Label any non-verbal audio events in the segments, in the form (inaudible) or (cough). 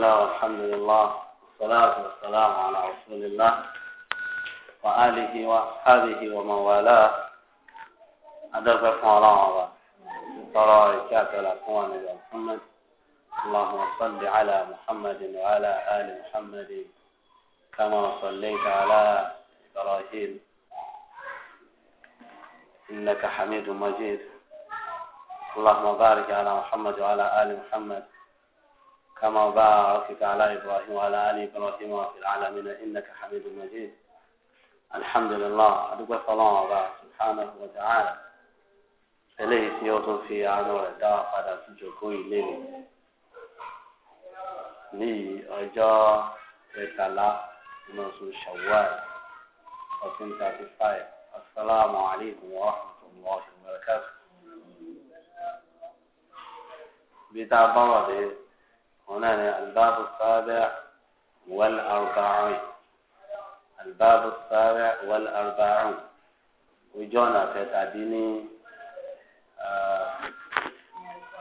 الله والحمد لله والصلاة والسلام على رسول الله وآله وأصحابه ومن والاه أدرككم الله وبركاته ترى ركعت الأخوان إلى محمد اللهم صل على محمد وعلى آل محمد كما صليت على إبراهيم إنك حميد مجيد اللهم بارك على محمد وعلى آل محمد كما باركت على إبراهيم وعلى آل إبراهيم وفي العالمين إنك حميد مجيد الحمد لله أدوك صلاة سبحانه وتعالى إليه سيوتو في عنو الدعاء قد أسجو كوي لي لي أجا ريت الله نسو شوال أسنسا تفاية السلام عليكم ورحمة الله وبركاته بيتا بابا دي هنا الباب السابع والأربعون الباب السابع والأربعون وجونا في تعديني آه،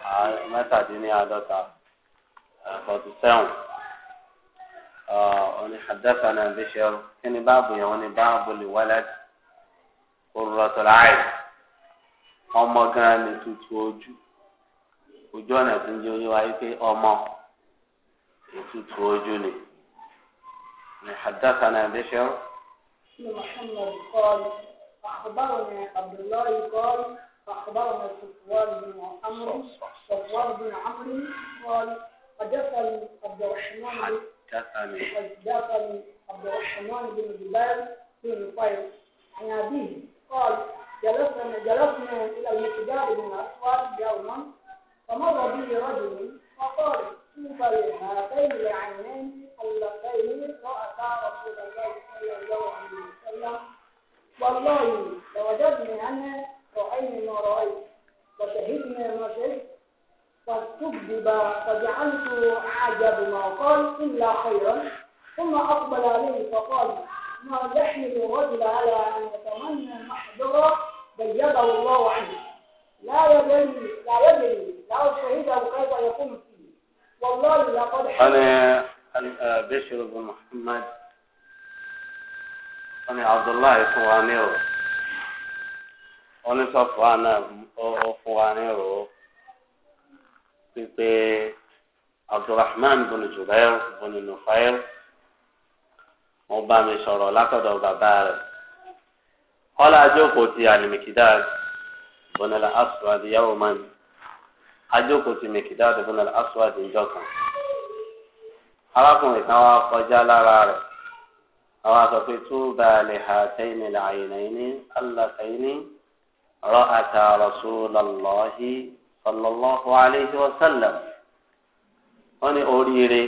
آه، ما تعديني هذا فوتسون آه وني آه، حدثنا بشر كان باب يعني باب لولد قرة العين أما كان ni وجونا تنجي ojú ọ̀nà tó ìtutù ojú ni. حدثنا بشر محمد قال أخبرنا عبد الله قال أخبرنا صفوان بن عمرو صفوان بن عمرو قال حدثني عبد الرحمن حدثني حدثني عبد الرحمن بن جبال بن نفيل عن أبيه قال جلسنا جلسنا إلى المقدار بن الأسود يوما فمر به رجل فقال طوبى لهاتين العينين اللتين رأتا رسول الله صلى الله عليه وسلم والله لوجدنا أن رأينا ما رأيت وشهدنا ما شهدت فاستجب فجعلت أعجب ما قال إلا خيرا ثم أقبل عليه فقال ما يحمل الرجل على أن يتمنى محضرا بيده الله عنه لا يدري لا يدري لو شهده كيف يكون wọ́n ní bẹ́sẹ̀rù bùn Muhammad wọ́n ní Abdullahi fún wa ní ọ̀rọ̀ wọ́n ní sọ fún wa náà ó fún wa ní ọ̀rọ̀ pípé Abdulrahman bùn Jubair bùn Nufair wọ́n bá mi sọ̀rọ̀ látọ̀dọ̀ bàbá rẹ̀ kọ́lá jókòó ti àlìmìkìdá bùn al-Aswad yawman ajókòó ti mèkìdá àdúgbò aṣọ́wádìí ìjọ kan arákùnrin kan wá kọjá lára rẹ̀ àwọn àtọ̀pẹ́ tó bá a lè ha tẹ́yìn ilẹ̀ àyìnà yìí ní alákàyìn ní rọ àtà rasulullahi sallallahu alayhi wa sallam wọ́n ní oríire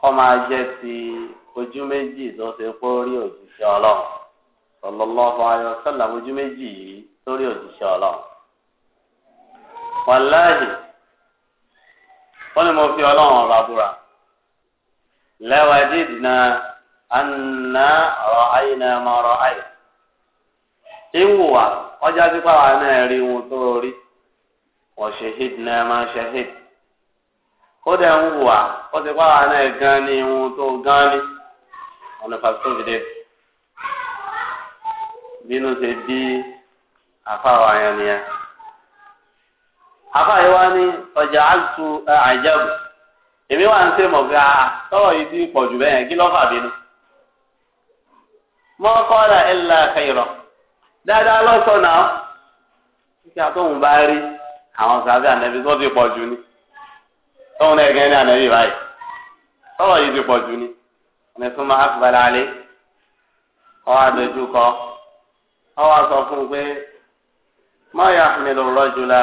kọ́ máa jẹ́ ti ojú méjì tó ṣe pé rí òjíṣẹ́ ọlọ́run sallallahu alayhi wa ojú méjì yìí tó rí òjíṣẹ́ wàláhì wọ́n ní mo fi ọlọrun ọba búra lẹ́wàdí dìna àná ọ̀rọ̀ ayé náà mọ ọ̀rọ̀ ayé ìwò wa ọjà pípa wa náà rí ohun tó rí wọ́n ṣehid náà máa ṣehid ó dẹ̀ ń wá ó ni iwu tó gan ni ọ̀nà pàṣẹ òfìdè bínú ṣe bí afáwa yẹn nìyẹn. àfáàyè wa ní ọjà àtú àjẹbù èmi wà ń sèmọ̀ pé a ah, tọ́wọ̀ yìí ti pọ̀jù bẹ́yẹn kí lọ́fà bínú. mọ́ kọ́lá ẹ̀là kẹrọ dáadáa lọ́sọ̀nà kíkà tóun bá rí àwọn sàbẹ̀ ànẹ́bí tó ti pọ̀jù ni tóun náà gẹ́gẹ́ ní ànẹ́bí báyìí tọ́wọ̀ yìí ti pọ̀jù ni ọ̀nà tó máa fìbàlẹ̀ alẹ́ ọwọ́ àdójú kọ ọwọ́ àsọ fún un pé mọ́ yà mí lọ́rọ́ jùlọ.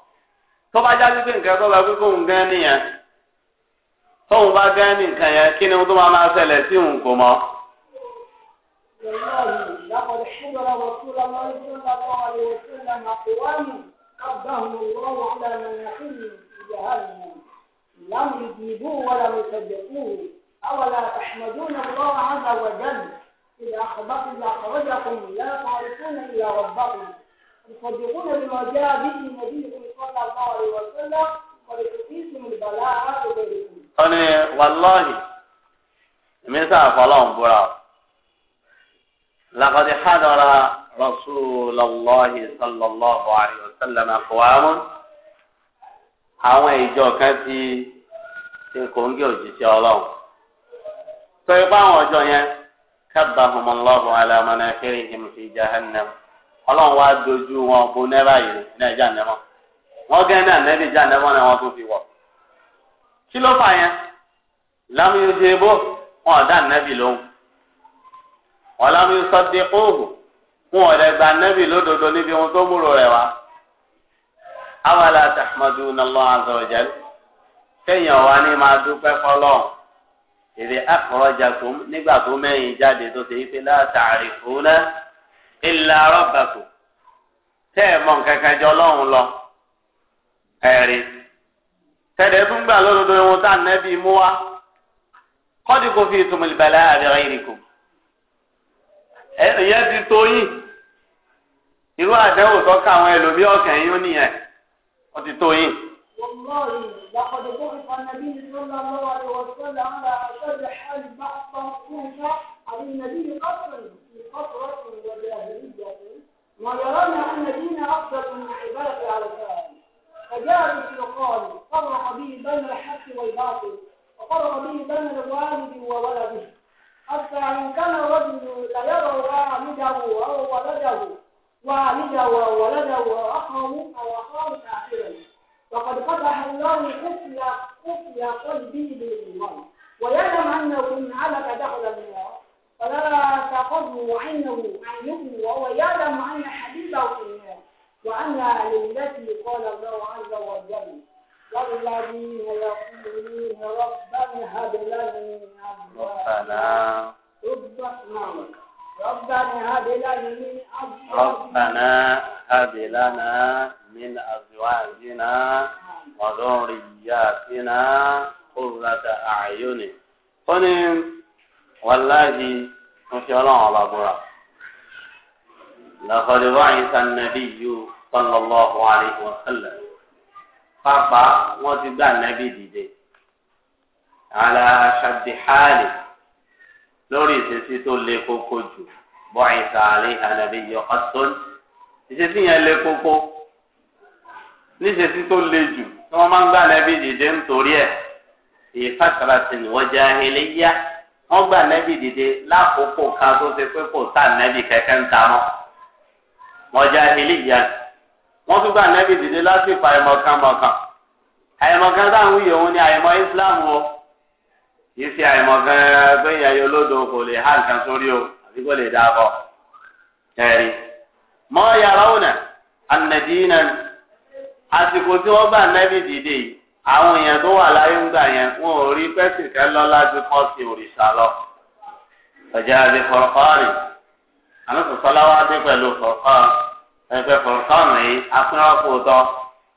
tọ́ba jáde pé nǹkan tọ́ba pé kóun gán nìyẹn tóun bá gán ní nǹkan yẹn kí ni tó máa máa ṣẹlẹ̀ sí òun kò mọ́. لم يجيبوه ولا يصدقوه أولا تحمدون الله عز وجل إذا أخرجكم لا تعرفون إلا ربكم تصدقون بما جاء به نبيكم wọ́n ní wàlọ́ọ̀hì èmi sáà fọlọ́ọ̀n búra o làkàtí hádọ́ra rasulallah sallallahu alayhi wa sallam àfọwámú àwọn ìjọ kan ti ṣe kòńgẹ́ òjíṣẹ́ ọlọ́run tó ipá àwọn ọjọ́ yẹn kábàáhùmọ́lọ́hùn alámọ́nà kéré ìhìmùsí jahannam ọlọ́run wá dojú wọn bó náírà yìí ní ẹ̀já nẹ́mọ́. wọ́n gẹ́ náà nẹ́bí já nẹ́bọ́ náà wọ́n tó fi wọ̀. kí ló fà yẹn lámúyú ti ebó wọn ọ̀dà nẹ́bí lóhùn wọn lámúyú sọ́dí kóòbù wọn gba lódodo níbi ohun tó múlò rẹ̀ wá. awàlá tàhmadu nàlọ́ kéèyàn wá ní máa dúpẹ́ fọlọ́ èdè illa mọ̀ ẹ̀rí tẹ̀lé tún gbà lọ́dọọdọ wọn tá ànábì mú wa kọ́dí kò fi ìtumọ̀ ìbàlẹ̀ àbẹ̀rẹ̀ ìrìkò ẹ̀yẹ́ ti tó yìí irú àdẹ́wò tọ́ka àwọn ẹlòmí ọ̀kẹ́ yín ó nìyẹn ó ti tó yìí. لقد بعث النبي صلى الله عليه وسلم على أشد حال بعض الكوفة عن النبي قصر قصرة وجاهلية ويرون أن دين أفضل من عبادة على الفعل فجاء قال فرق به بين الحق والباطل وفرق به بين الوالد وولده حتى إن كان الرجل ليرى والده أو ولده والده وولده وأخاه أو أخاه كافرا وقد فتح الله قفل قفل قلبي للإيمان ويعلم أنه إن علك دخل النار فلا تأخذه عنه عينه وهو يعلم أن حبيبه في النار a adla nodụri ynoradyoni onyewala gị oke nrụ ụ لقد بعث النبي صلى الله عليه وسلم pàápàá wọn ti gbà nábì dìde ala shaddi hali lórí ìṣesí tó le koko jù بعث عليها نبي قط ìṣesí yẹn le koko níṣesí tó le jù tí wọn máa ń gbà nábì dìde nítorí ẹ ìfàkàràsìn wajahiliyya wọn gbà nábì dìde lákòókò kan tó ṣe pé kò sá nábì kẹkẹ ń ta mọ. mọ̀jáhìlìyà wọ́n tún gbà nẹ́bí dìde lásìkò àìmọ̀kànmọ̀kàn àìmọ̀kàn táwọn wíyọ̀ òun ni àìmọ̀ Islam wo kì í ṣe àìmọ̀kàn ayé olódò kò lè há nǹkan sórí o àbí kò lè dá bọ̀ ẹ̀rí. mọ́ yàrá òun náà àsìkò tí gbà dìde yìí àwọn èèyàn tó wà láyé ń gbà yẹn wọn ò rí àmì sọ̀sọ́lá wa dé pẹ̀lú fọ̀rọ̀kọ́n ẹgbẹ́ fọ̀rọ̀kọ́n yìí akúnrọ́pọ̀ tọ́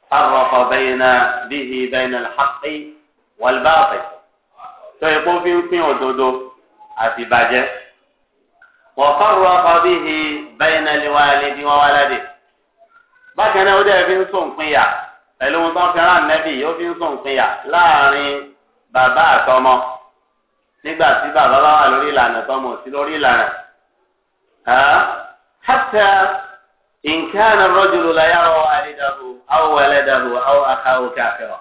fárọ̀kọ́ bẹ́yìnà bíhi bẹ́yìnà lẹ́hàkì wàlbáàfẹ́ tó epo fi ń pín òdodo àti bàjẹ́ wọ́n fárọ̀kọ́ bíhi bẹ́yìnà liwáyálé bí wọ́n wálé dé bákan náà ó dẹ́ fi ń sọ ìpínyà pẹ̀lú ohun tó ń fẹ́ràn nẹ́bì ó fi ń sọ ìpínyà láàrin bàbá àtọmọ nígbà tí bàbá bá wà lórí ìlànà tọmọ sí lórí ìlànà. حتى إن كان الرجل لا يرى والده أو ولده أو أخاه كافرا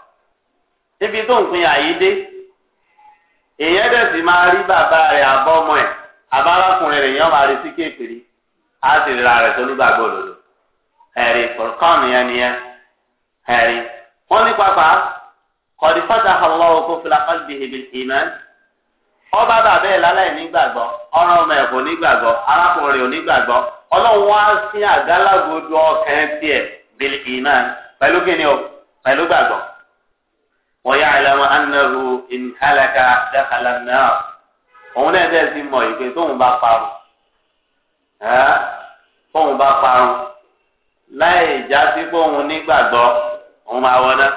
níbi tó ń pin àyè dé èèyàn dẹ̀ sì máa rí bàbá rẹ̀ àbọ́mọ ẹ̀ abárakùnrin rẹ̀ yẹn máa rí sí kékeré á sì ra rẹ̀ tó lùgbàgbọ́ lòlò ọba bàbá ẹ̀ láláì nígbàgbọ́ ọ̀ràn ọmọ ẹ̀ kò nígbàgbọ́ arákùnrin ò nígbàgbọ́ ọlọ́run wá sí àgálágodo ọkàn tiẹ̀ bil iman pẹ̀lú kíni o pẹ̀lú gbàgbọ́. wọ́n yá àlẹ́mọ anáru ìhálàkà dákàlà náà òun náà dẹ́ ti mọ̀ ìpè tóun bá parun tóun bá parun láì já sí fóun nígbàgbọ́ òun máa wọná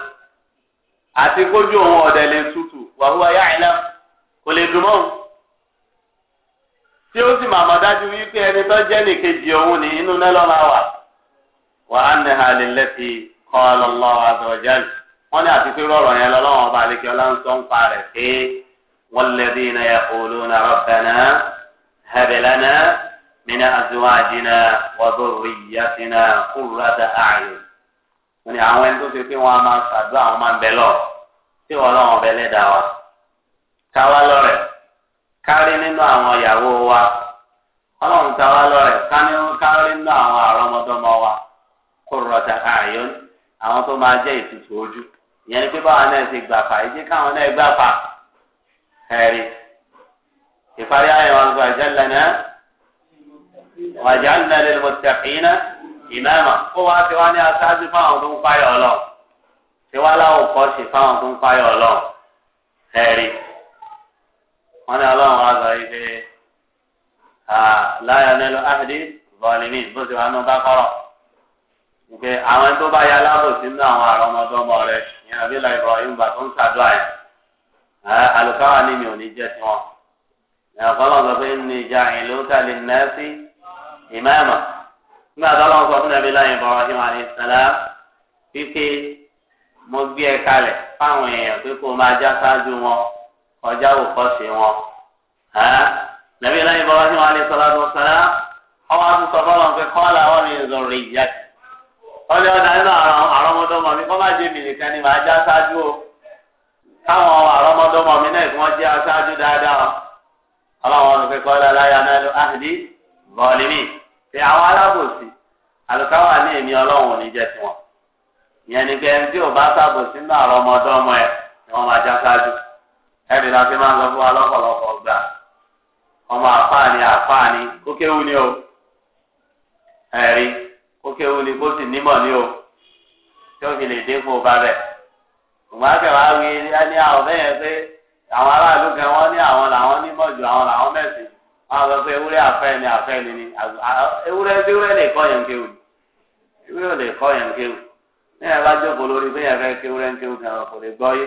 àti kójú òun ọ̀dẹ̀ lè tutù wàhùwà yá àlẹ́mọ kò lè dùn mọ́ òun tí ó sì màmá dájú wípé ẹni tó jẹ́ nìkejì òun ní inú náà lọ́la wà wà á nà ha lè lẹ́tì kọ́ lọ́lọ́ àtọ̀jẹ́lì wọ́n ní àti pé rọ̀rọ̀ yẹn lọ́lọ́wọ́n ọba àlekè ọlá ń sọ ń pa rẹ̀ pé والذين يقولون ربنا هب لنا من أزواجنا وذريتنا قرة أعين wọ́n ní àwọn ẹni tó ṣe pé wọ́n á máa ṣàdúrà wọ́n máa ń bẹ lọ sí ọlọ́run ọbẹ̀ lẹ́dàá wa. táwa lọ́rẹ̀ kárí nínú àwọn ìyàwó wa ọlọ́run táwa lọ́rẹ̀ kárí nínú àwọn àrọ́mọdọ́mọ wa qurrata a'yun àwọn tó máa jẹ́ ìtutù ojú ìyẹn ni pé báwọn náà ti gbà fà ìdí káwọn náà gbà fà ìparí ayé wọn kó wá wá ní aṣáájú fáwọn tó ń sí fáwọn tó ń ọlọ wọn ní ọlọ́run wa sọ yìí pé láyọ̀ nílò áfídì bọ́ọ̀lìmí bó ti wà nù bá kọ́rọ̀ wípé àwọn tó bá yá lábòsí nínú àwọn àrọ́mọdọ́mọ rẹ ìyẹn àbí la Ibrahim bá tó ń ṣàdúrà yẹn àlùkáwà ní mi ò ní jẹ́ tiwọn ẹ̀kọ́lọ́ sọ pé ní ìjà ìlú kàlí nẹ́ẹ̀sì ìmáàmà nígbà tó lọ́wọ́ sọ fún ẹbí láyìn bọ̀rọ̀ sí wọn ní sẹ́lá wípé mo gbé ẹ kalẹ̀ fáwọn èèyàn pé kó máa já sáájú wọn ọjà òkọ sí wọn nàbí ilé ìbọn ní wọn sọlá wọn àrọmọdọmọ mi jẹ màá já o káwọn àrọmọdọmọ mi náà kí wọ́n jẹ́ aṣáájú dáadáa ọlọ́wọ́n láyà náà ló áhìdí bọ́ọ̀lìmí àwọn alábòsí àlùkáwà ní èmi ò ní jẹ tiwọn ìyẹn ni pé ẹni tí ò bá sábòsí náà àrọmọdọmọ ẹ ni wọ́n máa ẹbí la fi máa lọ fún wa lọ́pọ̀lọpọ̀ gbà ọmọ àfáàní àfáàní kó ni o ẹ̀rí kó kéwú ni kó sì nímọ̀ ni o tí fi lè dínkù bá bẹ̀. ṣùgbọ́n ní àwọn bẹ́yẹn pé àwọn aráàlú kan wọ́n ní àwọn làwọn àwọn làwọn sọ pé ewúrẹ́ ni ni ni ewúrẹ́ tí ewúrẹ́ lè kọ́ yẹn kéwú ewúrẹ́ lè kọ́ yẹn kéwú ní ẹ̀ bá jókòó lórí bẹ́yẹn fẹ́ kéwúrẹ́ kan kò lè gbọ́ yé.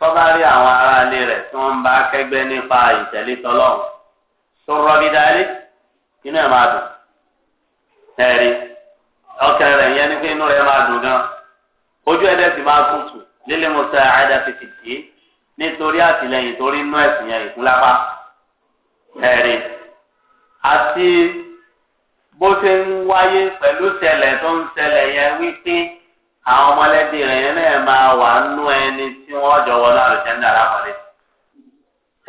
tọ́ba rí àwọn aráalé rẹ̀ tí wọ́n ń bá kẹ́gbẹ́ nípa ìtẹ̀lé tọ́lọ́run tó rọbí dáálé inú ẹ̀ máa dùn ẹ̀rí ọkàn rẹ̀ yẹn ní pé inú rẹ̀ máa dùn gan ojú ẹ̀dẹ̀ sì máa kún tù lílé musa àdá fìfì tì í nítorí àtìlẹyìn torí inú ẹ̀sìn yẹn ìkúnlápá ẹ̀rí àti bó ṣe ń wáyé pẹ̀lú ṣẹlẹ̀ tó ń ṣẹlẹ̀ yẹn wípé àwọn ọmọlẹ́bí rẹ̀ náà máa wà nú ẹni tí wọ́n jọ wọlé àlùjáde alákọ̀ọ́lé.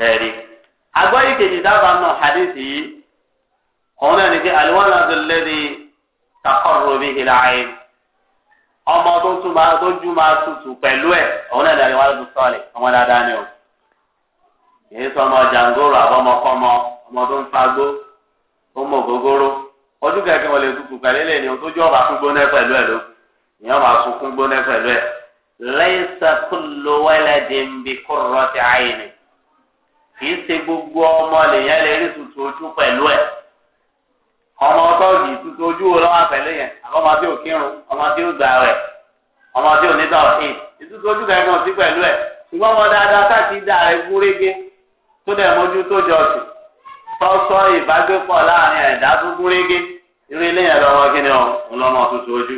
Ẹ̀rí. Àgbọ̀ yìí kejì dábàá náà hadith yìí. Òun náà ní pé àlùwọ́nà tó lẹ́ni kakọ́rọ̀ bí ìlà ayé. Ọmọ tó tún máa tó jú máa tutù pẹ̀lú ẹ̀. Òun náà ní àlùwọ́nà tó sọ̀lẹ̀. Ọmọ dáadáa ni o. Kìí sọ ọmọ jàǹgóró àbọ̀mọkọ́mọ ọmọ tó ń fagbó ó mọ̀ gógóró. Ọdún kẹ̀kẹ́ wọn tutù pẹ̀lú ẹ̀ ní o tó jọ́ ọ̀bà fún gbóná pẹ̀lú ẹ̀ lókun. ìyẹn máa sunkún gbóná pẹ̀lú ẹ̀ laysa kullu waladin bi qurrati ayni kì í ṣe gbogbo ọmọ lèyàn lè rí tutù ojú pẹ̀lú ẹ̀ ọmọ ọtọ́ọ̀gì tutù ojú wo lọ́wọ́ pẹ̀lú yẹn àbọ̀mọ tí ò kírun ọmọ tí ò gbà ọmọ tí ò ní ìtutù ojú sí ọmọ dáadáa káàkiri dà jọ sí láàrin tó irú ilé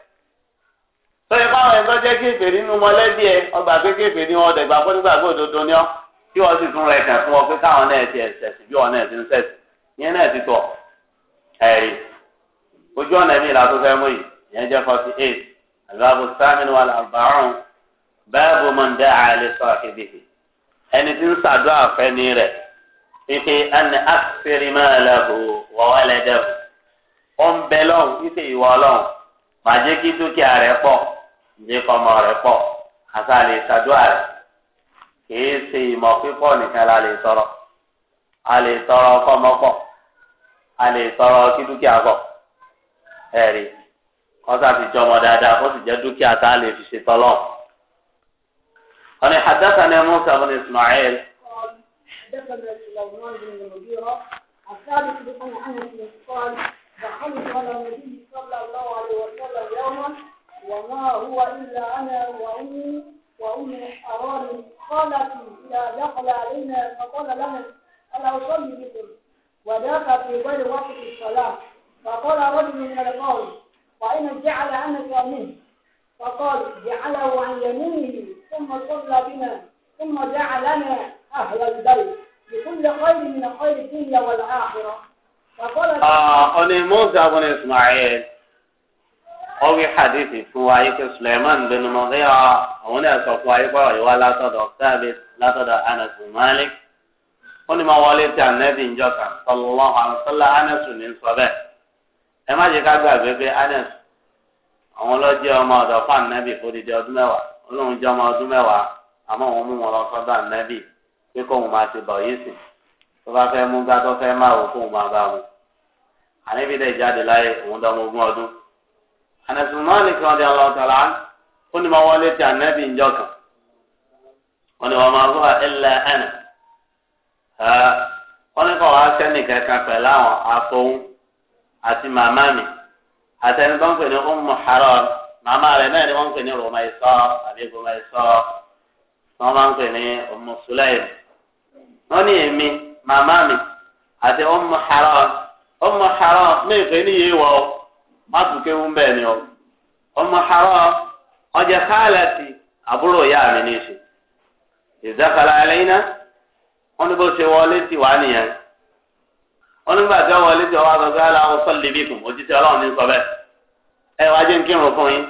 sọ́yìn báwọn ẹ̀ sọ́jẹ́ kéfèé nínú mọ́lẹ́bí ẹ ọgbà pé kéfèé ni wọ́n dẹ̀gbà fún nígbàgbọ́ òdodo ni ọ́ tí wọ́n sì tún rẹ̀ kàn fún ọ pé káwọn náà ti ẹ̀sẹ̀ sí bí wọn náà ti ń sẹ̀sì ìyẹn náà ti tọ̀ ẹ̀rí ojú ọ̀nà mi ìlà tó fẹ́ mú yìí ìyẹn jẹ́ forty eight àlùbáàbò sámínú wà làbàrún báàbò mọ̀ndé àlè sọ àkébìkì ẹni tí ń sàdó ǹjẹ́ kọ́mọ rẹ̀ pọ̀ àti àlè ìṣàdúrà rẹ̀ kìí ṣe ìmọ̀ pípọ̀ nìkan la lè sọ̀rọ̀ a lè sọ̀rọ̀ kọ́mọ pọ̀ a lè sọ̀rọ̀ kí dúkìá pọ̀ ẹ̀rí kọ́sà ti jọmọ dáadáa kó sì jẹ́ dúkìá tá a lè fi ṣe tọ́lọ́ ọ̀nà حدثنا موسى بن إسماعيل حدثنا سليمان بن المغيرة عن أنس قال دخلت النبي صلى الله عليه وسلم يوما وما هو إلا أنا وأمي وأمي أراني قالت إذا دخل علينا فقال لنا ألا أصلي بكم وذاك في غير وقت الصلاة فقال رجل من القوم وإن جعل عنك منه فقال جعله عن يمينه ثم صلى بنا ثم جعلنا أهل البيت بكل خير من خير الدنيا والآخرة فقال آه أنا موسى بن إسماعيل ọwí hadithi fún wa yìí pé Suleiman bin Mughira òun náà sọ fún wa yìí pé ọ̀rọ̀ wa látọ̀dọ̀ sábẹ̀ látọ̀dọ̀ Anas Malik ó ní ma wọlé tí anabi ń jọka sallallahu alaihi wasallam Anas ní sọ bẹ́ẹ̀ ẹ má jẹ́ ká gbàgbé pé Anas àwọn ọlọ́jẹ́ ọmọ ọ̀dọ̀ fún anabi fún odidi ọdún mẹ́wàá olóhùn jẹ́ ọmọ ọdún mẹ́wàá àmọ́ òun mú wọn lọ sọ́dọ̀ anabi pé kóun máa ti bọ̀ yìí sìn tó bá fẹ́ mú gá tó fẹ́ máa wò kóun máa bá wò anabi dẹ̀ jáde láyé òun dọ́mọ ogún ọdún Anas bin Malik radiyallahu ta'ala anhu ó ní máa wọlé ti ànábì ń jọkàn wọ́n ní wọ́n máa wọ illa ana wọ́n ní kọ́ wá sẹ́nì kankan pẹ̀lú àwọn afọ́hún àti màmá mi àtẹni tó ń pè ní Ummu Haram màmá rẹ̀ náà ni wọ́n ń pè ní Rumaysa àbí Rumaysa wọ́n máa ń pè ní Ummu Sulaym mi àti Ummu Haram Ummu Haram mi ò pè ní má tún kéwú ń bẹ́ẹ̀ ni ọ. ọmọ haram ọjà káàlàtì àbúrò ìyá mi ní í ṣe. ìdákàlà ẹlẹ́yìnà wọn ní bó ṣe wọlé tì wá nìyẹn. wọn nígbà tí wọn wọlé tì wọn wá sọ pé aláwọ sọlẹ bí kùn òjíṣẹ́ Ọlọ́run ní sọ bẹ́ẹ̀. ẹ wá jẹ́ ń kírun fún yín.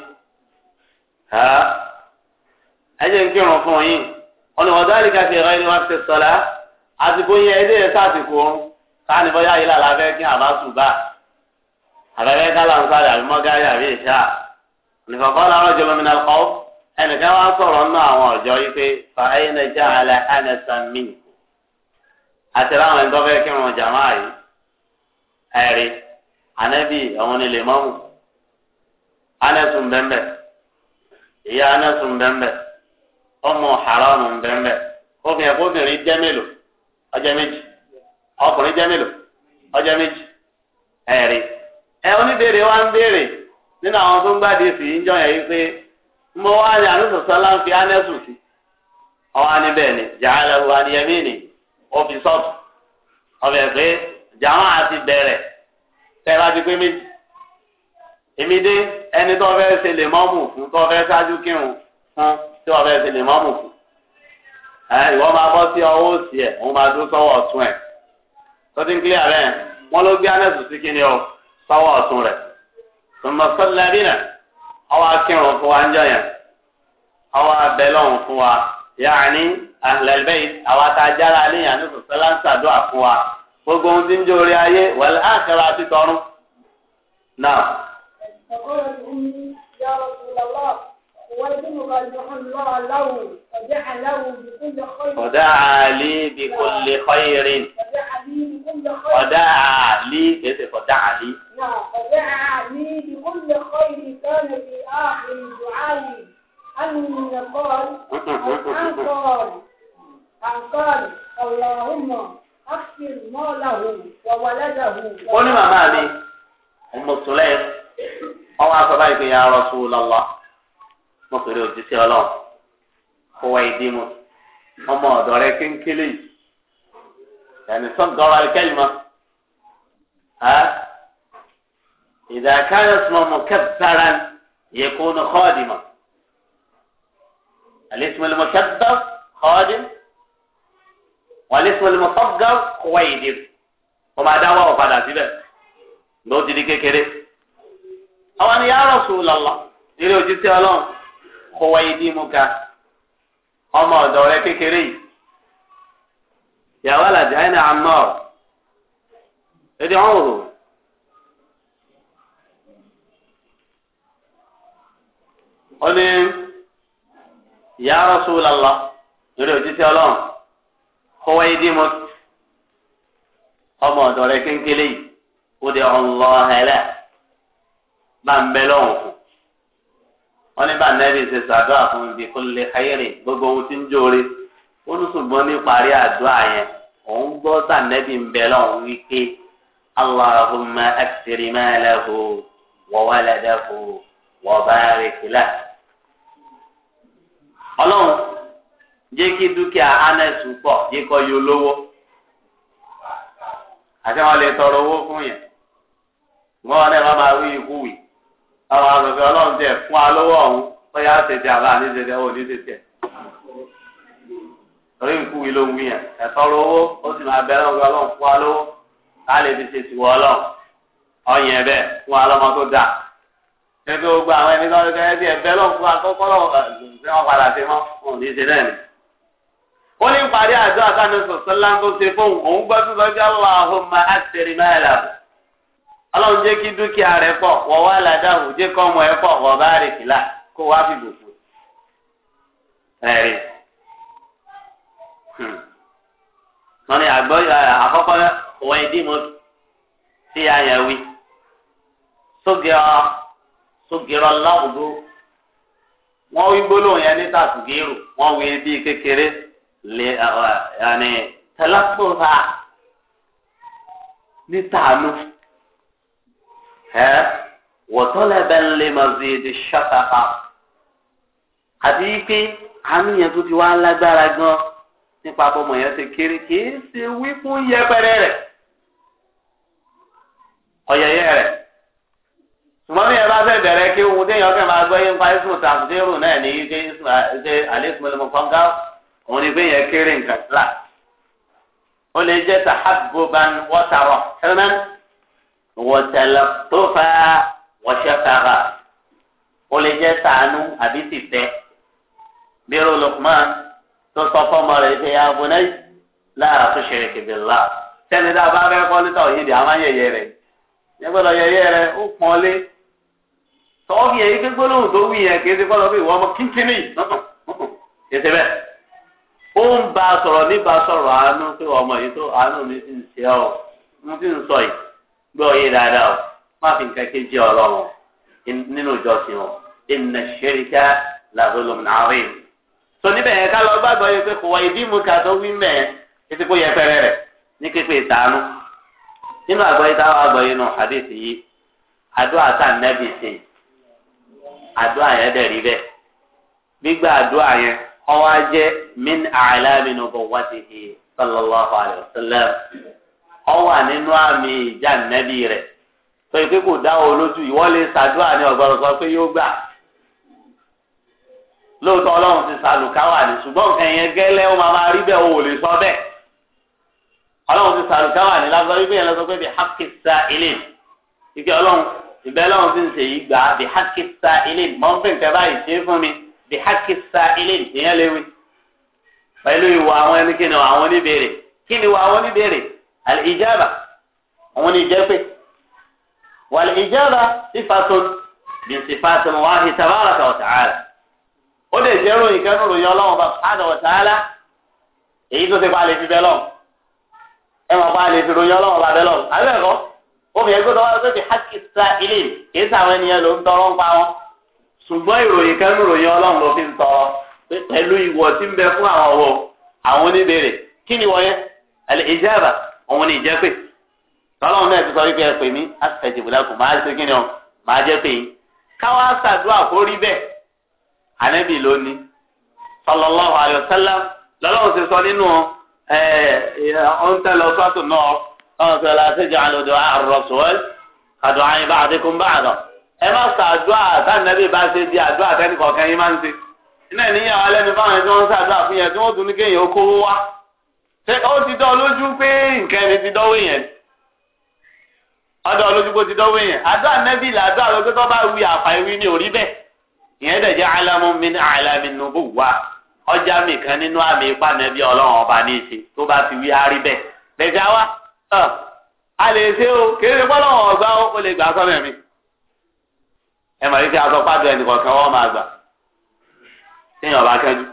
ẹ jẹ́ ń kírun fún yín. wọn ní ọ̀dọ́ àlìkà fi ẹ̀rọ ẹni wá ti sọ̀lá àsìkò yẹn ẹdẹ yẹn sàtìkù ọ̀run káà ní bọ́yá yìí làlá fẹ́ kí àbá sùn báà àbẹ̀rẹ̀ kálá ń sáré àlùmọ́gáyà àbí ìṣá nìfọ̀kọ́ làwọn jọba mi náà kọ́ ẹnìkan wá sọ̀rọ̀ nínú àwọn ọ̀jọ́ yìí pé fàáyín lè já alẹ́ ẹnẹsàn mí àti láwọn ẹni tó fẹ́ kírun jàmáà yìí ẹ̀rí ànẹ́bí àwọn ni lè mọ́mù anẹ́sùn bẹ́ẹ̀ ìyá anẹ́sùn bẹ́ẹ̀ ọmọ haramu bẹ́ẹ̀ obìnrin kóbìnrin jẹ́ mélòó ọjọ́ méjì ọkùnrin jẹ́ mélòó ọjọ́ méjì ẹ̀rí. ẹ oníbèrè wa ń béèrè nínú àwọn tó ń gbádìí èsì yìí ń jọ yìí pé mo wá ní àdúgbò sọlá ń fi ánẹ́sù sí ọwọ́ níbẹ̀ ni jàálẹ̀ wa ni ẹ̀mí ni òfin sọ́ọ̀tù ọbẹ̀ pé jàmọ́ àti bẹ̀rẹ̀ tẹ́ bá ti pé méjì èmi dé ẹni tó fẹ́ ṣe lè mọ́mù fún tó fẹ́ ṣáájú kírun fún tí wọ́n fẹ́ ṣe lè mọ́mù fún ìwọ máa bọ́ sí ọwọ́ òsì ẹ̀ òun máa dún sọ́wọ́ ọ̀tún ẹ̀ tó ti ń kílẹ̀ rẹ̀ wọ́n ló gbé ánẹ́sù sí kíni o. fáwọn ọ̀tún rẹ̀ tòmọ̀sọ́lá bínà ọwọ́ akínrun fún wa ń jọ yẹn ọwọ́ abẹ́lọ́hún fún wa yaani ahlẹ́lbẹ́yì àwọn atajára aléyàn ní sọ̀sọ́lá ń sàdúrà fún wa gbogbo ohun tí ń jó orí ayé wàlẹ́ àkàrà àti náà. Kọ̀dáà lé bí kò lè kọ́ irin. Kọ̀dáà lé kèsè kọ̀dáà lé. Kọ̀dáà lé bí kò lè kọ́ irin kánà bí áàrin dùáyì. أن قال أن قال أن قال اللهم أكثر ماله وولده قل ماما لي أم سليم أو أصبعك يا رسول الله wọn pèrè òjíṣẹ́ Ọlọ́run kó wá ìdí mu ọmọ ọ̀dọ̀ rẹ kéńkélé yìí yàní sọgọrọ alikẹlima ha ìdàkàrẹ sọmọmọ kẹbìtara yẹ kó ní mo alẹsùn ẹlẹmọ kẹbìtà kọọdìm wọn alẹsùn ẹlẹmọ sọgọ kó wá ìdí mu wọn máa dáwọ ọ̀padà síbẹ̀ lọ́ọ́ ti di kékeré àwọn ni yàrá sùn lọ́lọ́ ilé òjíṣẹ́ Ọlọ́run. kó wáyé dímú ka ọmọ ọ̀dọ̀ rẹ kékeré yìí yàwó àlàjì àyìn náà àmọ́ ọ̀ èdè ọ̀hún rò. ó ní ya Rasulullah lórí òjíṣẹ́ ọlọ́run kó wáyé dímú ọmọ ọ̀dọ̀ rẹ kékeré yìí ó di ọ̀hún bá ń bẹ lọ́hùn fún. wọ́n ní bá nẹ́bí ṣe sàdúrà fún ibi kó gbogbo ohun tí ń jóore ó ní ṣùgbọ́n ní parí àdúrà yẹn òun gbọ́ nẹ́bí ń bẹ wípé aláhùnmá ọlọ́run jẹ́ kí dúkìá anẹ́sù pọ̀ jẹ́ kọ́ yọ lówó wọn lè tọrọ owó fún yẹn àwọn àgbẹ̀fẹ́ ọlọ́run tẹ̀ fún wa lọ́wọ́ ọ̀hún bóyá tètè àbá ní tètè ó ní tètè. torí nkú yìí ló ń wí yẹn ẹ̀tọ́ lówó ó sì máa bẹ̀rẹ̀ ọgbẹ́ ọlọ́run fún wa lówó ká lè fi ṣe tìwọ́ ọlọ́run ọyàn ẹ̀bẹ̀ fún wa lọ́mọ tó dáa. ṣébí o gba àwọn ẹni tó ń tẹ́lẹ̀ bí ẹ̀bẹ̀ lọ́n fún akọ́kọ́ lọ́wọ́ ó ọlọ́run jẹ́ kí dúkìá rẹ̀ pọ̀ wọ́n wá ládàá òjé kọ́ ọmọ ẹ̀ pọ̀ wọ́n bá rè kìlà kó wá fi gbòòfò. ẹ̀rí hmm. wọ́n ní àgbọ̀ àkọ́kọ́ wọ ìdímọ̀ sí ayẹwi sógìrọ sógìrọ wọ́n wí gbólóhùn yẹn ní tàtúgìrù wọ́n wí bí kékeré lè ní tàánú. ẹ wọtọlẹbẹ ńlẹ mazidi ṣàtàkà àti wípé àánú yẹn tó ti wá lágbára gan nípa bọmọ yẹn ti kéré kìí ṣe wípé yẹpẹrẹ rẹ ọyẹyẹ rẹ ṣùgbọ́n bí ẹ bá fẹ́ bẹ̀rẹ̀ kí ohun téèyàn fẹ́ máa gbọ́ yín pa ismu tàbùdérù náà ní ike ṣe àlẹ́sùmọ́lẹ́mọ́ fọ́nká òun ni pé yẹn kéré nǹkan sílá ó lè jẹ́ tàhábùbán wọ́tàrọ̀ ẹ̀rọ mẹ́rin wọtẹlẹtọfà wọṣẹfàrà ó lè jẹ sànú àbí tìtẹ bírò Lukman tó sọ fọmọ rẹ̀ pé abúlé láàrá tó ṣe kìbìlá sẹni tá a bá fẹ́ kọ́ lítà òyìnbí àwọn ayẹyẹ rẹ̀ yẹn gbọ́dọ̀ yẹyẹ rẹ̀ ó pọn lé tọ́wọ́ fi èyí gbégbó tó wí yẹn kì í ṣe kọ́ bí ìwọ ọmọ kíntìnì ètè bẹ́ẹ̀ ó ń bá a sọ̀rọ̀ níbà sọ̀rọ̀ àánú pé ọmọ yìí tó àánú mi ti ń ṣe ọ́ mo ti ń sọ yìí gbọ́ yé dáadáa o má fi nǹkan kejì ọ̀rọ̀ wọn nínú ìjọsìn wọn ìnà ṣẹ́ríkà làbẹ́lòmù àárín. sọ níbẹ̀ yẹn ká lọ gbàgbọ́ yìí pé kò wá ìdí mú ká tó wí mẹ́ ẹ títí kó yẹpẹrẹ rẹ̀ ní pípé ìtànú. nínú àgbọ̀yé táwọn àgbọ̀yé nù hadith yìí àdúrà tá a nẹ́bi sí i àdúrà yẹn dẹ̀ rí bẹ́ẹ̀ gbígbà àdúrà yẹn ọwọ́ á jẹ́ min àìlá mi nù bọ̀ wá ọ nínú àmì ìjà nẹ́bí rẹ̀ sọ pé kò dá o lójú ìwọ lè ṣàdúrà ní ọ̀gbọ́n sọ pé yóò gbà lóòótọ́ ọlọ́run ti sàlùkáwà ní ṣùgbọ́n nǹkan yẹn gẹ́lẹ́ ó máa máa rí bẹ́ẹ̀ o lè sọ bẹ́ẹ̀ ọlọ́run ti sàlùkáwà ní lásán wípé yẹn lọ pé bí hakisa ilé ike ọlọ́run ìbẹ́ ọlọ́run ti ń ṣe gbà bí ilé mọ́ ń mi bí ilé ìyẹn léwu pẹ̀lú ìwà alìjábà òun ni ìjẹ́pẹ̀ wàlìjábà sífàtún bìsífàtún wàhí tabaraka wa ta'ala ó lè jẹ́ ròyìn kẹ́nu ròyìn ọlọ́run bá subhanahu wa ta'ala èyí tó ti pa àlè fi bẹ́ lọ́wọ́ ẹ máa pa àlè fi ròyìn ọlọ́run bá bẹ́ lọ́wọ́ àbẹ́ẹ̀kọ́ obìnrin gbọ́dọ̀ wá lóbi hakisa ilé kìí sáwọn ènìyàn ló ń tọrọ ń pa wọn ṣùgbọ́n ìròyìn kan ní ló fi ń tọrọ pẹ̀lú ìwọ tí ń bẹ fún àwọn ọwọ́ àwọn oníbèrè kí ni wọ́n yẹ al-ijaba òun ni ìjẹ́ pé náà ti sọ wípé ẹ pè mí àtẹ̀jẹ̀ bùdákùn máa ṣe kí ni ọ máa jẹ́ pé yín káwá ṣàdúrà kó rí bẹ́ẹ̀ ànábì lónìí sallallahu alaihi wasallam ti sọ nínú ọ̀ǹtẹ̀ lọ́sọ́tún náà ọ̀hún sọ la àlọ́dọ̀ ar-rasul àyìn bá àdínkùn bá àdàn ẹ má ṣàdúrà sànàbì bá ṣe di yín ń ṣe iná ìníyàwó ṣé ó ti dán lójú pé nǹkan ẹni ti dánwó yẹn ọdọ lójú kó ti dánwó yẹn àdúrà nẹ́bí làdúrà ló pé tó bá wí àfàìwí ni ò rí bẹ́ẹ̀ ìyẹn dẹ̀ jẹ́ alamu min alami nubu wa ọjà mi kan nínú àmì ipá nẹ́bí ọlọ́run ọba ní ìṣe tó bá ti wí arí bẹ́ẹ̀ lẹ́jà wa a lè ṣe o kéde pọ́lọ́wọ́n ọgbà ó lè gbà sọ́mẹ̀ mi ẹ mọ̀ wípé aṣọ pàdé ẹnìkọ̀ọ̀kan wọ́n máa gbà téèyàn bá kẹ́jú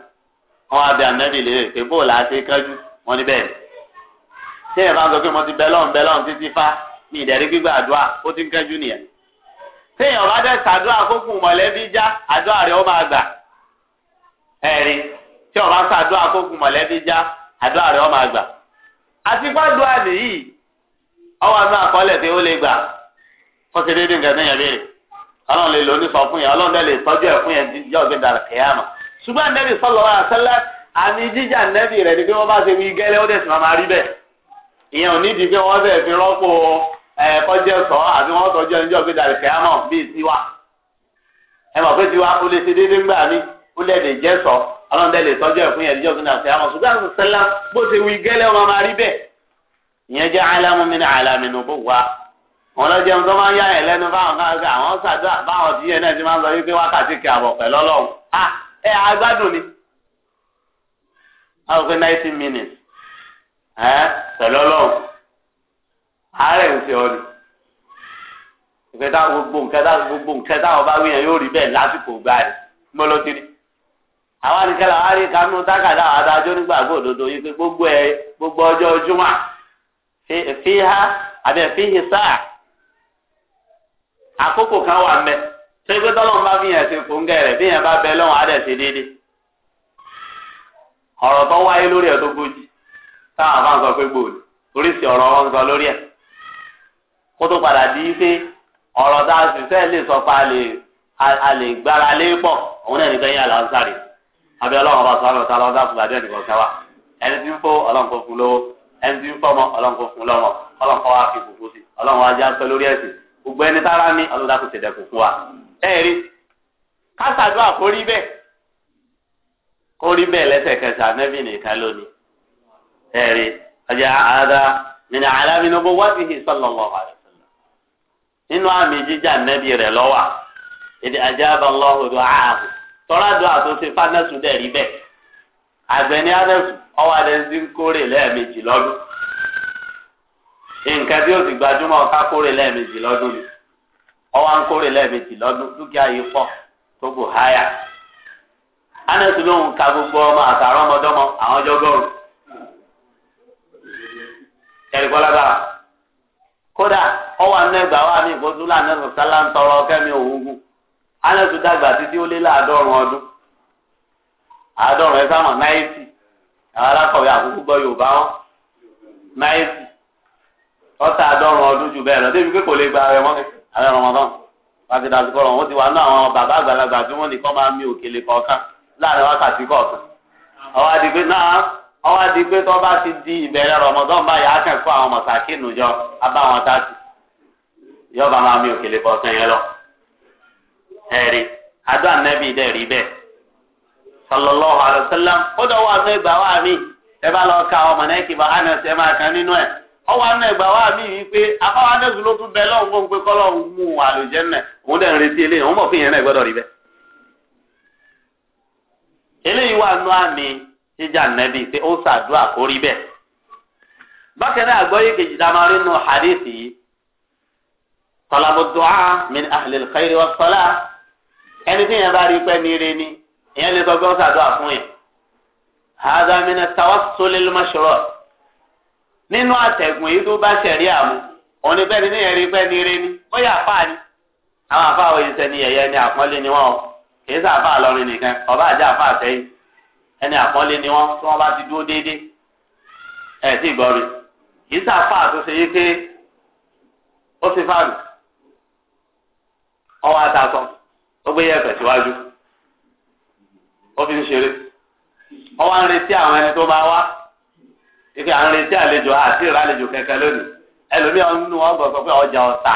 wọ́n á bẹ ànẹ́bí lè pé bóòlù àti kẹ́jú wọ́n ní bẹ́ẹ̀ tí ẹ̀ bá ń sọ pé mo ti títí fa ní ìdẹ̀rí gbígbà àdúrà ó ti ń kẹ́jú nìyẹn tí bá dẹ̀ sàdúrà kókùn mọ̀lẹ́bí já àdúrà rẹ̀ ó máa gbà tí ọba sàdúrà kókùn mọ̀lẹ́bí já àdúrà rẹ̀ ó máa gbà àti gbàdúrà nìyí ọwọ́ tí ó lè gbà wọ́n ti nǹkan béèrè ọlọ́run lè lò ó ní sọ fún yẹn àmì jíjà nẹ́bì rẹ̀ ni pé wọ́n bá ṣe wí gẹ́lẹ́ ó dẹ̀ máa rí bẹ́ẹ̀ ìyẹn ò nídìí pé wọ́n fẹ́ẹ́ fi rọ́pò ẹ̀ẹ́kọ́jẹ́ sọ àti wọ́n sọ jẹ́ níjọ́ gbéjà rẹ̀ fẹ́ẹ́ bíi tiwa ẹ mọ̀ pé tiwa ó lè ṣe déédéé ńgbà mí ó lè lè jẹ́ sọ ọlọ́dẹ lè tọ́jú ẹ̀ yẹn níjọ́ gbéjà fẹ́ẹ́ mọ̀ ṣùgbọ́n àti sẹ́lá bó ṣe wí gẹ́lẹ́ ó máa rí bẹ́ẹ̀ ìyẹn jẹ́ alámúmínà alámínú bó àwọn fẹ́ ninety minutes eh, ẹ̀ pẹ̀lú ọlọ́run àárẹ̀ ń ṣe ọdún ìfẹ́tà gbogbo nkẹta gbogbo ọba wíyàn yóò rí bẹ́ẹ̀ lásìkò gbà rẹ̀ mọ́lọ́tìrì àwọn àníkẹ́lá wa rí kánú adájọ́ gbogbo ẹ gbogbo ọjọ́ ojúmọ́ fi ha àbẹ̀ fi hi kan wà mẹ́ ṣé fi ṣe bí yẹn bá bẹ lọ́wọ́ Ọrọtọ tó wáyé lórí ẹ̀ tó gbòjì táwọn àbá ń sọ pé gbòòdì oríṣi ọrọ wọn ń sọ lórí ẹ̀ kó tó padà di tá a sì fẹ́ lè sọ a lè gbára lé pọ̀ òun náà nìkan yín àlà sáré ọba sọ́nà fún ẹni tí ń ọlọ́run kò fún ẹni tí ń ọlọ́run kò fún ọlọ́run kọ́ wa fi kó rí bẹ́ẹ̀ lẹ́sẹ̀kẹsẹ̀ ànábì nìkan lónìí ẹ̀rí ọjà àádá nínú alábìnúbó wáṣíhì sallallahu alaihi wasallam nínú àmì jíjà ànábì rẹ̀ lọ́wà ajá ajaba Allahu du'aahu tọ́lá dùn àtúnṣe fánẹ́sù dẹ̀ rí bẹ́ẹ̀ àgbẹ̀ni ọwọ́ ń kórè lẹ́ẹ̀mejì lọ́dún nǹkan gbajúmọ̀ kórè lẹ́ẹ̀mejì lọ́dún ni ọwọ́ à ń kórè lẹ́ẹ̀mejì lọ́dún dúkìá yìí pọ̀ tó háyà. anẹsùn lòun ka gbogbo ọmọ àtàrà ọmọdọmọ àwọn ọjọ gọrùn ẹrí gbọlágbára kódà ọwọ anẹgbà wà ní ìfọdúnlá anẹsùn sálá ń tọrọ kẹmi òwúgùn anẹsùn dàgbà títí ó lé láàdọ́rùn ọdún àádọ́rùn ẹ sáwọn náírà àwọn alákọ̀wé àkókò gbọ́ yorùbá wọn náírà ọ̀tá àádọ́rùn ọdún jù bẹ́ẹ̀ lọ débi pé kò lè gba ẹ mọ́kẹ́ àwọn ọmọdọ́n wọ́n ti dàsíkọ̀ rọ̀ wọ́n ti wà ní àwọn bàbá àgbàlagbà tí wọ́n nìkan máa mi òkèlè kọ̀ọ̀kan. láàrin wákàtí kọ̀ọ̀kan ọwọ́ àdìgbé náà ọwọ́ àdìgbé tó bá ti di ìbẹ̀rẹ̀ rọmọdán báyìí akẹ́ fún àwọn mọ̀sákìnù jọ abá wọn yọba máa mi kele bọ̀ọ̀kan yẹn lọ. ẹ̀rí adó ànẹ́bí dẹ̀ rí bẹ́ẹ̀ ẹ bá lọ ka máa kan nínú ẹ̀ ọwọ́ àná yìí pé ló tún bẹ eléyìí wà nù àmì jíjà nẹ́bí pé ó ṣàdúrà kó rí bẹ́ẹ̀. bákan náà àgbọ́yé kejì tá a máa rí nù hadith yìí talabu du'a min ahli al-khair wa salah ẹni tí yẹn bá rí pẹ́ ní ire ni ìyẹn lè sọ pé ó ṣàdúrà fún yẹn. hadha min at-tawassul al-mashru' nínú àtẹ̀gùn yìí tó bá ṣẹ̀rí àmú òní bẹ́ẹ̀ ni yẹn rí pẹ́ ní ire ni ó yà fáà ni àwọn àfáà wọ̀nyí sẹ́ni yẹ̀yẹ́ ni àpọ́nlé ni wọ́n o. kìí sá àfa nìkan ọba àjẹ àfa àtẹyìn ẹni àpọ́nlé ni wọn tí wọn bá ti dúró déédéé ẹ̀ sì gbọ́rí kìí sá àfa àtúnṣe yìí pé ó fi fáàlù ọwọ́ àtàkùn ó gbé yẹ̀fẹ̀ síwájú ó fi ń ṣeré ọwọ́ à ń retí àwọn ẹni tó bá wá ọjà ọta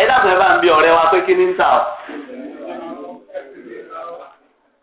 ẹ dákun ẹ bá ń bí wa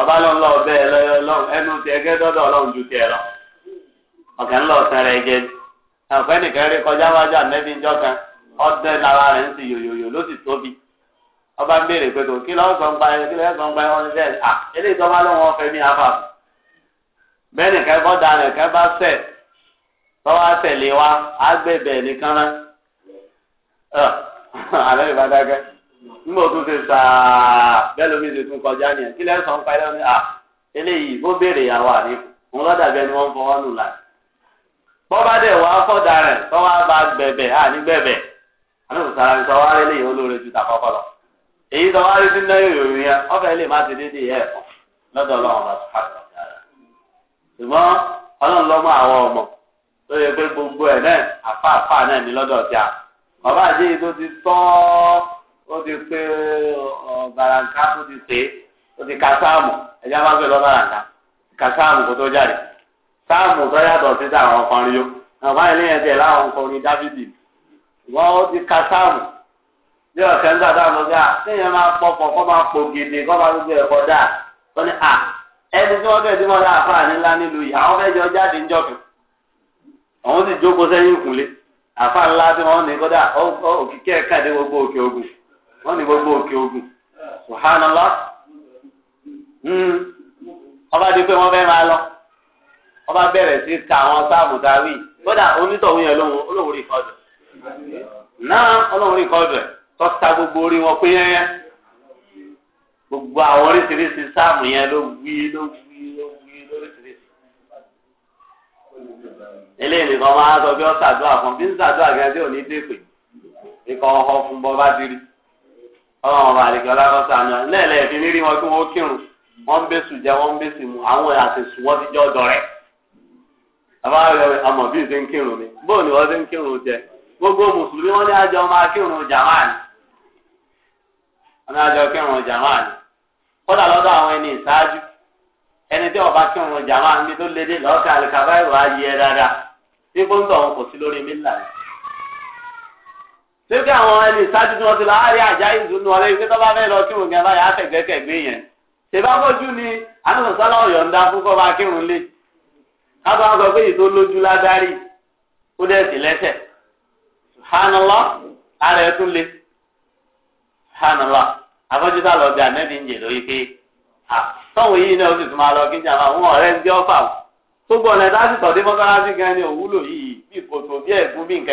ọba lọ lọ bẹ́ẹ̀ lọ́yọ́ lọ́hùn ẹnu tiẹ̀ gẹ́dọ́dọ̀ lọ́hùn ju tiẹ̀ lọ. ọ̀kẹ́ ńlọ ọ̀fẹ́ nìkan rí kọjá wájú kan ọdẹ rẹ̀ ń sì yòyòyò ló sì tóbi. ọba ń béèrè pé kò kí sọ ń ẹ kí sọ ń ẹ wọn à eléyìí tó bá ní afa. rẹ̀ bá tẹ̀lé rẹ̀. (laughs) nígbà tó fi sáà bẹ́ẹ̀ lómi ṣe tún kọjá nìyẹn kí lẹ́yìn sọ̀n parí ọ́nà eléyìí béèrè ìyàwó àníkù lọ́dà bẹ́ẹ̀ ni wọ́n fọwọ́ nù láì. bọ́bá dẹ̀ wá fọ́dà rẹ̀ tọ́wọ́ bá gbẹ̀bẹ̀ àní gbẹ̀bẹ̀ àmì òsàrà ní sọ́wọ́ rẹ̀ léyìí olóore ju tàkọ́kọ́ lọ. èyí sọ́wọ́ ti yẹn ọ̀fẹ́ lè má ti dédé lọ́dọ̀ ọlọ́run bá o ti pé bàràǹkà ó ti pè o ó ti ka sáàmù ẹ̀jẹ̀ máa ń lọ ka sáàmù kó tó jáde sáàmù tó yàtọ̀ sí àwọn ọkùnrin yó àwọn báyìí ti ka sáàmù bí ọ̀sẹ̀ ń dàda lọ sí à téèyàn máa pọ̀ pọ̀ máa pò máa gbé ẹ̀kọ́ dà ní à ẹni tí wọ́n nílùú yìí àwọn fẹ́ ń àwọn sì jókòó sẹ́yìn ńlá wọ́n ní gbogbo òkè ogun subhanallah hmm. ọba dị pe wọ́n fẹ́ máa lọ ọba bẹ̀rẹ̀ sí ka àwọn sáàmù dáwì kódà onítọ̀hún yẹn lóhun olóhùn náà olóhùn rí ẹ̀ tọ́ta gbogbo orí wọn yẹn gbogbo àwọn oríṣiríṣi sáàmù yẹn ló wí ló wí ló wí lóríṣiríṣi. eléyìí nìkan máa ń sọ bí fún bí ọlọ́run ọba àdìgbà ọlọ́run àná lẹ́ẹ̀lẹ́ ìfi rírí wọn kí wọ́n kírun wọ́n ń bẹ́sù jẹ wọ́n ń bẹ́sù mu àwọn àtẹ̀sù wọn ti jẹ́ ọ̀dọ̀ rẹ̀ bàbá rẹ̀ àmọ̀ bí ìṣe ń kírun ni bóò ni wọ́n ṣe ń kírun jẹ gbogbo mùsùlùmí wọn ní àjọ máa kírun jàmáàní wọn ní àjọ kírun jàmáàní kódà lọ́dọ̀ àwọn ẹni ìṣáájú ẹni tí ọba kírun jàmáàní tó lédè lọ́ọ̀kẹ́ àlùkàbáyọ̀ ayé ẹ dáadáa ṣé kí àwọn ẹni ìsájú tí wọ́n ti lọ á rí àjá ìzù nù ọ̀rẹ́ ya tó bá fẹ́ lọ kí òun yà á yẹn fojú ni àdùnnà sọ́lá ọ̀yọ̀ǹda fún kọ́ kírun lé kábàá sọ pé ìtò lójú lágbárí ó dẹ̀ sí lẹ́sẹ̀ subhanallah ara tún tá lọ bí anẹ́bí ń lórí pé yìí máa lọ kí ọ̀rẹ́ ń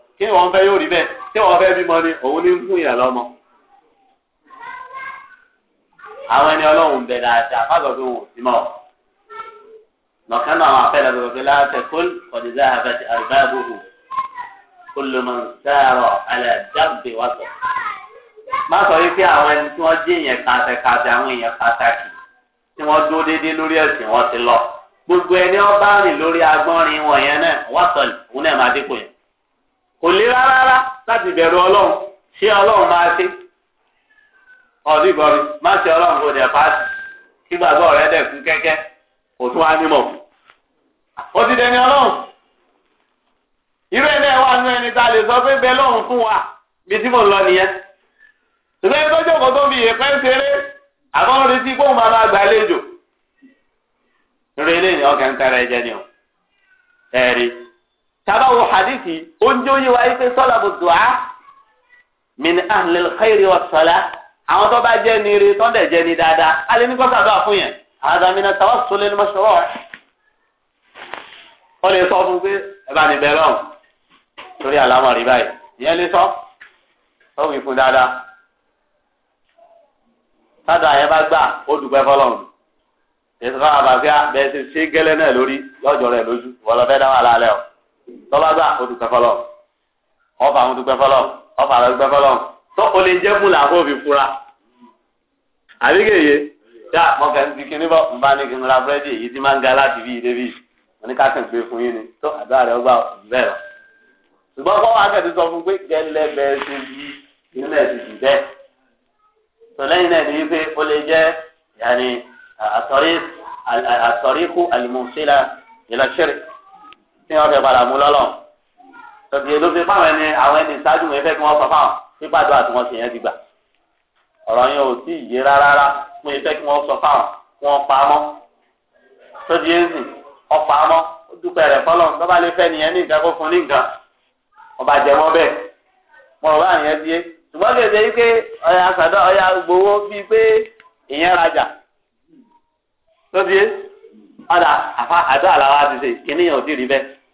kí wọ́n fẹ́ yóò rí bẹ́ẹ̀ kí wọ́n fẹ́ bímọ ni òun ní ń fún yàn lọ́mọ. àwọn ẹni ọlọ́run bẹ̀ dáadáa má gbàgbé wọn ò sí mọ́ lọ́kàn náà àwọn afẹ́lẹ́ bẹ̀rẹ̀ pé láàfẹ́ kó ọ̀dìdá àbẹ̀tì àrùbá gbogbo kó ló máa ń sáárọ̀ alẹ́ dábì wá sọ. má sọ yìí pé àwọn ẹni tí wọ́n jẹ́ èèyàn kàtẹ́kàtẹ́ àwọn èèyàn pàtàkì tí wọ́n dúró déédéé lórí ẹ̀sìn wọn ti lọ gbogbo ẹni ó kò lè rárá láti bẹ̀rù ọlọ́run ṣé ọlọ́run máa ṣe ọdún ìbọn mi má ṣe ọlọ́run kò dẹ̀ pàṣẹ kígbàgbọ́ rẹ dẹ̀ kún kẹ́kẹ́ kò tún wá nímọ̀ ó ti dẹni ọlọ́run irú ẹ̀ náà wà nínú ẹni tá a lè sọ pé bẹ́ẹ̀ lọ́run fún wa bí tí mò lọ nìyẹn ṣùgbọ́n ẹni tó jókòó tó fi èèpẹ́ ń ṣeré àbọ̀n retí kóun máa máa gbàlejò rere ni ọkàn ń tara ẹ̀jẹ̀ ni ọ ẹ̀rí. tábà wo hadithi oúnjẹ oyin wa ife sọlá bu dùá min ahlil xeyri wa sọlá àwọn tó bá jẹ ní rí tó dẹ̀ jẹ ní dáadáa alẹ́ ní kọ́sà àdúrà fún yẹn àdàmínà sábà sọlẹ̀ ní mọ́ṣọ́rọ́ ọ lè sọ fún pé ẹ bá ní bẹ́ẹ̀ lọ́wọ́ torí àlámọ̀ rí báyìí ìyẹn lè sọ ó wí fún dáadáa sádà yẹn bá gbà ó dùpẹ́ fọlọ́run èsì fáwọn àbàfíà bẹ́ẹ̀ ti ṣe gẹ́lẹ́ náà lórí lọ́jọ́ rẹ̀ lójú wọ́n lọ fẹ́ o tọ́ba bá o dùgbẹ́ fọlọ́ ọfà àwọn dùgbẹ́ fọlọ́ ọfà àwọn dùgbẹ́ fọlọ́ tó o lè jẹ́ fúnra kó o fi fura àbíkèyè yá mo kàn ti kíní bọ́ n bá ní kí n ra búrẹ́dì èyí tí máa ń ga láti bí ìdébí mo ní ká kàn gbé fún yín ni tó àdúrà rẹ ọgbà bẹ́ẹ̀ lọ ṣùgbọ́n kọ́ wa kẹ́tù sọ fún pé gẹ́lẹ́ bẹ́ẹ̀ ṣe bí ìrìnlẹ̀ ti dì bẹ́ẹ̀ tọ́lẹ́yìn náà ní pé ó lè jẹ́ yàní àtọ̀rí àtọ̀rí kú àlùmọ̀ṣẹ́lá ìlọṣẹ́rẹ́ tí wọ́n fẹ́ padà mú lọ́lọ́ tọ́jú ló fi fáwọn ẹni àwọn ẹni ìṣáájú wọn fẹ́ kí wọ́n sọ fáwọn pípàdé àti wọn sì yẹn ti gbà ọ̀rọ̀ yẹn ò tí ì yé rárá rárá wọn fẹ́ kí wọ́n sọ fáwọn kí wọ́n pa á mọ́ tọ́jú yẹn sì ọ̀pá á mọ́ ó dúpẹ́ rẹ̀ fọlọ́ tọ́ba lè fẹ́ nìyẹn ní nǹkan kó fún ní nǹkan ọba jẹ mọ́ bẹ́ẹ̀ wọn ò bá nìyẹn di é ṣùgbọ́n kèdè yìí pé ọya sàdọ́ ọya gbowó bíi pé ìyẹn rajà tọ́jú yẹn ọ̀dà àdó àlàwà ti ṣe kìnìyàn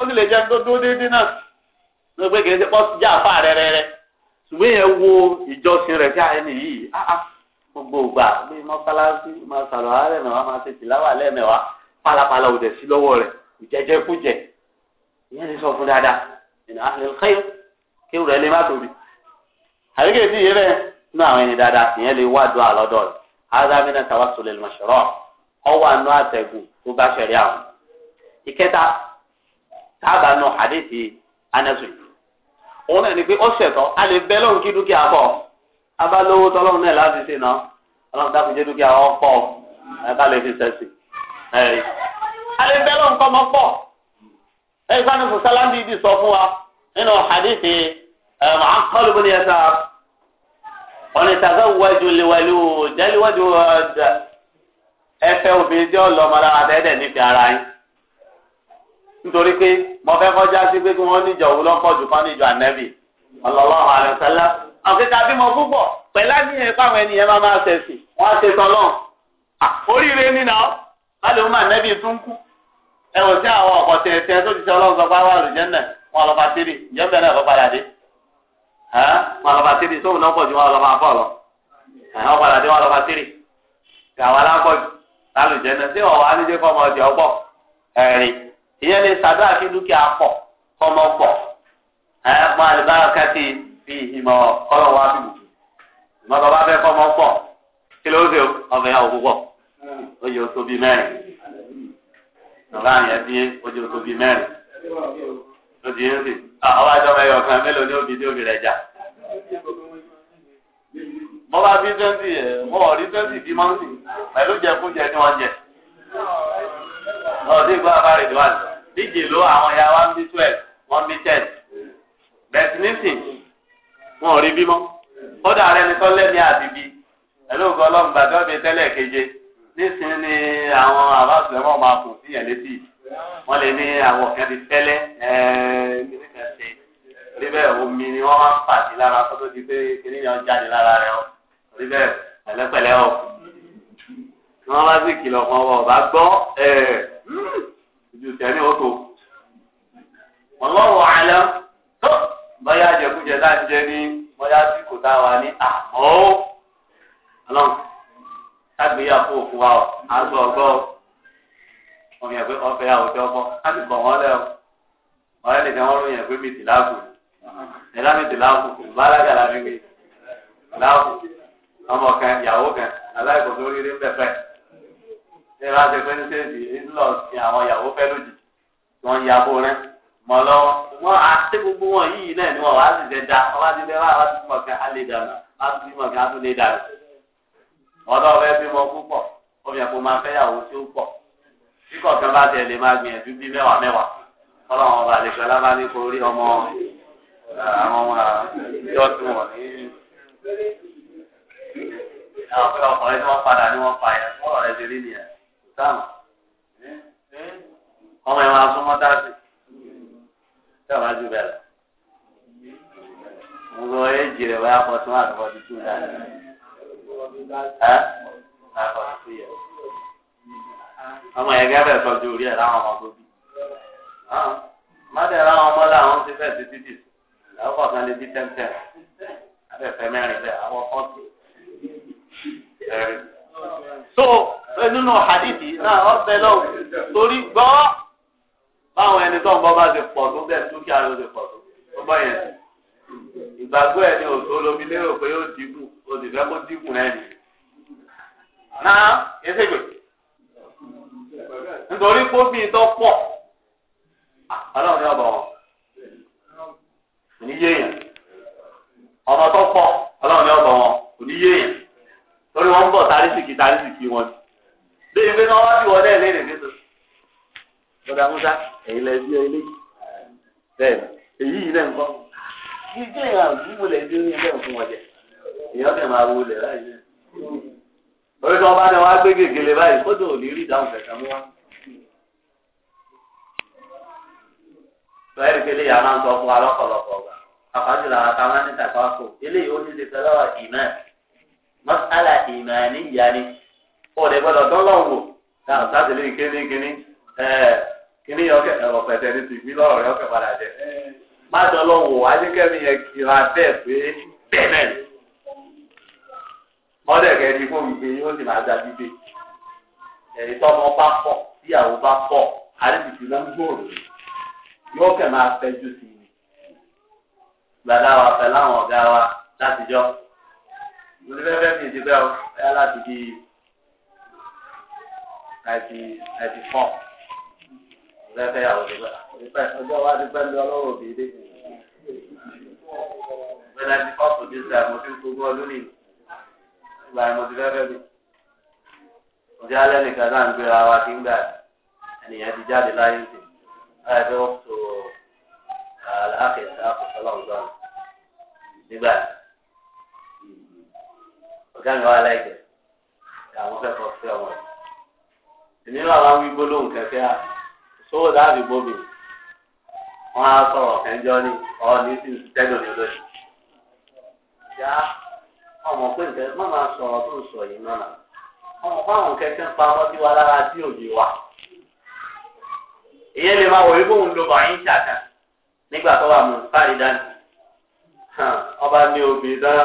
ó sì lè jẹ́ tó dúró déédéé náà ló pé kì í ṣe pọ́ sí jàfa rẹ́rẹ́rẹ́ ṣùgbọ́n yẹn wo ìjọsìn rẹ̀ sí àyẹ̀ni yìí ah, ah. gbogbo ògbà bí mọ́sálásí máa sàlọ̀ àárẹ̀ mẹ́wàá máa ṣe tìláwà lẹ́ẹ̀mẹ́wàá pálapàla ò dẹ̀ sí lọ́wọ́ rẹ̀ ìjẹjẹ kújẹ ìyẹn ti sọ fún dáadáa ìnà àlùkẹ́yọ̀ kéwù rẹ̀ lè má tóbi àríkè tí ìyẹn bẹ́ẹ̀ nínú àwọn ẹni dáadáa ìyẹn lè wá dùn àlọ́dọ̀ rẹ̀ ádámínà tàwa sọlẹ̀ lọ́sọ̀rọ̀ ọwọ́ àánú àtẹ̀gùn tó bá ṣẹ̀rí àwọn ìkẹta tábà nù hadithi anasu òun ni pé o ṣẹ̀tọ́ a lè bẹ́ lọ́run kí dúkìá pọ̀ a bá lówó tọ́lọ́run náà láti ṣe náà ọlọ́run dákun jẹ́ dúkìá wọn pọ̀ ẹ̀ka lè fi a wa hadithi Mu'aqqal bin Yasar ọ̀nà tazawwaju liwalud ara nítorí pé mo fẹ́ kọjá sí pé kí wọ́n níjọ òun lọ́pọ̀ jù fún níjọ ànẹ́bì ọlọ́wọ́ àlùsálá. àwọn kíkà bímọ púpọ̀ pẹ̀lá ní ẹ̀fọ́ àwọn ènìyàn máa máa ṣẹ̀sìn wọ́n á ṣe tọ́lọ́ oríire nínà báyìí wọn ànẹ́bì tún kú ẹ wò sí àwọn ọ̀pọ̀ tẹ̀tẹ̀ tó ti ṣe ọlọ́run sọ pé àwọn àlùjẹ́nà wọn lọ́ba tìrì ìjọba náà lọ́ padà dé wọn lọ́ba tìrì tóun náà pọ̀ ju wọn lọ́ba afọ́ lọ wọn ìyẹn lè sàdúrà kí dúkìá pọ̀ kọ́mọ pọ̀ ẹ̀ mọ àlùbáràkà ti fi ìmọ̀ kọ́lọ̀ wá bí bùkún ìmọ̀ bàbá fẹ́ kọ́mọ pọ̀ kí ló ń ṣe ọbẹ̀ yà òkú pọ̀ ó yẹ oṣù bíi mẹ́rin bàbá yẹn bí ó yẹ oṣù bíi mẹ́rin ó di yẹn sì ọba ìjọba ẹyọ kan mélòó ni òbí ní òbí rẹ jà mo bá bí twenty ẹ mo ò rí bí pẹ̀lú jẹkújẹ ni wọ́n jẹ díje ló àwọn ya one bí twelve one bí ten bẹ́ẹ̀ nísìn wọn ò rí bímọ kódà rẹ ní sọ́lẹ̀ ní àdìbí ẹ̀lú ògùn ọlọ́run gbàdúrà bíi tẹ́lẹ̀ keje nísìn ni àwọn àbáṣe wọn máa kù sí yẹn létí wọn lè ní àwọn kan ti tẹ́lẹ̀ ẹ̀ẹ́dẹ́gbẹ̀sẹ̀ orí bẹ́ẹ̀ omi ni wọ́n máa ń pàdé lára kó tó di pé kíní yẹn jáde lára rẹ o orí bẹ́ẹ̀ pẹ̀lẹ́pẹ̀lẹ́ o wọ́n bá sì kìlọ̀ kan wọ̀ ọ̀bá gbọ́ ojú tẹ̀lé ó wọn lọ́wọ́ àlọ́ tó bóyá jẹkújẹ tá ń jẹ ní bóyá tí kò tá wa ní àmọ́ ọlọ́run tágbéyàwó òfin wa ọ àgbọ̀ ọgbọ́ ọmọ yẹn pé ọfẹ àwùjọ ọgbọ́n láti bọ̀ lẹ́wọ̀ ìrora ti pé níṣẹ́jì ńlọ sí àwọn ìyàwó fẹ́ lójijì wọn ya bó rẹ mọ lọ́wọ́ wọn àti gbogbo wọn yìí náà ni wọn wá sì jẹ da wọn bá ti bẹ wá ti mọ kí á lè dànù á ti bímọ kí á tún lè dànù ọ̀dọ̀ ọbẹ bímọ púpọ̀ ọbẹ kò máa fẹ́ yàwó tí ó pọ̀ bí kọ̀ọ̀kan bá tẹ̀lé máa gbìyànjú bí mẹ́wàá mẹ́wàá ọlọ́run ọba àlejò alábá ní kò rí ọmọ àwọn ọmọ ìjọ tí wọ́n ní. ọkùnrin tí wọ́n padà ní wọ́n fa ẹ̀ fọ́ọ̀rọ̀ ẹ̀ sáàmù ọmọ ẹ̀ máa sún mọ́ dáàbì tẹ́ ọ̀ bá ju bẹ́ẹ̀ lọ. mo lọ éjì rẹ̀ wáyà pọ̀ tún àti pọ̀tù tún dáa ẹ́ àpọ̀tù tún yẹ. ọmọ yẹn gẹ́gẹ́ tọ́jú orí ẹ̀ láwọn ọmọ tó bí. mọ́tẹ́ láwọn ọmọ làwọn ti fẹ́ ti títì làwọn kọ̀ọ̀kan lè bí tẹ́ntẹ́n abẹ́fẹ́ mẹ́rin bẹ́ẹ̀ àwọn ọ̀tún. so nínú hadithi náà torí gbọ́ báwọn ẹni tó ń bọ́ bá ti pọ̀ tó bẹ́ẹ̀ dúkìá ló ti pọ̀ tó bọ́ yẹn ìgbàgbọ́ òtó lérò pé yóò dínkù o sì fẹ́ kó dínkù náà ẹsẹ̀ gbè nítorí tó pọ̀ ọlọ́run yóò bọ̀ wọ́n ọmọ tó pọ̀ ọlọ́run yóò bọ̀ wọ́n ó ní bọ̀ tárísìkì tárísìkì wọn ni déyìí pé wọ́n wá sí wọlé musa èyí lè bí ẹlẹ́ bẹ́ẹ̀ èyí yìí náà kí máa wọlé láyé orí tí bá ní wọ́n á gbé gègèlè báyìí kó tó ò ní rí ìdáhùn mú a ń sọ fún wa ọ̀gá àtàwọn ẹni tàkọ́ mọ́sálà ìmàníyà ni ọ̀rẹ́ gbọ́dọ̀ dọ́lọ́wọ́ wò táwọn sáàtì lè kíní kíní kíní ọkẹ ọ̀pẹ̀tẹ̀ ní tìbí lọ́rọ̀ rẹ ọkẹ padà jẹ má dọ́lọ́wọ́ wò ajẹ́kẹ́mi yẹn kira bẹ́ẹ̀ pé bẹ́ẹ̀ náà ọdẹ kẹrin fún mi pé yóò sì máa da gbígbé ẹ̀rí tọ́mọ bá pọ̀ tíyàwó bá pọ̀ àríbìtì náà ń gbòòrò yóò kẹ̀ máa fẹjú sí i gbàdá wa pẹ̀lú àwọn ọ̀gá wa látijọ́ ìgbónífẹ́fẹ́ mi ti bẹ́ẹ̀ ẹ láti di ninety ninety four ìgbónífẹ́fẹ́ yàwó ti bẹ́ẹ̀ ọjọ́ wa ti pẹ́ ń lọ lọ́wọ́ òbí dé. ìgbẹ́ ninety four to this time mo ti gbogbo ọdún nìyí ìgbà mo ti fẹ́fẹ́ mi. ọjọ́ alẹ́ nìkan náà ń gbéra wa kí n gbà ẹnìyẹn ti jáde láyé ń sìn láyé fẹ́ tó àlàáfẹ́ sáà kò sọ́lá ọ̀gbọ́n nígbà yẹn. ọ̀gá mi wá aláìjẹ àwọn fẹ́ kọ́ sí ọmọ rẹ̀ èmi náà wá wí gbólóhùn kẹfẹ́ à sówó dáàbì bóbi wọn á sọ̀rọ̀ kẹjọ ni ọ ní sí tẹ́lẹ̀ ní olóṣù yá ọmọ pé nǹkan má máa sọ̀rọ̀ tó ń sọ yìí náà ọmọ fáwọn ń wa lára tí wà wọ ibò ń lo ṣàkà nígbà tó wà mú dání ọba ní obì dáná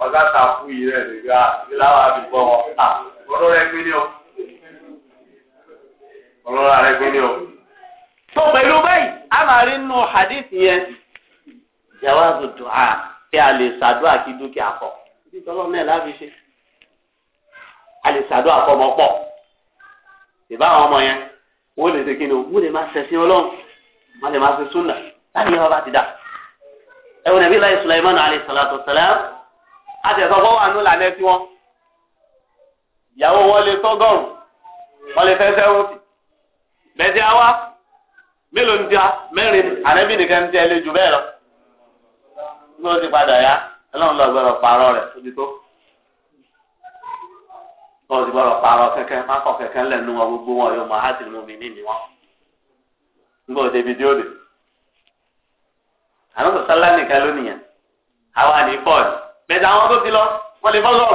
wọ́n sá ta fún yìí rẹ̀ nígbà ìlànà àdúgbò wọn à ọlọ́rọ̀ ẹgbẹ́ ni o ọlọ́rọ̀ ẹgbẹ́ ni o. tó pẹ̀lú bẹ́ẹ̀ a máa rí nínú hadith yẹn jawazu du'a pé a lè ṣàdúrà kí dúkìá pọ̀ ìtọ́lọ́ náà láfi ṣe a lè ṣàdúrà fọmọ pọ̀ ìbá àwọn ọmọ yẹn wọ́n lè ṣe kí ni wọ́n lè máa ṣẹ̀sìn ọlọ́run wọ́n lè máa ṣe súnà láti yẹ wọn ti dà ẹ̀wọ̀n nàbí láì Sulaiman alayhi salatu wa salam. a wà nù lànà tí wọ́n ìyàwó wọn lè wọlé wọn lè fẹ́ sẹ́wọ́tì a mélòó ń tia mẹ́rin àrẹ́bí nìkan ń tia lé bẹ́ẹ̀ lọ ní o ti padà ẹlọ́run lọ pààrọ̀ tó o ti pààrọ̀ mákọ̀ wọn gbogbo wọn yóò mọ àti wọn àwọn lónìyàn àwa bọ́ọ̀lù. bẹ̀tẹ̀ àwọn tó ti lọ wọ́n lè fọ́sọ̀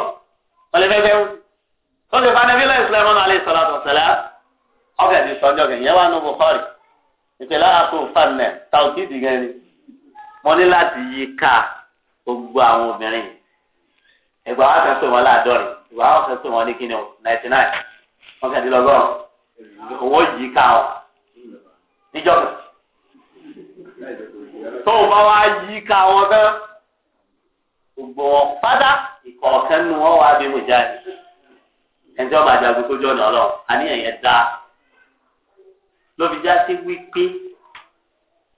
wọ́n lè fẹ́fẹ́ tó lè fani bílẹ̀ ìsìlẹ̀mọ́ náà lè sọ̀rọ̀ àtọ̀sẹ̀lẹ̀ ọkẹ́ ti sọ́jọ́ kẹ̀ yẹn wà ní bukori ìpìlẹ̀ àpò fanẹ̀ tàùkìdì gan ni mo ní láti yí ká gbogbo àwọn obìnrin ìgbà wa kan pè wọ́n láàdọ́rin ìgbà wa kan pè wọ́n ní kíni o ninety nine wọ́n kẹ́ ti lọ lọ́rùn owó yìí ká ọ níjọ́ kan tó o bá wá yí ká wọn fẹ́ gbogbo wọn pátá ìkọ̀ọ̀kan nínú wọn wà bí mùjáde ẹnjẹ́ ọba àjàgbé tó jọ̀nà ọlọ́run àníyàn yẹn dáa ló já sí wípé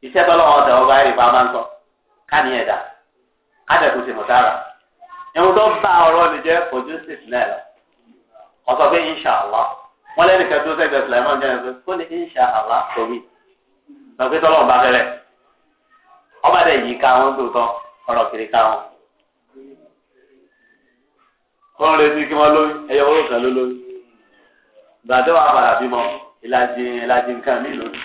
iṣẹ́ tọ́lọ́ wọn tẹ̀ ọba ìrìbá máa ń sọ káníyàn dáa kájẹ̀kù sì mọ̀sára ẹ̀hún tó bá ọ̀rọ̀ mi jẹ́ ojú sí ìsìnlẹ̀ lọ ọ̀sọ̀ pé inṣàlá wọn lẹ́nìkan tó sẹ́gbẹ̀ẹ́ sùlẹ̀mọ́ jẹ́ ẹ̀sọ́ kó ní inṣàlá torí lọ pé tọ́lọ́ ọba fẹ́rẹ̀ ọba dẹ̀ yìí ká wọn tó tọ́ ọ̀rọ̀ kiri kọ́ retí kí wọ́n lóyún ẹyọ owó kan ló lóyún gbàdé wàá padà bímọ ìlàjì ìlàjì nǹkan mi lónìí.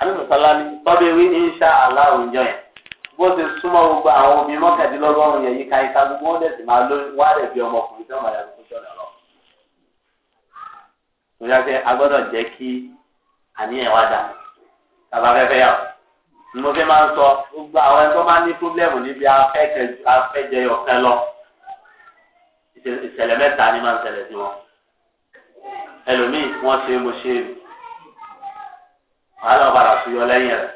alẹ́ sọ́lá ni tọ́bí wí insha Allah òǹjọ yẹn bó ṣe súnmọ́ gbogbo àwọn obìnrin mọ́kàndínlọ́gọ́rùn-ún yẹn yíká yíká gbogbo wọn dẹ̀ sì máa lóyún wá rẹ̀ bí ọmọkùnrin tí wọ́n máa yàgò fún ọ̀nà lọ. mo yá pé a gbọ́dọ̀ jẹ́ kí àníyàn wá dà bàbá fẹ́fẹ́ yà ni mo fẹ́ máa ń sọ gbogbo àwọn ẹni tó máa ní pírọ́blẹ́mù níbi afẹ́jẹyọ̀ kan lọ ìṣẹ̀lẹ̀ mẹ́ta ni máa ń ṣẹlẹ̀ sí wọn ẹlòmíì wọ́n ṣe mo ṣe èlò wàhálà ọ̀bàrà tó yọ lẹ́yìn rẹ̀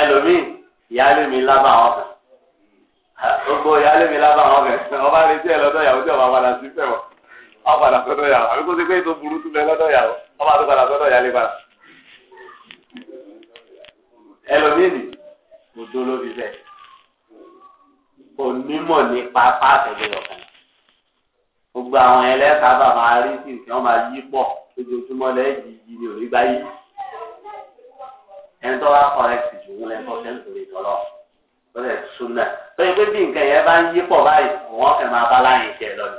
ẹlòmíì ìyáálé mi lábà àwọn kan gbogbo ìyáálé mi lábà àwọn kan ọba retí ẹ lọ́dọ̀ ìyàwó tí ọba padà sí fẹ́ wọn ọba padà sọ́dọ̀ ìyàwó àbíkó ti pé ètò burú tún lẹ lọ́dọ̀ ìyàwó ọba tó padà sọ́dọ̀ ìyáálé padà ẹlòmíì ni mo dó lóbi bẹ́ẹ̀ onímọ̀ nípa pàtẹ́gbẹ̀rẹ̀ ọ̀kan gbogbo àwọn ẹlẹ́ka bá máa rí sí máa yí pọ̀ lójoojúmọ́ lẹ́yìn yìí ni òní gbáyé ẹni tó wá kọ̀rẹ́tì jù wọn lẹ́kọ̀ọ́ sẹ́ńtò ìtọ́lọ́ lọ́dẹ̀ súnà tó yẹ pé bí nǹkan yẹn bá ń yí pọ̀ báyìí wọ́n fẹ́ máa bá láyìn jẹ lọ ni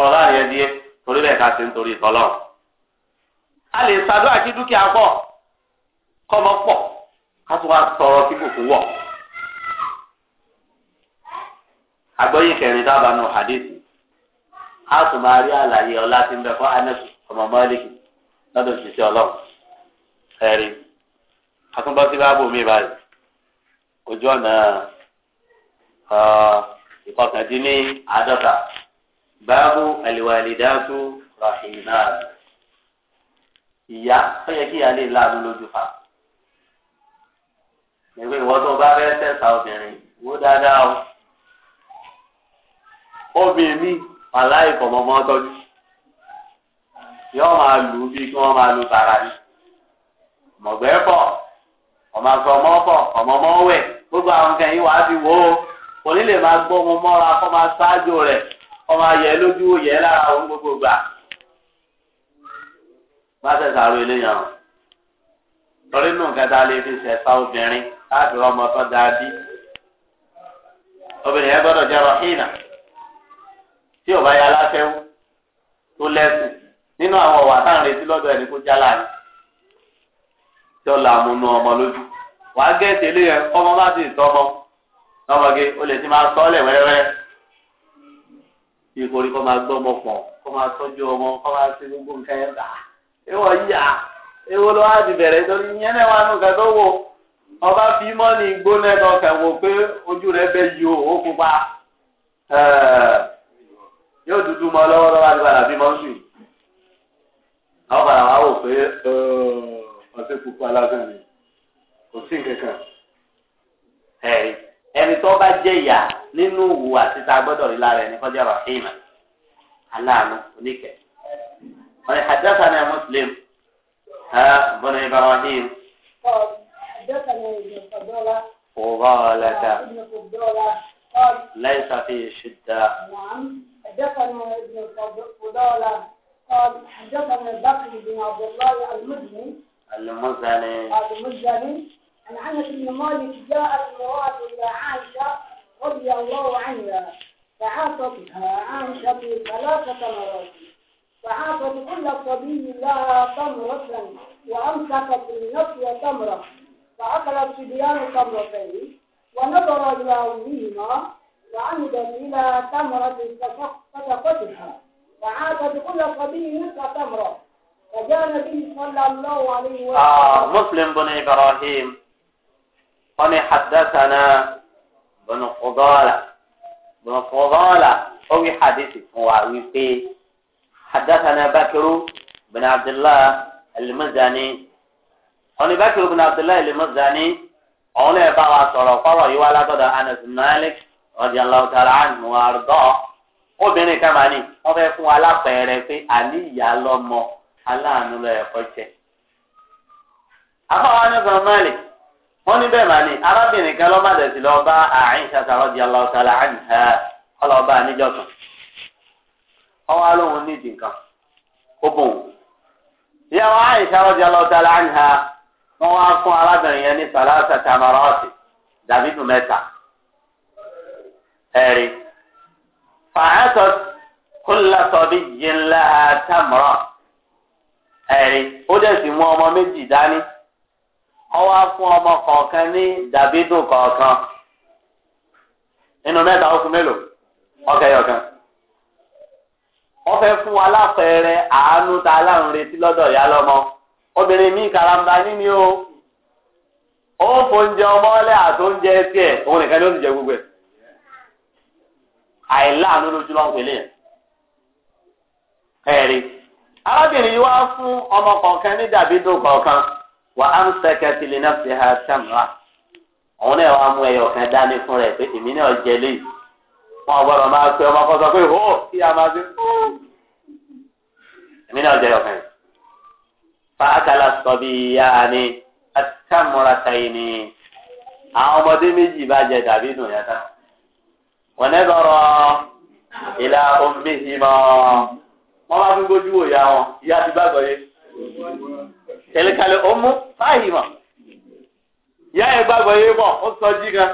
ọ̀rọ̀ láyìn díẹ̀ torí bẹ́ẹ̀ ká ṣe ń torí ìtọ́lọ́ a lè ṣàdúrà kí dúkìá pọ̀ kọ́mọ pọ̀ ká a tún máa rí àlàyé ọlá tí ń bẹ fún anẹsù ọmọ mọlẹkì lọ́dọ̀ òṣìṣẹ́ Ọlọ́run ẹrí akúnbọsí báàbò mi báyìí ojú ọ̀nà ìkọkàndínní àádọ́ta báàbò àlìwàlìdáàtú rahimahan ìyá ó yẹ kí ìyá lè láàánú lójú fa ẹgbẹ́ ìwọ tó bá fẹ́ tẹ̀sà obìnrin wó dáadáa o obìnrin mi. aláìfọ̀mọ́mọ́ tọ́jú yóò máa lù ú bí kí wọ́n máa lu bàrà ni mọ̀gbẹ́ bọ̀ ọ̀màgbọ̀mọ́ bọ̀ ọ̀mọ̀mọ́ wẹ̀ gbogbo àwọn kan wàá fi wò ó kò ní lè máa gbọ́ ọmọ mọ́ra kó máa ṣáájú rẹ̀ kó máa yẹ lójú yẹ lára gbogbo gbà má tẹ̀sán eléyàn o lórí nù kẹta lè fi obìnrin láti tí ọba ya aláfẹ́wù tó lẹ́sìn nínú àwọn ọ̀wà tá à ń retí lọ́dọ̀ ẹni kó jálá ni tí ó la mu nu ọmọ lójú wàá gẹ̀ẹ́sì eléyẹ ọmọ bá ti tọ́ lọ́mọge o lè ti máa sọ́ lẹ̀ wẹ́rẹ́wẹ́rẹ́ bí kò rí máa gbọ́ ọmọ pọ̀ kó máa tọ́jú ọmọ kó máa ṣe gbogbo nǹkan yẹn gbà ewọ yíyà ewo ló wá ti bẹ̀rẹ̀ torí yẹn náà wà nù wò fi mọ́ni gbóná ẹ̀ wò pé ojú bẹ́ o ó ẹ̀ẹ́. yóò dúdú mọ lọ́wọ́ lọ́wọ́ àti padà bí mọ́ńsù yìí. àwọn padà wá wò pé ọtí pupa lásán ni kò sí nǹkankan. ẹni tó bá jẹ ìyà nínú wù àti ta gbọ́dọ̀ rí lára ẹni kọjá rà fíìmà aláàánú oníkẹ́. wọ́n ní àjọṣà ni muslim bọ́nà ibrahim. àjọṣà ni ìjọba فضالة ليس فيه شدة نعم حدثنا ابن فضالة قال حدثنا البقي بن عبد الله المزني المزني المزني عن انس بن مالك جاءت امرأة الى عائشة رضي الله عنها فعاصتها عائشة ثلاثة مرات فعاصت كل صبي لها تمرة وأمسكت النصر تمرة فأكلت صبيان تمرتين ونظر إلى أمهما وعمد إلى تمرة فتقتلها فعاد بكل قبيل تمرة فجاء النبي صلى الله عليه وسلم آه مسلم بن إبراهيم قال حدثنا بن فضالة بن فضالة هو حديث فواوي حدثنا بكر بن عبد الله المزني قال بكر بن عبد الله المزني قال بقى صلى الله عليه وسلم Anas Malik rọ́dí aláwọ̀tara àánú àrùdọ́ obìnrin kan máa ní wọ́n fẹ́ fún alápẹ̀rẹ̀ pé àní ìyá lọ́mọ aláàánú lọ ẹ̀kọ́ jẹ. afọwọ́ anúgbọ̀n mọ́lẹ̀ wọ́n ní máa ní arábìnrin kan lọ́mọdé alóhun nídìí nǹkan ó ìyàwó wọ́n wá fún arábìnrin yẹn ní sàlá ẹ̀rí fàáṣọ kólàtọ̀bí yìnlá àtàmọ́ràn ẹ̀rí ó dẹ̀ sì mú ọmọ méjì dání ọwọ́ fún ọmọ kọ̀ọ̀kan ní dàbídù kọ̀ọ̀kan inú mẹ́ta ó fún mélòó ọ̀kẹ́yọ̀kan wọ́n fẹ́ fún wa lápẹẹrẹ àánú tá retí lọ́dọ̀ ìyá lọ́mọ obìnrin mi karamba o ó ọmọ ọlẹ́ tiẹ̀ òun nìkan ti jẹ gbogbo ẹ̀. àìláàánú lójú lọ́n pèlè ẹ̀rí. arábìnrin yìí wá fún ọmọ kọ̀ọ̀kan ní dàbídò kọ̀ọ̀kan wà á ń sẹ́kẹ̀ sílẹ̀ náà fi ha sàmúra òun náà wàá mú ẹyọ kan dání fún rẹ̀ pé èmi náà jẹ lé wọn gbọ́dọ̀ máa pe ọmọ kan sọ pé hó kí a máa fi èmi náà jẹ ẹyọ kan fa sọ bí ya ni àti sàmúra tẹ̀yìn ni àwọn ọmọdé méjì bá jẹ dàbídò yẹn tán. ونظرا إلى أمهما wọ́n bá fi gbójú wò ya wọn ìyá ti bá gbọ́yé kẹlẹkẹlẹ ọmú fáyìmọ̀ ìyá ẹ̀ bá gbọ́yé bọ̀ ó sọ jí gan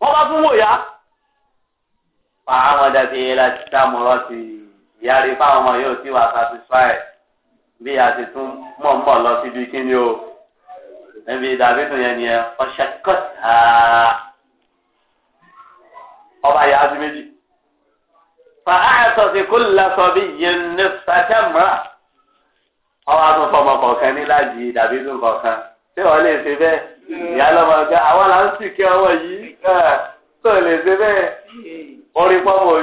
wọ́n bá fún wò ya. fàáwọn dàbí ilà títà mọ́rọ́ ti ìyá rí fáwọn ọmọ yóò ti wà satisfied bí a ti tún mọ̀ọ́mọ̀ lọ síbi kí ni o ẹ̀bi dàbí tún yẹn ni ẹ ọ̀ṣẹ́kọ̀tà. ọba yà á sí méjì. fa àtọ̀sí kó lásọ bí yẹn ní sàtẹ́mùrà ọba tó fọmọ kọ̀ọ̀kan níláàjì dàbí tó kọ̀ọ̀kan tí wọ́n lè ṣe ya ìyá ma gbé àwọn là ń yìí tó orí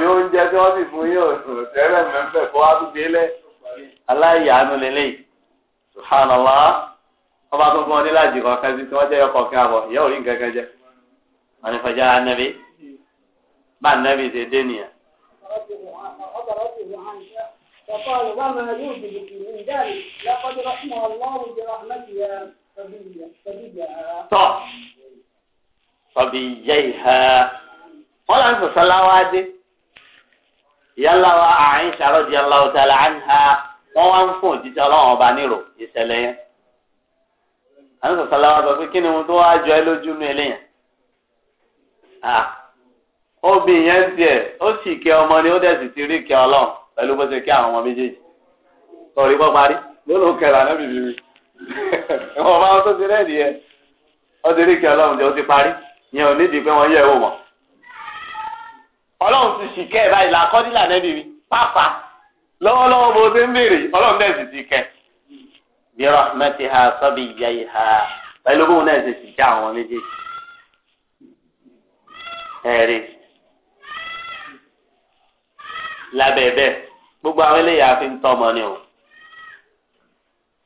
yóò ń sì fún yóò sùn kó wá tún subhanallah ọba tó fún ọ níláàjì kọ̀ọ̀kan sí tí yọ nǹkan bá nẹ́bí ṣe dé nìyẹn. فقال وما يوجدك من ذلك لقد رحمه الله برحمته tọ́ ọbí ìyá ìhà wọn lọ sọ sọláwá dé yálà wa Àìṣà radiyallahu ta'ala anha wọn wá ń fún òjíṣẹ́ Ọlọ́run ọba nírò ìṣẹ̀lẹ̀ yẹn àwọn sọ sọláwá sọ pé kí ni ohun tó wá jọ ẹ lójú ní ilé obì yẹn ń tiẹ̀ ó sì kẹ́ ọmọ ni ó dẹ̀ sì ti rí kẹ́ ọlọ́run pẹ̀lú bó ṣe kí àwọn ọmọ méjèèjì sọ̀rí bọ́ parí lónà kẹlà náà bìbí mi ìwọ̀n máa tó ti rẹ́ẹ̀dì yẹn ó ti rí kẹ́ ọlọ́run jẹ́ ó ti parí yẹn ò nídìí pé wọ́n yẹ ẹ̀wò mọ́ ọlọ́run ti sì kẹ́ báyìí làkọ́dílà náà bìbí pápá lọ́wọ́lọ́wọ́ bó ṣe ń béèrè ọlọ́run náà sì ti kẹ́ bí rahmatiha sọ́bi ìyá ìhà pẹ̀lú bóun náà ṣe sì já àwọn méjèèjì ẹ̀rí lábẹ́ bẹ́ẹ̀ gbogbo àwọn eléyà fi ń tọ́mọ ni o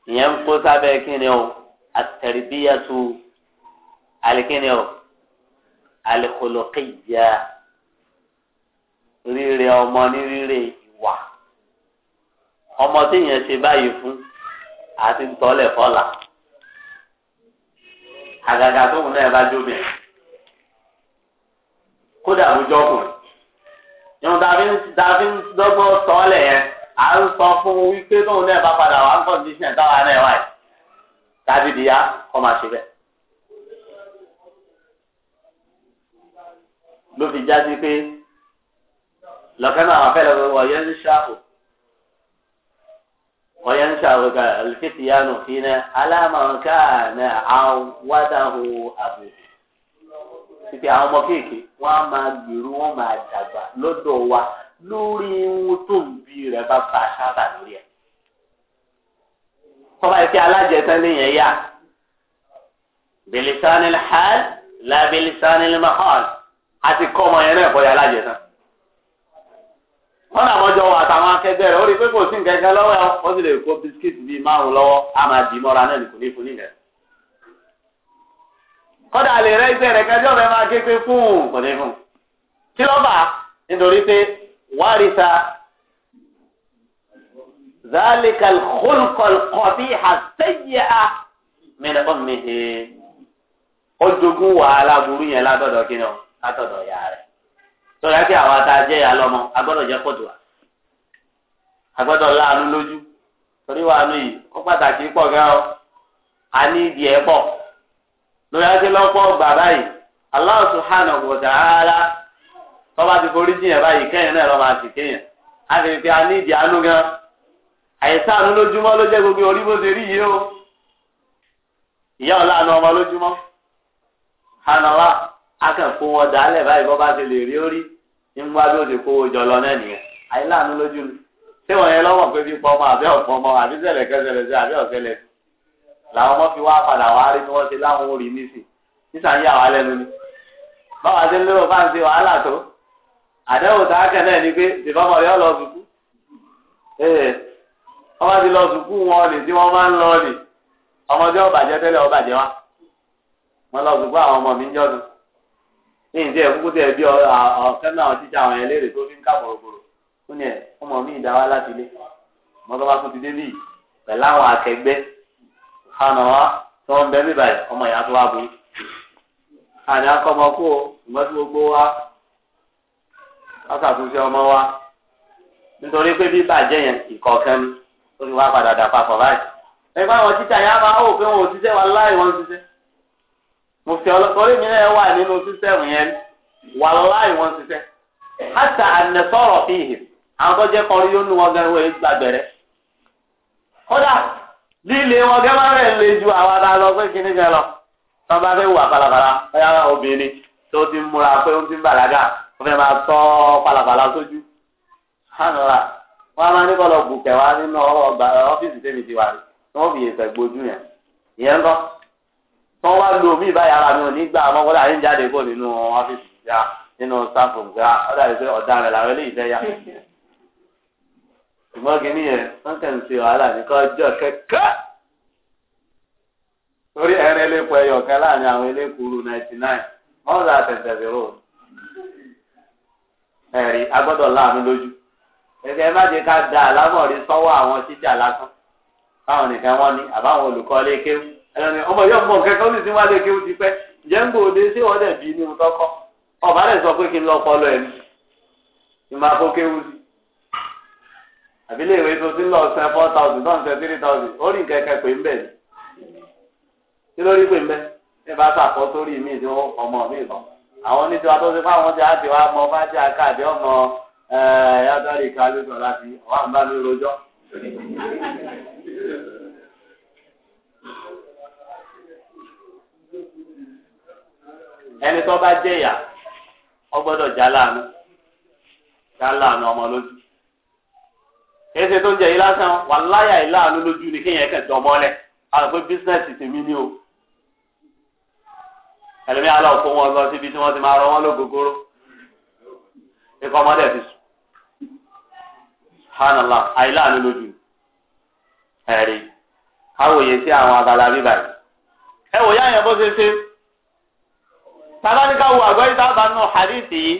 ìyẹn ń kó sábẹ́ kíni o àtẹ̀rìbíyàtú alikíni o alikolokeya rírẹ ọmọ ní rírẹ ìwà ọmọ tí ìyẹn ṣe báyìí fún àti ń tọ́lẹ̀ fọ́la àgàgà tóun náà bá jóbi kódà àwùjọ kùn. ìwọ̀n dàbí ń dọ́gbọ́n sọ́ọ́lẹ̀ yẹn à ń sọ fún un wípé tóun náà bá padà wà ń kọ́ndíṣẹ̀ táwa náà wáyé tàbí dìyà kọ́ máa ṣe bẹ́ẹ̀. ló fi jáde pé lọ́kàn náà àwọn afẹ́lẹ́ wọ̀nyẹn ń ṣàkó wọ́n ń ṣàwùkà alfitiyanu fi náà alámọ̀ọ́ká náà àwọn wádàá hu àbùkù títí àwọn ọmọ kéèké wọn á máa gbèrú wọn máa dàgbà lọ́dọ̀ wa lórí ohun tó ń bí rẹ bá bá a sábà lórí ẹ kọba ìfẹ́ alájẹsán nìyẹn yá bilisanil hal la bilisanil mahal àti kọ́ ọmọ yẹn náà bọ́yá alájẹsán wọn làwọn jọ wà àtàwọn akẹgbẹ́ rẹ ó rí i pé kò sí nǹkan kan lọ́wọ́ ẹ ó sì lè kó bisikíìtì bíi márùn lọ́wọ́ á máa dì í mọ́ra náà nìkò ní kọ́dà lè rẹ́ iṣẹ́ rẹ̀ kẹjọ́ rẹ̀ máa ké pé fún un kò ní fún un. kí ló nítorí pé wárìsà zálìkà kọ́lùkọ́lùkọ́bí àtẹ́yẹ́à mẹ́rin ọ̀n mi he wàhálà burú yẹn látọ̀dọ̀ kí ni látọ̀dọ̀ yà rẹ̀. sọ̀rọ̀ kí àwa a jẹ́ ìyá lọ́mọ agbọ́dọ̀ jẹ́ pọ̀jù wa agbọ́dọ̀ láàánú lójú torí wàánú yìí ó pàtàkì pọ̀ gan-an a ní ìdí ẹ̀ pọ̀. lórí ajé lọ́pọ̀ gbà báyìí Allah subhanahu wa ta'ala tọ́ba ti forí jìyàn báyìí kẹ́yìn náà lọ́ba àti kẹ́yìn àfẹ́fẹ́ anídìí àánú gan àìsàn lójúmọ́ ló jẹ́ gbogbo orí bó ṣe rí yìí o ìyá ọ̀làánú ọmọ lójúmọ́ hanawa akẹ́kọ̀ọ́ wọn dálẹ̀ báyìí bọ́ bá ṣe lè rí orí ń wá bí ó ṣe kówó jọ náà nìyẹn àìláàánú lójú ni ṣé yẹn lọ́wọ́ pé bí pọ́ ọmọ àbí ọ̀pọ̀ ọmọ sí àbí ọ̀sẹ̀lẹ̀ sí làwọn ọmọ fi wá padà wá rí ni wọ́n ṣe láwọn orí nísì sísà ń yà wá lẹ́nu ni báwa ṣe ń lérò bá ń ṣe wàhálà tó àdéhùn tá a kẹ náà ni pé ìfọmọ rẹ lọ sùkú ee ọmọ ti lọ sùkú wọn ni tí wọ́n máa ń lọ ni ọmọdé ọbàjẹ tẹ́lẹ̀ ọbàjẹ wa wọ́n lọ sùkú àwọn ọmọ mi ń jọdún ní ìdí ẹkúkú tẹ bí ọkẹ náà títí àwọn ẹlẹ́rìí tó fi ń ká bòròbòrò ó ẹ ọmọ mi ìdáwà láti ilé mọ́tò bá tún ti dé bíi pẹ̀lú àwọn akẹgbẹ́ subhanallah tí wọ́n ń bẹ bíbá yìí ọmọ ìyá tó wá o gbogbo wa ọmọ wa nítorí pé bíbá jẹ́ yẹn ìkọ̀ọ̀kan ni ó ti wá padà dà papọ̀ báyìí ẹgbẹ́ àwọn títà ope máa wò pé wọn ò ṣiṣẹ́ wa láì wọ́n ṣiṣẹ́ mo fi ọlọ́tọ́rí mi náà wà nínú sísẹ́mù yẹn wà láì líle wọn gẹ́gẹ́ bá rẹ̀ le ju àwọn ará lọ pé kíní kan lọ wọn bá fẹ́ wà pàlàpàlà ọ̀yà obìnrin tó ti múra pé ó ti ń bàlágà wọn fẹ́ máa tọ́ pàlàpàlà sójú hànúra wọn á máa ní kọ́ lọ bùkẹ́ wá nínú ọgbà ọ́fíìsì tèmi ti wà ní wọn fi èsè gbójú yẹn ìyẹn ń kọ́ wọn wá lu omi ìbáyà ara mi ò ní gbà wọn kọ́lá yín jáde kó nínú ọ́fíìsì nínú sáfù nǹkan ọ̀dà ìfẹ́ ọ̀daràn làwọn eléyìí fẹ́ yá ṣùgbọ́n kìíní yẹn wọ́n kàn ń ṣe wàhálà ní kọjọ́ kẹ́kẹ́ torí ẹ̀rẹ́ elépo ẹyọ kan láàrin àwọn elékuru ninety nine wọ́n rà tẹ̀tẹ̀ zero ẹ̀rí agbọ́dọ̀ láàánú lójú ẹ̀sẹ̀ má jẹ́ ká da àlámọ̀rí sọ́wọ́ àwọn tíjà lásán báwọn nìkan wọ́n ní àbáwọn olùkọ́ lékéwú ẹ̀rọ ọmọ yóò mọ nǹkan kan nísìnyí wá lékéwú ti pẹ́ ǹjẹ́ ń gbòde sí ọ̀dẹ̀ bíi ní ọkọ̀ ọ̀bá rẹ̀ sọ pé kí n lọ́ọ́ pọ́ lọ ẹ̀mí ìmọ̀ àkókéwú sí. àbílẹ̀ ìwé tó ti lọ four thousand tó three thousand ó rí nǹkan pé ń bẹ̀ ni kí ló rí pé ń ẹ bá ọmọ mi àwọn oníṣẹ́ wa tó ti fún ti àti wa mọ bá jẹ́ aká àbí ọmọ yàtọ̀rì sọ láti ẹsẹ tó ń jẹ yìí lásán wàláyà yìí láàánú lójú ni kéèyàn kàn dán mọ́lẹ̀ àwọn pé bísínẹsì ti mí ní o ẹlòmíì aláwọ kó wọn lọ síbi tí wọn ti máa rọ wọn lógógóró ikọ ọmọdé ti sùn hánàlá àìláàánú lójú ẹrí káwòye sí àwọn abala bíbà yìí ẹ wòye àyàn bó ṣe ṣe tàbáníkà wo àgbáyé tábà nù hadith yìí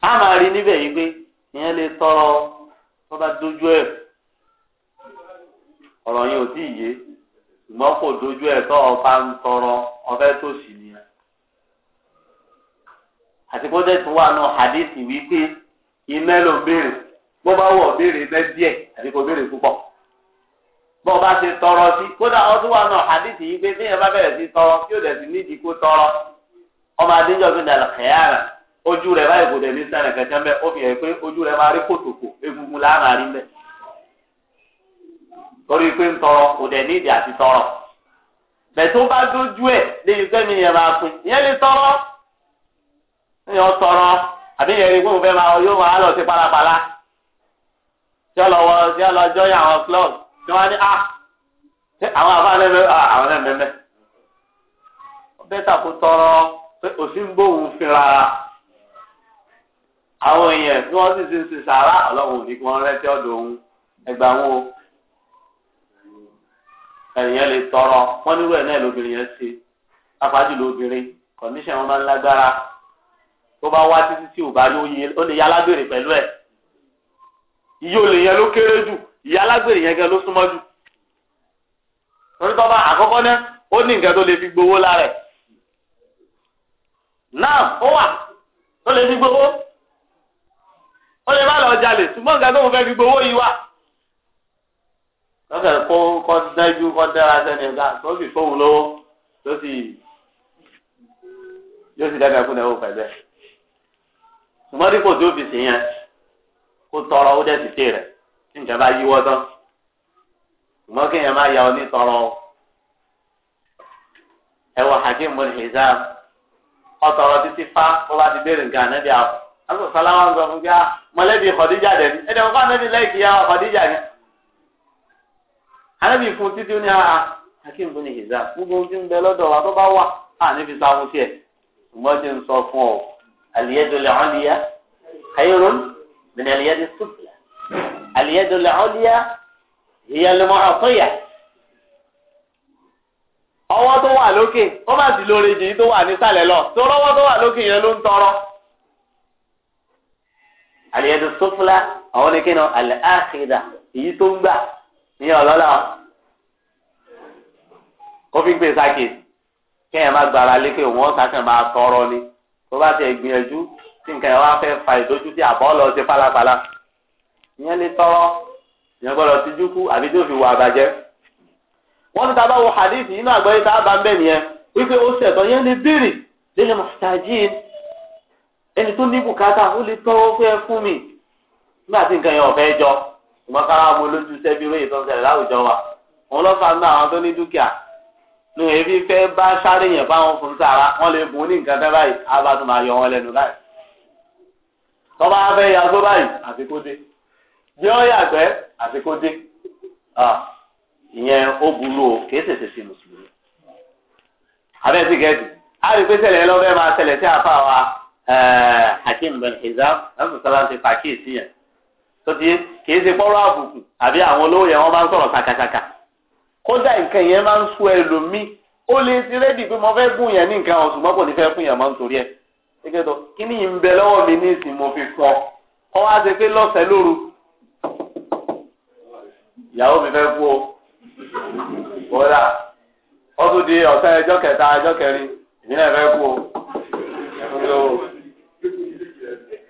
a máa rí níbẹ̀ yìí pé ìyẹn lè tọrọ tó bá dójú ẹ̀ ọ̀rọ̀ yẹn ò tí ì yé ṣùgbọ́n kò dójú ẹ̀ tó ọba ń tọrọ ọbẹ̀ tó sì ni àti kó dẹ́tun wà nù hadithi wípé iná ló béèrè bó bá wọ̀ béèrè iná díẹ̀ àti kò béèrè púpọ̀ bó bá ti tọrọ sí kódà ọdún wà nù hadithi yìí bí ẹ bá bẹ̀rẹ̀ sí tọrọ kí ó dẹ̀ sí nídìí kó tọrọ ọmọ adéjọ́ gbé dàlọ́ kẹ́yàrá. ojú rẹ̀ báyìí kò dẹ̀ ní sẹ́rẹ̀ kẹ̀kẹ́ mbẹ́ ó fi hàn pé ojú rẹ̀ máa rí kòtòkò egungun láàmà rí mbẹ́ torí pé ń tọrọ kò ní ìdí àti tọrọ bẹ̀tún bá dójú ẹ̀ léyìn sẹ́mi yẹn máa lè tọrọ tọrọ àbí rí gbóhùn fẹ́ máa yóò máa lọ sí parapara tí wọ́n lọ wọ ní à ah! àwọn ah, àwọn bẹ́tà tọrọ pé fi rárá. àwọn èèyàn tí wọ́n sì ti ń sin sàrà ọlọ́run òní kí wọ́n rẹ́tí ọ̀dọ̀ òun ẹgbàá wọn o ẹ̀yìn lè tọrọ wọ́n nírú ẹ̀ náà lóbìnrin yẹn ṣe apájùlọ obìnrin kọ̀ndíṣàn wọn máa ń lágbára tó bá wá títí tí ò bá lóye ó lè yá alágbèrè pẹ̀lú ẹ̀ iye olè yẹn ló kéré jù ìyá alágbèrè yẹn gan ló súnmọ́ jù torí tó bá àkọ́kọ́ náà ó ní nǹkan tó lè fi gbowó lára ẹ̀ náà ó wà tó lè fi gbowó. onye lè lọ jalè ṣùgbọ́n nǹkan tó ń fẹ́ fi gbowó yìí wá. lọ́kẹ̀ kó kọ́ dájú kọ́ dára sẹ́ni ọ̀gá tó sì fóun lówó tó sì yóò sì dábàá fún ẹ̀wọ̀ pẹ̀lú ṣùgbọ́n dípò tó fi kó tọrọ ó dẹ̀ sì tè rẹ̀ kí nǹkan yíwọ́ tán ṣùgbọ́n kí ya ọ ní tọrọ ẹ̀wọ̀ Hakim ọ̀tọ̀rọ̀ títí fá bá ti béèrè nǹkan asọ salama ń sọ fún ah, kí a mọ̀lẹ́bí kọdíjà dẹbi ẹ dẹbi kó anabi lẹkì ya kọdíjà yẹn anabi fún títí ní a akéwìn fún ní hìzá gbogbo ohun tí ń bẹ lọ́dọ̀ wa tó bá wà á níbi sáwọn tiẹ ṣùgbọ́n tí ń sọ fún ọ àlìyédolè ọlìyá khayrun min àlìyédè sùpìlà àlìyédolè ọlìyá ìyàlùmọ àtúnyà tó wà lókè ó bá lóore jì tó wà nísàlẹ̀ lọ tó lọ́wọ́ tó wà lókè yẹn ló ń tọrọ àlìyẹ́dù sọ́fúlá àwọn ní kíni àlẹ́ àkìdà èyí tó ń gbà ní ọ̀lọ́lá kó fi gbé sákè kéèyàn má gbára lé pé òun ọ̀sán kan máa tọrọ ni tó bá ti gbìyànjú tí nǹkan yẹn wá fẹ́ fa ìdójú tí àbọ̀ lọ sí pálapàla ìyẹn lè tọrọ ìyẹn gbọ́dọ̀ ti dúkú àbí tó fi wà bàjẹ́ wọ́n ní tábà wo hadith inú àgbọ̀yé tá a bá ń bẹ̀ nìyẹn wípé ó ṣẹ̀tọ́ yẹn lè béèrè lẹ́yìn mọ̀tàjíìn ẹni tó ní bùkátà ó lè tọ́wọ́ fẹ́ fún mi nígbà tí nǹkan yẹn ọ̀fẹ́ jọ ìmọ̀ ká mo lójú sẹ́bi róye tó ń ṣẹlẹ̀ láwùjọ wa òun lọ́ fa náà àwọn tó ní dúkìá ní ebi fẹ́ bá sáré yẹn báwọn fún sára wọ́n lè bùn ní nǹkan tẹ́ báyìí á bá máa yọ wọn lẹ́nu báyìí tọ́ba fẹ́ yàgò báyìí àfi kó dé bí ó yàgbẹ́ àfi kó dé ìyẹn ó burú o kìí ṣèṣe sí mùsùlùmí abẹ́ ti gẹ̀ẹ́dì á rí pé ṣẹlẹ̀ lọ́fẹ́ máa ṣẹlẹ̀ sí àfa wa. Eh, Hakim bin Hizam ẹ̀sùn sọ́lá ti pàkíyèsí yẹn tó ti kìí ṣe pọ́rọ́ àbùkù àbí àwọn olówó yẹn wọ́n máa ń sọ̀rọ̀ ṣàkàṣàkà kódà nǹkan yẹn máa ń sọ ẹlòmíì ó lè ti rẹ́dì pé mo fẹ́ gùn yẹn ní nǹkan ọ̀sùn mọ́kò ní fẹ́ fún yẹn máa ń torí ẹ̀ ṣíkẹ́ tó kí ni ń bẹ lọ́wọ́ mi ní ìsìn mo fi fún ọ kọ́ wá ṣe pé lọ́sẹ̀ lóru ìyàwó mi fẹ́ kú o kódà ó tún di ọ̀sẹ̀ ẹjọ́ kẹta ẹjọ́ kẹrin ìdílé fẹ́ kú o.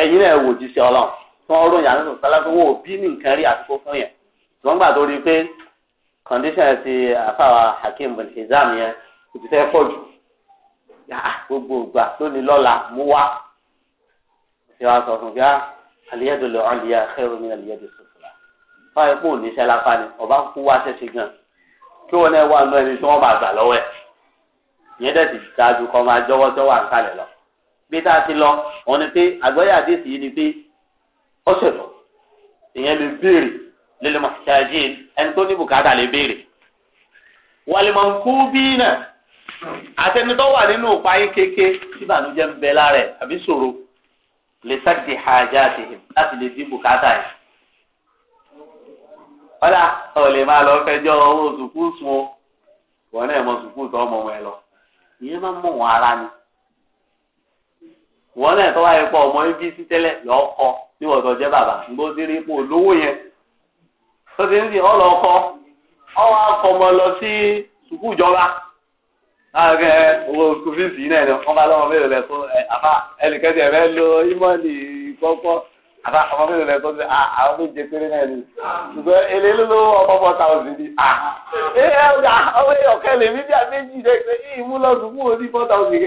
ẹ̀yin náà wò jíṣẹ́ ọlọ́run tí wọ́n ròyìn àánú sọ́lá pé bí ní rí àtúkò fún yẹn wọ́n gbà tó rí i pé condition ti àfàwà Hakim bin yẹn kò ti fẹ́ pọ̀ jù gbogbo ìgbà lónìí lọ́la mú wá ṣé wàá sọ fún bíá àlìyẹ́dò ah, lọ àlìyá khairu min àlìyẹ́dò sọ̀tùlà wọ́n yẹ kó oníṣẹ́ ni ọba kú wá ṣẹ́ṣe gan kí wọ́n náà wà nù ẹni tí wọ́n máa gbà lọ́wọ́ ẹ̀ ìyẹn dẹ̀ ti dájú kọ́ máa jọ́wọ́ à ń kalẹ̀ lọ bí tá a ti lọ wọn ni pé àgbáyé àdéhùn yìí ni pé ọ̀sẹ̀ lọ èèyàn lè béèrè lílẹ̀ mọ̀sáàjì ẹni tó ní bùkátà lè béèrè. wàlìmọ̀ nkú bí náà àtẹnudọ́ wà nínú ìpayín kéke tí bànújẹ́ ń bẹ lára ẹ̀ àbí ṣòro lè sáàjì hàjá àti hìm láti lè dín bùkátà yìí. ọ̀là ọ̀ lè máa lọ fẹjọ́ owó sùkúù sun wọn náà mọ sùkúù tó ọmọ wọn lọ ìyẹn máa ń mọ̀ wọn ara ni wọn náà tọ́wọ́ ayé pọ̀ ọmọ ibi sí tẹ́lẹ̀ lọ́ọ́ kọ́ ní wọ́n jẹ́ bàbá ńgbó sí rí ipò olówó yẹn tó ti ń sìn ọ́ lọ́ọ́ kọ́ ọ́ wá kọ́ ọmọ lọ sí sùkúù ìjọba láàrin owó sùkúù yìí náà ni wọ́n bá lọ́wọ́ mélòó lẹ̀ àbá ẹnìkẹ́sì ẹ̀fẹ́ lo ímọ́ọ̀lì kọ́kọ́ àbá ọmọ mélòó lẹ̀ tó ti àwọn méje péré náà ni ṣùgbọ́n èlé ló ọmọ four thousand ni ọmọ ọ̀kẹ́ lèmi bí i àbẹ́jì rẹ̀ ìmúlọ̀ sùkúù ó ní four thousand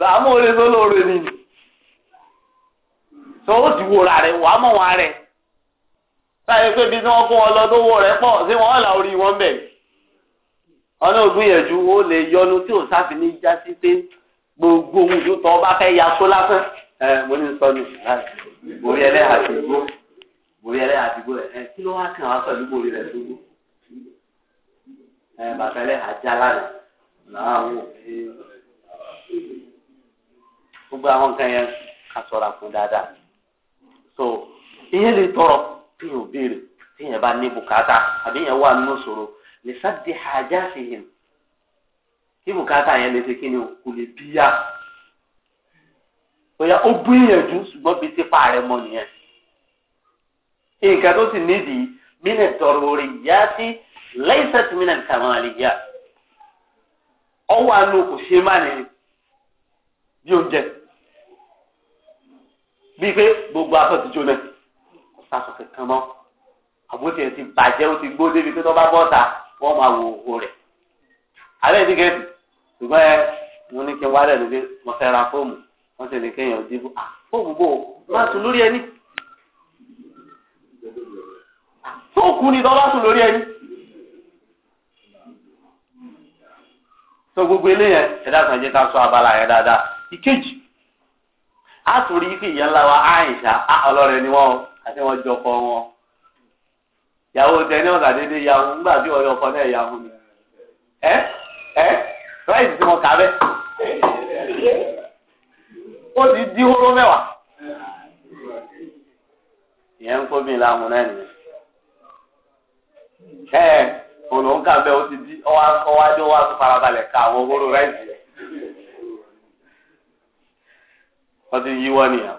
sàmú orí tó lóore ni tó o ti wòrà rẹ wàá mọ̀ wá rẹ táyé pé bí wọ́n kó wọn lọ tó wọ rẹ pọ̀ sí wọn là orí wọn lè yọnu tí ò sáfì ní já pé gbogbo ohun tó tọ́ bá ya só lásán ẹ mo ní sọ ní borí àti ìgbó borí àti ìgbó ẹ kí ló wá kàn wá pẹ̀lú borí tó ẹ bàtà àti gbogbo àwọn nǹkan yẹn ká fún dáadáa so ìyẹn lè tọrọ tí yẹn ò béèrè tí yẹn bá ní bùkátà àbí yẹn wà nínú ṣòro lè sáde hàjá sí yẹn kí bùkátà yẹn lè ṣe kí ni kò lè bí yá bóyá ó gbìyànjú ṣùgbọ́n bíi tipa rẹ̀ mọ nìyẹn nǹkan tó sì nídìí mínà tọrọ rẹ̀ yá sí lẹ́sẹ̀tì mínà kàmọ́ àlejò ọwọ́ àánú kò ṣe má nìyẹn bí oúnjẹ bíi pé gbogbo aṣọ ti jóná kò sáṣọ kankan mọ́ àbótí ẹ̀ ti bàjẹ́ ó ti gbó débi pé tó bá bọ́ta wọ́n máa wo òwò rẹ̀ alẹ́ ti gẹ̀ẹ́sì ṣùgbọ́n ẹ mo ní kí n wálẹ̀ lóde mo fẹ́ ra fóòmù wọ́n sì ní kéèyàn dìbò fóòmù bò má sùn lórí ẹni sóòkù ni tó bá sùn lórí ẹni. sọ gbogbo eléyẹn ẹ̀dá kan jẹ́ ká sọ abala yẹn dáadáa ìkejì a ife rí nla ìyá wa ni wọ́n àti wọn jọ fọ wọn. ìyàwó tẹni ọ̀sà dédé yahoo ńgbà tí ọkọ náà yahoo ni. ẹ ẹ kà bẹ. ó ti ìyẹn ń kó mi láàmú náà nìyẹn. ẹ ọ̀nà bẹ́ẹ̀ ó ti ka àwọn hóró ráìsì wọ́n ti yíwọ́ nìyà.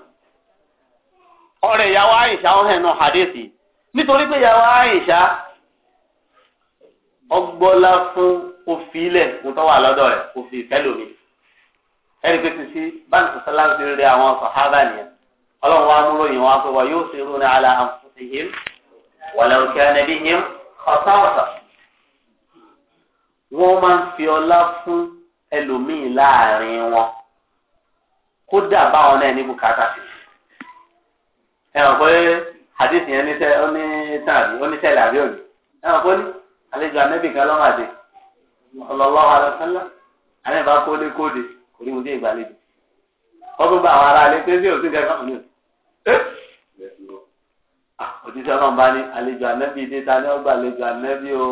ọ̀rẹ́ ìyàwó àyìnṣá ń hẹ̀ náà hàdéèsì nítorí pé ìyàwó àyìnṣá ọgbọ́lá fún òfìlẹ̀ nítorí wà lọ́dọ̀ rẹ̀ òfì ìfẹ́ lómi. ẹ̀rí pé ti sí báńkì sọ́lá ti rí àwọn sàhábà nìyẹn ọlọ́run wa múlò yìí wọn fún wa yóò ṣe irú ní ala àǹfọ̀tìhìm wàlẹ́rùkẹ́ ẹnẹ́bíhìm ọ̀sáwọ̀sà. wọ́n máa ń fi ọlá fún ẹlòmíì láàrin wọn kódà báwọn náà ní bùkátà sí ẹ hàn pé hadith yẹn ní sẹ ó ní tàbí ó ní ṣẹlẹ̀ àbí òní ẹ hàn pé ní àlejò anẹbì kan lọ́wọ́ àdé ọlọ́lọ́ wa lọ́sánlá àlẹ́ bá kó lé kóde kò ní mo dé ìgbàlejò wọ́n tún bá àwọn ará alẹ́ pé bí òsín kẹfà òní òsín òjíṣẹ́ náà bá ní àlejò anẹbì dé ní ọgbà àlejò anẹbì o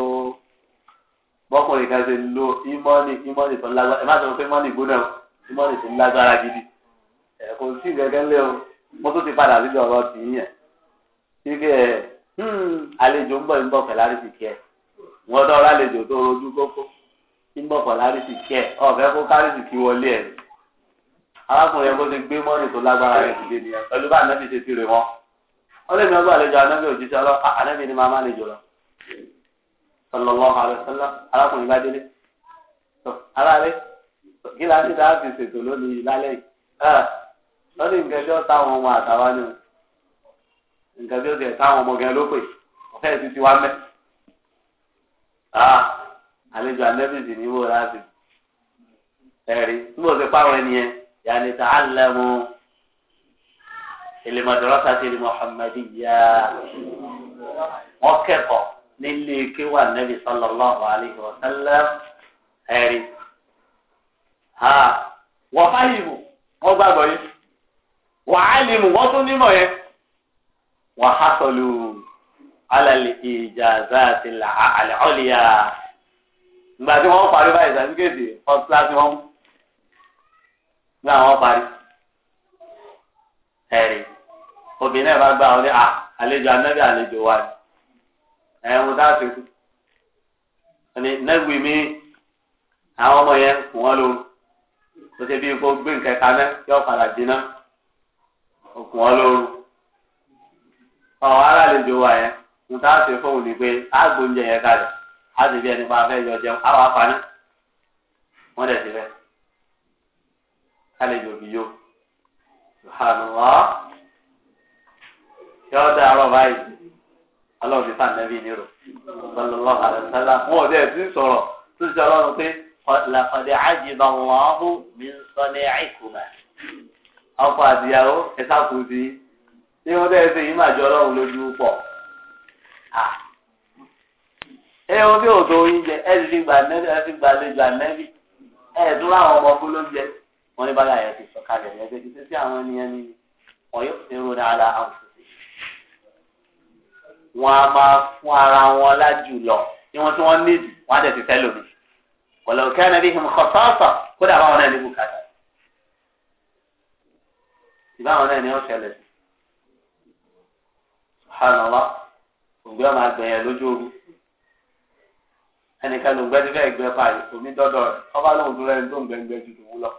bọ́kùnrin kan ṣe lo ìmọ̀ọ́nì ìmọ̀ọ́nì tó lágbára ẹ má sọ pé ìmọ̀ọ́nì gbóná ìmọ̀ọ́nì tó lágbára gidi ẹ kò sí gẹ́gẹ́ lé o mo tún ti padà síbi ọ̀rọ̀ tì í yẹn síbi ẹ hmm, àlejò ń bọ̀ ń bọ̀ pẹ̀lú àrísìkí ẹ wọn dọ̀rọ̀ àlejò tó rojú kókó ń bọ̀ pẹ̀lú àrísìkí ẹ ọ̀fẹ́ kó kárìsìkí wọlé ẹ arákùnrin kó ti gbé mọ́nì tó lágbára rẹ̀ dìde nìyẹn pẹ̀lú bá ànábì ṣe ti rè wọn ọlẹ́mi ọgbà àlejò ànábì òjíṣẹ́ ọlọ́ ah, ànábì ni màmá àlejò lọ sallallahu alaihi wasallam arákùnrin bá délé aráalé kí láti dáhà ti lọ́dún nǹkan tí ó táwọn ọmọ àtàwa ni nǹkan tí ó tiẹ̀ táwọn ọmọ gan ló pè ọ̀fẹ́ ti ti wá mẹ́. Ah, àlejò anẹ́bìsì ní wò láti ẹ̀rí níbo ti pàwọn ẹnìyẹn yàní ta àlẹ́mu ìlèmọ̀dọ́rọ́sà ti di Muhammadu yá wọ́n kẹ́kọ̀ọ́ nílé kéwà nẹ́bí sallallahu alaihi wa ẹ̀rí. Ah, wọ́n fáyìí wọ́n gbàgbọ́ yìí wàhálì mú wọ́n tún nímọ̀ yẹn wàhásọ̀lù alàlè ìjàzá àti àlẹ́ ọ̀lìyà ìgbà tí wọ́n parí báyìí sàtífíkèsì first class ni wọ́n mú ní àwọn parí ẹ̀rí obìnrin náà bá gbà wọn ní àlejò anábì àlejò wa ni ẹ̀ dá sí kú ẹni nẹ́gbì mi àwọn ọmọ yẹn kù wọ́n lóru ó ṣe bí kó gbé nǹkan kaná yóò padà jiná. o ọlọ́run ọ̀hún aráàlejò wa yẹn mo nta ṣe fóun ni pé a gbóúnjẹ yẹn kalẹ̀ a sì bí ẹni pa afẹ́ yọ jẹun àwọn afaná wọ́n dẹ̀ ti fẹ́ kálejò bí yó subhanallah yọ ọ́ dáa báyìí ọlọ́run ti sàn tó ti sọ ọkọ àtìyàwó ẹ̀sà kù sí tí wọ́n tẹ́ ṣe yìí máa jọ ọlọ́run lójú pọ̀. ẹ ohun tí ò tó oúnjẹ ẹ ti fi gbà nẹ́bí ẹ ti gbà lè gbà nẹ́bí ẹ ẹ̀ tún láwọn ọmọ fún lóúnjẹ wọn ní báyà yẹn ti sọ kalẹ̀ yẹn ti ṣe sí àwọn ènìyàn ni wọn yóò fi ronú ara àwọn wọn a máa fún ara wọn lájú lọ ní wọn tí wọn nídìí wọn á dẹ̀ ti fẹ́ lómi kọ̀lọ̀ kẹ́rin bí kódà báwọn náà ní bùkátà ìbáwọn náà ni wọn ṣẹlẹ̀ subhanallah ògbé ọmọ àgbẹ̀yẹ lójú ooru ẹnìkan ló ń gbẹ́jú bẹ́ẹ̀ gbẹ́ báyìí omi dọ́dọ̀ rẹ̀ ọba lóhùn tó lẹ́nu tó ń gbẹ́ngbẹ́ ju tòun lọ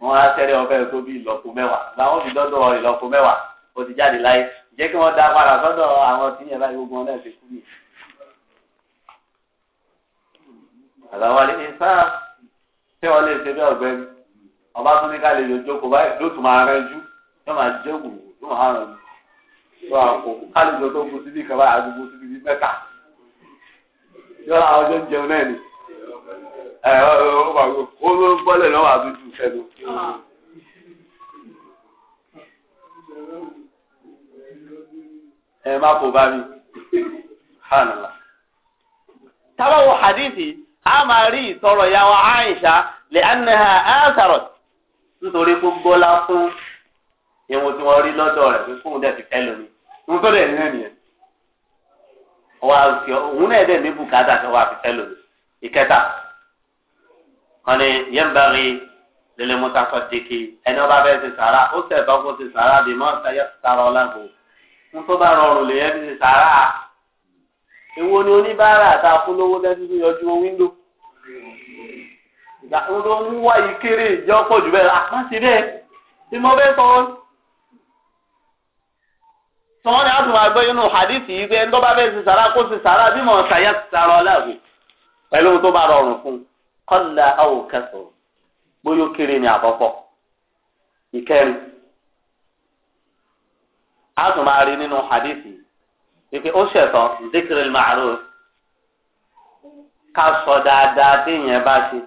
wọn á tẹ́lẹ̀ ọbẹ̀ tó bí ìlọ́po mẹ́wàá làwọn fi dọ́dọ̀ ìlọ́po mẹ́wàá ó ti jáde láyé jẹ́ kí wọ́n dá padà sọ́dọ̀ àwọn tí yẹn báyìí gbogbo wọn náà fi kú nìyí. àlàwálé ní sáà tí wọ́n lè ṣe bí ọ̀gbẹ́ni ọba tún ní ká lè yọjọ kó báyìí ló tún máa rẹjú yóò máa jẹ wùwù yóò máa rẹ tó àpò ká lè jọ tó kú síbi kan báyìí àdúgbò síbi bíi mẹ́ta yóò láwọn ọjọ́ ń jẹun náà ni ẹ ọ ọ ló ń bọ́lẹ̀ náà wà á dúdú sẹ́nu. ẹ má kó bá mi hànàlá. tábàwọ̀ hadithi a máa rí ìtọrọ ìyá wa Aisha lẹ́yìn náà a sàrọ̀ nítorí pé gbọ́lá fún ìwọ̀n tí wọ́n rí lọ́dọ̀ rẹ̀ pé fóun dẹ̀ ti fẹ́ lómi òun tó dẹ̀ ní ẹ̀ nìyẹn wọ́n á fi òun náà dẹ̀ ní bùkátà tó wà fi fẹ́ lómi ìkẹta wọn ni yẹn bá rí lele musa sọdiki ẹni ọba bẹ ti sara ó sẹ bá kó ti sara bí mọ sáyẹ sara ọlágbó ń tó bá rọrùn lè yẹ ti sara ewo ni oníbàárà tá a fún lówó ìgbà tó ló ń wá yìí kéré ìjọ pọ̀ jù bẹ́ẹ̀ àpá sí bẹ́ẹ̀ tí mo fẹ́ sọ ọ́. sọ̀rọ̀ ni a tún máa gbé inú hadith yìí pé ńdọ́bà bẹ́ẹ̀ sì sàrà kó sì sàrà bí mo ṣàyà sàrà ọ̀làwé pẹ̀lú tó bá rọrùn fún kọ́lá àwọn kẹsàn bóyá ó kéré ni àkọ́kọ́ ìkẹrin a tún máa rí nínú hadith yìí pé ó ṣẹ̀tàn zikril ma'ruf ká sọ dáadáa tí ìyẹn bá ṣe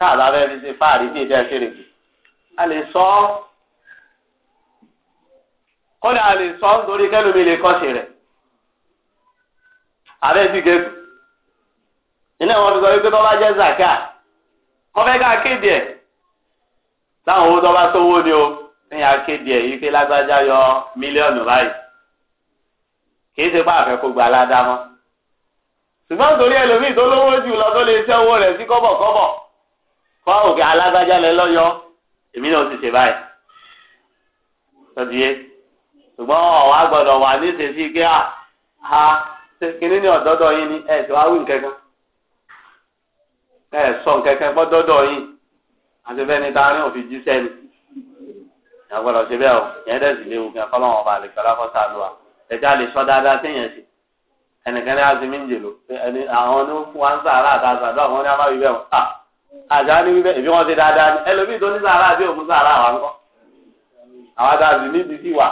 káàbá fẹ́ fi ṣe fáàrí bí ìdí àṣírìkì a lè sọ ọ́ kódà a lè sọ ọ́ nítorí kẹ́lómi lè kọ́ṣe rẹ̀ àbẹ́ sì kẹ́kù iná wọn fi sọ wípé tó bá jẹ́ zaka wọ́n fẹ́ ká kéde ẹ̀ táwọn owó tó bá sówó ni o ní akéde ẹ̀ yìí pé lágbájá yọ mílíọ̀nù báyìí kì í ṣe pé àfẹ́ kó gba aládàá mọ́ ṣùgbọ́n torí ẹlòmíì tó lówó jù lọ tó lè ṣẹ́ owó rẹ̀ sí kọ́bọ̀kọ́bọ̀ fọ́ọ̀rù kí alágbájá lẹ lọ́yọ́ èmi náà ti ṣe báyìí lọ́dí yé ṣùgbọ́n ọ̀wá gbọ́dọ̀ wà ní ìṣesí pé à ha kíní ní ọ̀dọ́dọ̀ yín ni ẹ̀ tí wàá wí nkankan ẹ̀ sọ nkankan gbọ́ dọ́dọ̀ yín àti bẹ́ẹ̀ ni taari òfin jí sẹ́ni ìyá gbọ́dọ̀ ṣe bẹ́ẹ̀ o ìyẹn dẹ̀ sì léwu kí ọlọ́wọ́n ọba àlè kọ́lá fọ́sà lù wá ẹ̀já lè sọ dáadáa téèyàn ṣe ẹnìkan ní azimi ń jèlò ẹni àwọn onífúwánsá aláàtà àtàdó àwọn oní àjà ni wípé èmi wọn ti dáadáa ni ẹlòmíì tó ní sàárà àbí òun sàárà àwọn ńkọ àwọn adáàbì níbi sí wà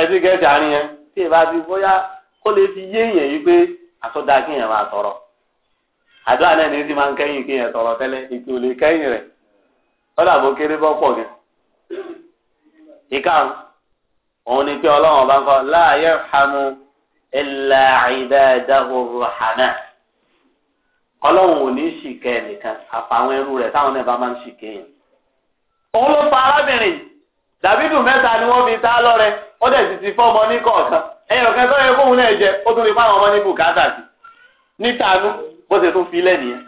ẹtí kẹjà ni yẹn tí ìbá ti bóyá kó lè fi yé yẹn yí pé àtọ́dá kí yẹn máa tọrọ àdúrà náà ní ti máa ń kẹ́yìn kí yẹn tọrọ tẹ́lẹ̀ ètò ò lè kẹ́yìn rẹ̀ lọ́dà bó kéré bọ́ pọ̀ gan. ìkàrún òun ni pé ọlọ́run ọba ń kọ́ láàyè hamu ilà ìdá ìdáhùn rahmanah ọlọ́run ò ní í ṣìkẹ́ nìkan àfàwọn ẹrú rẹ̀ táwọn náà bá máa ń ṣìkẹ́ yẹn. òun ló pa arábìnrin dàbídù mẹ́ta ni wọ́n fi ta lọ́rẹ ó dẹ̀ sì ti fọ́ ọmọ ní kọ̀ọ̀kan ẹyọ kan tó yẹ kóun náà jẹ ó tún lè fáwọn ọmọ ní bùkátà sí nítàánú bó ṣe tún fi lẹ́nìyẹn.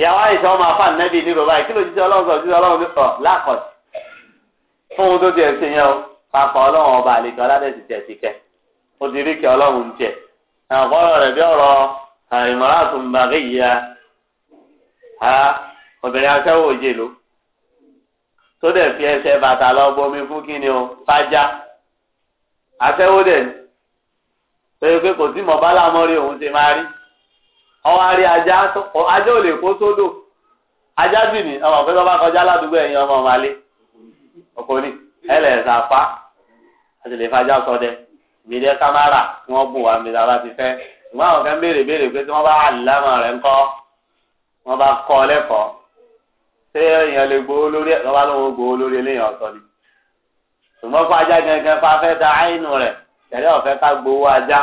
ìyàwó àìsàn ọmọ afáàní nẹ́bí ní bàbá yìí kí ló jíjẹ ọlọ́run sọ jíjẹ ọlọ́run ní ọ̀ lákọ̀tì àìmọ̀ràn tó ń bá rẹ̀ yíya ha obìnrin aṣẹ́wó òjè ló tó dẹ̀ fi ẹsẹ̀ bàtà lọ bomi fún kí ni o fájá aṣẹ́wó dẹ̀ ni pé pé kò sí mọ̀bá lámọ́ rí òun ṣe máa rí ọwọ́ àrí ajá ajá ò lè kó sódò ajá sì ni ọmọ pé tó bá kọjá ládùúgbò ẹ̀yìn ọmọ ọmọlé ọkọ ni ẹlẹ́sà pa àti lè fájá sọdẹ ìgbéjẹ kámárà tí wọ́n bùn wá mi lára ti fẹ́ ìwọ àwọn kan béèrè béèrè pé tí wọ́n bá àlámà rẹ̀ ńkọ́ wọ́n bá kọ́ lẹ́kọ̀ọ́ ṣé èèyàn lè gbowó lórí ẹ̀ wọ́n bá gbowó lórí eléyàn ọ̀tọ̀ ni ṣùgbọ́n fún ajá gangan fa fẹ́ da àìnù rẹ̀ tẹ̀lé ọ̀fẹ́ ká gbowó ajá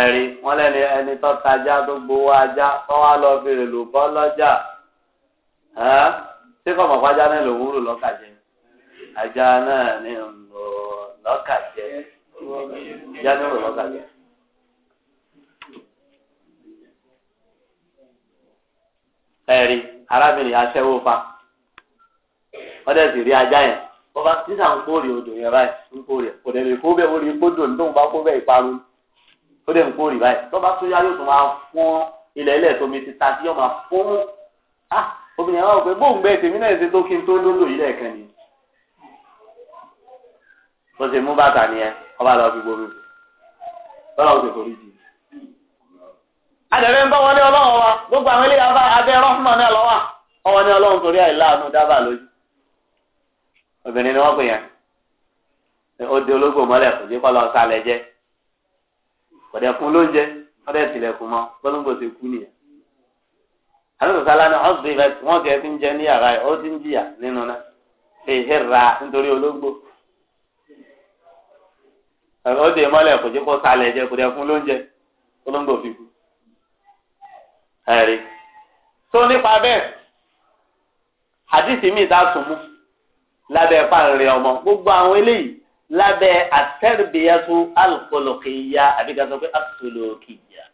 ẹ̀rí wọ́n lẹ́ni ẹni tó tajá tó gbowó ajá tó wá lọ fèrè lò bọ́ lọ́jà ṣé kọ̀ mọ̀kọ́ ajá náà lòún rò lọ́kàjẹ́ ajá náà ní lọ́kàjẹ́ ajá náà lọ́kàjẹ́. ẹ̀rí arábìnrin aṣẹ́wó fa ọdẹ sì rí ajá yẹn wọ́n bá sísà ń kórè odò yẹn báyìí ń kórè kò dẹ̀ lè kó bẹ́ẹ̀ orí kódò ní tóun bá kó bẹ́ẹ̀ ìparun ó dẹ̀ ń kórè báyìí tó bá tún yá yóò tún máa fún ilẹ̀ ilẹ̀ tómi ti ta sí yóò fún ah obìnrin àwọn òpè bóun bẹ́ẹ̀ tèmi náà ṣe tó kí n tó lódò yìí lẹ́ẹ̀kan ni bó ṣe mú bàtà nìyẹn ọba lọ fi gbomi lọ́la ó ti forí jì adẹ̀rẹ̀ ń bá wọn ọlọ́run wa gbogbo àwọn eléyà bá abẹ́ náà lọ́wọ́ ọwọ́ ní ọlọ́run torí àìláàánú lójú obìnrin ni wọ́n pè yẹn ó di mọ́lẹ̀ kò kọ́ lọ wọ́n dẹ̀ tilẹ̀kùn mọ́ ti kú nìyẹn sálá ni wọ́n wọ́n kẹ́ ń jẹ ní yàrá ra nítorí ẹ̀rí tó nípa bẹ́ẹ̀ àdìsí mi ta sùn mú lábẹ́ pàrẹ ọmọ gbogbo àwọn eléyìí lábẹ́ àtẹ́rìbíyàtú alùpùpùlùkìyà àbíkàtọ́ pé àtùlùkìyà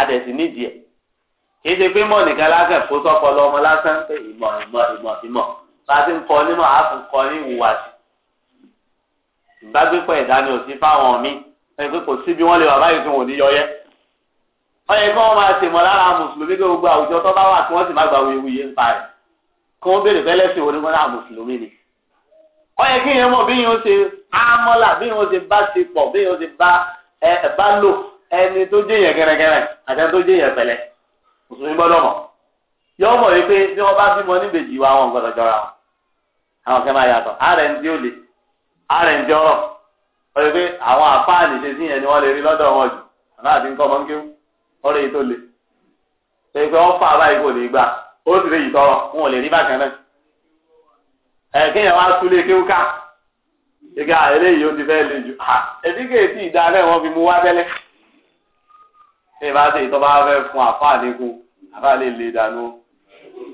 àdẹ̀sí nídìí ẹ̀ kì í ṣe pé mọ̀ nìkan lásán kó sọ́kọlọ ọmọ lásán pé ìmọ̀ ìmọ̀ ìmọ̀ ìmọ̀ bá a ti ń kọ nínú àáfùn kọ ní ìhùwàsí ìbágbépọ̀ ẹ̀dá ni ò sí fáwọn míì ẹni pé kò sí bí wọ́n lè wà báyìí tí wọn ò ní yọ yẹ́ ọyẹ kí wọn máa ṣèmọ lára mùsùlùmí kí gbogbo àwùjọ tó bá wà kí wọn sì má gba wuyewuye ń parí kí wọn béèrè fẹlẹ sí onígbọn náà mùsùlùmí ni. ọyẹ kí yẹn mọ bí yẹn ó ṣe ámọ́là bí yẹn ó ṣe bá ṣe pọ̀ bí yẹn ó ṣe bá ẹ bá lò ẹni tó jẹ yẹn gẹrẹgẹrẹ àti ẹni tó jẹ yẹn pẹ̀lẹ́ mùsùlùmí gbọ́dọ̀ mọ̀. yọ mọ̀ wípé bí wọ́n bá bímọ níbejì wa wọn gbọ́dọ̀ jọra àwọn kẹ́ máa yàtọ̀ ni wọ́n lè rí lọ́dọ̀ ọ̀rẹ́ yìí tó le ṣe pé wọ́n fà á báyìí kò ní gbà ó sì lè yìí tọrọ wọn ò lè rí bákan náà ẹ kéèyàn wá súlé kéwúká ìgbà eléyìí ó ti fẹ́ le jù ẹbí kéèsì ìdá náà wọ́n fi mú wá tẹ́lẹ̀ ṣé ìbá ṣe ìtọ́ bá fẹ́ fún àfáà níkù àfáà lè le dànù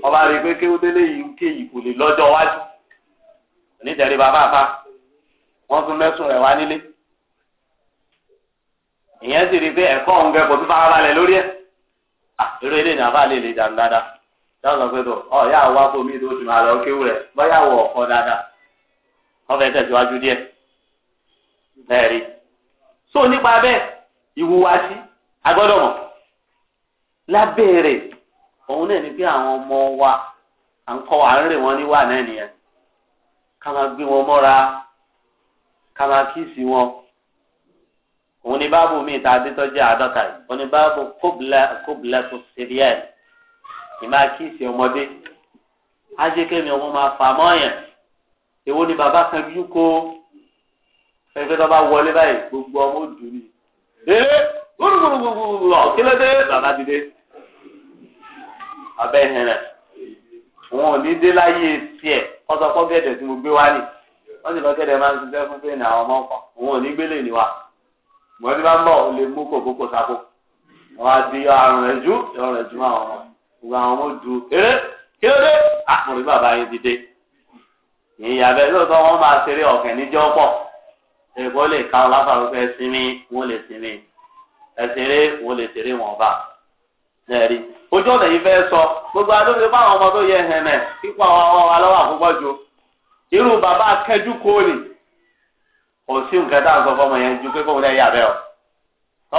wọ́n bá rí i pé kéwú tẹ́lẹ̀ yìí kéyìí kò lè lọ́jọ́ wájú onítẹ̀rí bàbá àfa wọ́n tún mẹ́sùn rẹ̀ wá nílé ìyẹn sì rí i pé ẹ̀kọ́ òun bẹ kò tún fara balẹ̀ lórí ẹ̀ eré ilé ìnáwó àlè lè dànù dáadáa yóò sọ pé tó ọ yà wá fún mi tó ti máa lọ kéwù rẹ bóyá wọ ọkọ dáadáa wọn fẹẹ tẹsíwájú díẹ̀ bẹ́ẹ̀ rí so nípa bẹ́ẹ̀ ìwúwàsí agbọ́dọ̀ mọ̀ lábẹ́rẹ̀ òun náà ni pé àwọn ọmọ wa à ń kọ́ àárẹ̀ wọn níwà náà nìyẹn ká máa gbé wọn mọ́ra ká máa kíìsì wọn òun ni báàbù mi ta adétọ́jú àádọ́ta yìí òun ni báàbù kóbìlà kóbìlà tó sèrìẹ́l ìmá kíìsì ọmọdé ajékèmí ọmọ máa fà mọ́yàn èwo ni bàbá kan bí kó fẹ́fẹ́ tó bá wọlé báyìí gbogbo ọmọ òdù ni ee gbúgbúgbúgbú ọ̀kílódé bàbá ti dé abẹ́ hẹ̀rẹ̀ wọn ò ní dé láyé tiẹ̀ kọ́sọ́kọ́ gẹ̀dẹ̀ tí mo gbé wá nì wọ́n sì lọ gẹ̀dẹ̀ máa ń ṣiṣẹ́ fún pé ní àwọn ọmọ ọkọ̀ wọn ò ní gbélé ni wa wọ́n ti bá ń bọ̀ ó lè mú kòkókò sáko wọ́n á di àrùn rẹ̀ jú ìrọ̀rùn rẹ̀ jú máa wọ́n gbogbo àwọn ọmọ ju eré kí ló dé àkùnrin ah, bàbá yẹn ti dé ìyá bẹ́ẹ̀ lóòótọ́ wọ́n máa ṣeré ọ̀kẹ́ níjọ́ pọ̀ èkó lè ka ọ láfààrọ̀ pé ẹsinmi wọ́n lè sinmi ẹsinmi wọ́n lè ṣeré wọn bá ẹ̀rí ojú ọ̀nà yìí fẹ́ sọ gbogbo adóbi fáwọn ọmọ tó yẹ hẹ̀mẹ̀ kíkọ́ àwọn ọmọ wa ju irú bàbá akẹ́jú kóòlì kò sí nǹkan tá à ń sọ fọmọ yẹn ju pé kóun náà yà bẹ́ẹ̀ o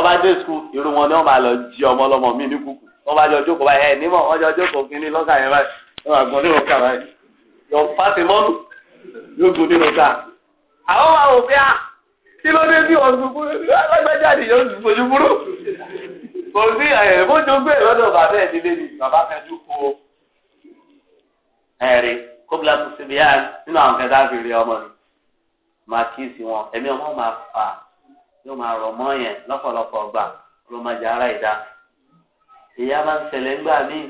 wọ́n bá dé sukù irú wọn ni wọ́n máa lọ jí ọmọ ọlọ́mọ mi ní kúkú wọ́n bá jọ jókòó báyìí ẹ̀ nímọ̀ wọ́n jọ jókòó kínní lọ́sà yẹn báyìí wọ́n àgbọn nínú ká báyìí yọ pàṣẹ mọ́nù yóò gùn nínú ká. àwọn máa wò pé a ah, kí ló dé bí ọ̀sùn kúrú alágbájáde yóò sùn fojú kúrú. kò sí ẹ̀ bójú gbé lọ́dọ̀ bàbá ẹ̀ nílé ni bàbá fẹ́ dúkú ẹ̀rí kóbla tó ṣe máa kíyèsí wọn ẹ̀mí ọmọ máa fà yóò máa rọ̀ mọ́ yẹn lọ́pọ̀lọpọ̀ gbà ló máa jẹ ara ìdá ìyá máa ń ṣẹlẹ̀ ńgbà míì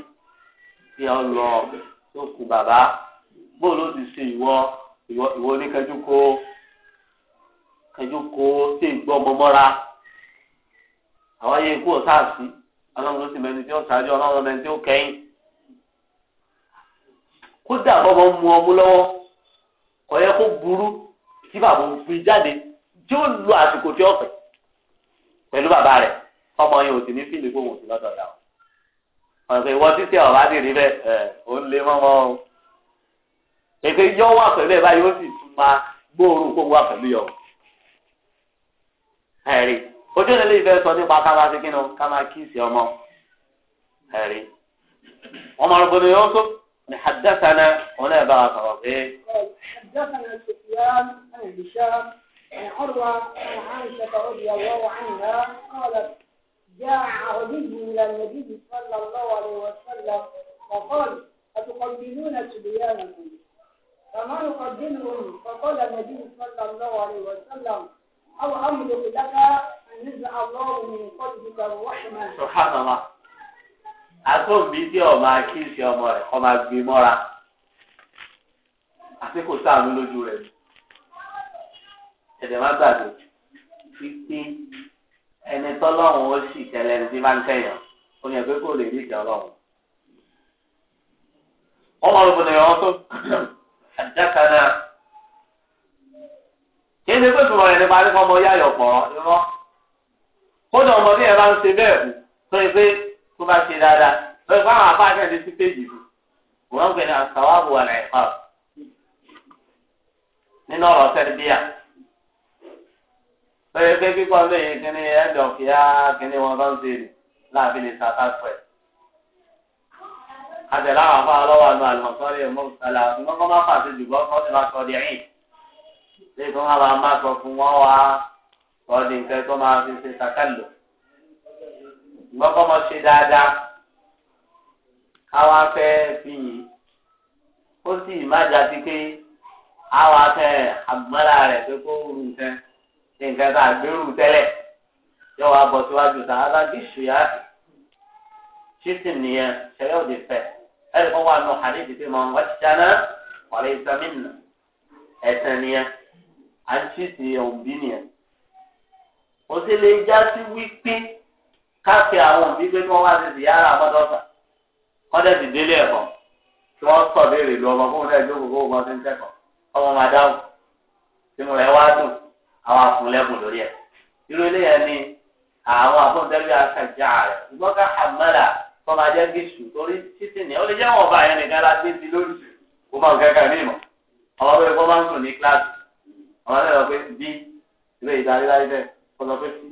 tí ọ lọ tó kù bàbá bóòlù ó ti ṣe ìwọ ìwọ oníkanjú kó kanjú kó sí ìgbọ́ ọmọ mọ́ra àwọn yẹn kú ọ̀sá ọlọ́run ló sì mẹni tí ó ṣáájú ọlọ́run mẹni tí ó kẹ́yìn kódà bọ́bọ́ mu ọmú lọ́wọ́ kò yẹ kó burú tí bàbá òun jáde tí ó lo àsìkò tí ó fẹ́ pẹ̀lú bàbá rẹ̀ ọmọ yẹn ò sì ní fíìlì kó òun sì lọ́dọ̀ yà ó ọ̀sẹ̀ ìwọ títí ọ̀rọ̀ á rí bẹ́ẹ̀ ẹ̀ ó ń lé mọ́mọ́ o èpè yọ wà pẹ̀lú ẹ̀ báyìí ó sì tún máa gbóòórùn kó wà pẹ̀lú yọ̀ ẹ̀rí ojú ni lè fẹ́ sọ nípa ká máa ṣe kí ni ká máa kíìsì ọmọ ẹ̀rí ọmọ rẹ̀ bọ̀dọ̀ yọ̀ ó tó. حدثنا هنا بقى خلاص ايه حدثنا سفيان عن هشام عن عروه عن عائشه رضي الله عنها قالت جاء عربي الى النبي صلى الله عليه وسلم فقال اتقبلون سبيانكم فما نقدمهم فقال النبي صلى الله عليه وسلم او املك لك ان يزع الله من قلبك الرحمه سبحان الله àtọ́bí tí ọmọ akíyèsí ọmọ rẹ̀ ọmọ agbè mọ́ra àti kò sáànù lójú rẹ̀ ẹ̀dẹ̀ má gbàgbé títí ẹni tọ́lọ́run ó sì tẹ́lẹ̀ ní máa ń kẹ́yàn ó yẹ pé kò lè rí ìjà ọlọ́run. ọmọ òbí ni wọn tó àjàkánná kí ni pé tùmọ̀ rẹ̀ nípa nípa ọmọ yáyọ̀ pọ̀ irọ́ kódà ọmọ bí ẹ bá ń ṣe bẹ́ẹ̀ kú tó yẹ pé kó bá ṣe dáadáa lórí fún àwọn afáàṣẹ àti sítéèjì fún wọn gbẹ ní àtàwábù wà láì pa nínú ọ̀rọ̀ sẹríbíà lórí pé kíkọ lóye kíní ẹdọ kíá kíní wọn bá ń ṣe rè láàbí lè sa káfẹ àtẹlẹ àwọn afáà lọ́wọ́ àná àlùmọsọrí ọmọ ìsàlà ìmọkọ má pàṣẹ jùlọ kọ sí máa sọ di ẹ̀yìn lẹ́yìn tó máa bá a máa sọ fún wọn wá sọ di nǹkan tó máa fi ṣe sàkálò ìwọ́n kọ́ mọ ṣe dáadáa káwá fẹ́ fi yìn ó sì má jáde pé àwọn afẹ́ àgbọ̀nlá rẹ̀ pé kó rú nǹkan ṣe nǹkan tá a gbérù tẹ́lẹ̀ yóò wá bọ̀ síwájú tá a bá gé ṣùyà ṣíṣì nìyẹn ṣẹlẹ̀ òde fẹ́ ẹ̀rì kan wà nù hàníbi pé mọ̀ wọ́n ti dáná wàlẹ̀ ìsàmìnà ẹ̀sẹ̀ nìyẹn à ń ṣíṣì òbí nìyẹn. òṣèlè já sí wípé. káàkiri àwọn òbí pé kí wọ́n wá sí ìyára àbọ̀dọ́sà wọ́n dẹ̀ sì délé ẹ̀kọ́ kí wọ́n sọ béèrè lu ọmọ fún ọdẹ ìjókòó ń ọmọ máa dáhùn sínú rẹ̀ wá dùn àwọn àfúnlẹ́bùn lórí ẹ̀ irú ilé yẹn ni àwọn àfọ̀ndẹ́bí akànjá rẹ̀ ṣùgbọ́n ká àmàlà kọ́ la kó máa kẹ́kẹ́ ní ìmọ̀ ọmọ bẹ́ẹ̀ kọ́ máa ń sùn ní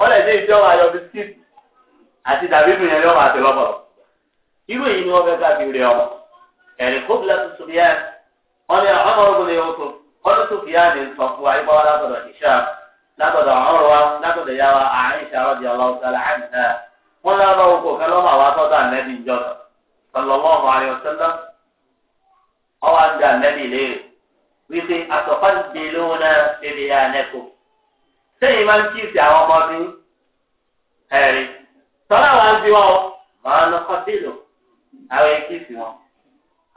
wọ́n lè dé ìjọ ayọ̀ bisikíìtì àti dàbí ìdùn yẹn lọ́wọ́ àti lọ́bọ̀rọ̀ irú èyí ni wọ́n fẹ́ káfí rẹ ọmọ ẹ̀rìn kó bìlà tuntun bí yẹn wọ́n ní ọmọ ogun ni yóò tó wọ́n ní tòkì yá ni sọ fún wa ipá wa látọ̀dọ̀ ìṣá látọ̀dọ̀ ọ̀rọ̀ wa látọ̀dọ̀ yá wa àárín ìṣá ọ̀dì ọlọ́ọ̀tàlá àmìlá wọ́n ní ọmọ ogun kan lọ́mọ àwọn atọ́dọ̀ ànẹ́bí ìjọba sallallahu alayhi wa sallam ọwọ́ àǹdà ànẹ́bí léèrè wípé àtọ̀fà gbé lóhùn náà bébí yá anẹ́kọ̀ọ́ sẹ́yìn máa ń kíyèsí àwọn ọmọdé tọ́lá wa ń bí wọn o màá lọ kọ́ sílò àwọn kíyèsí wọn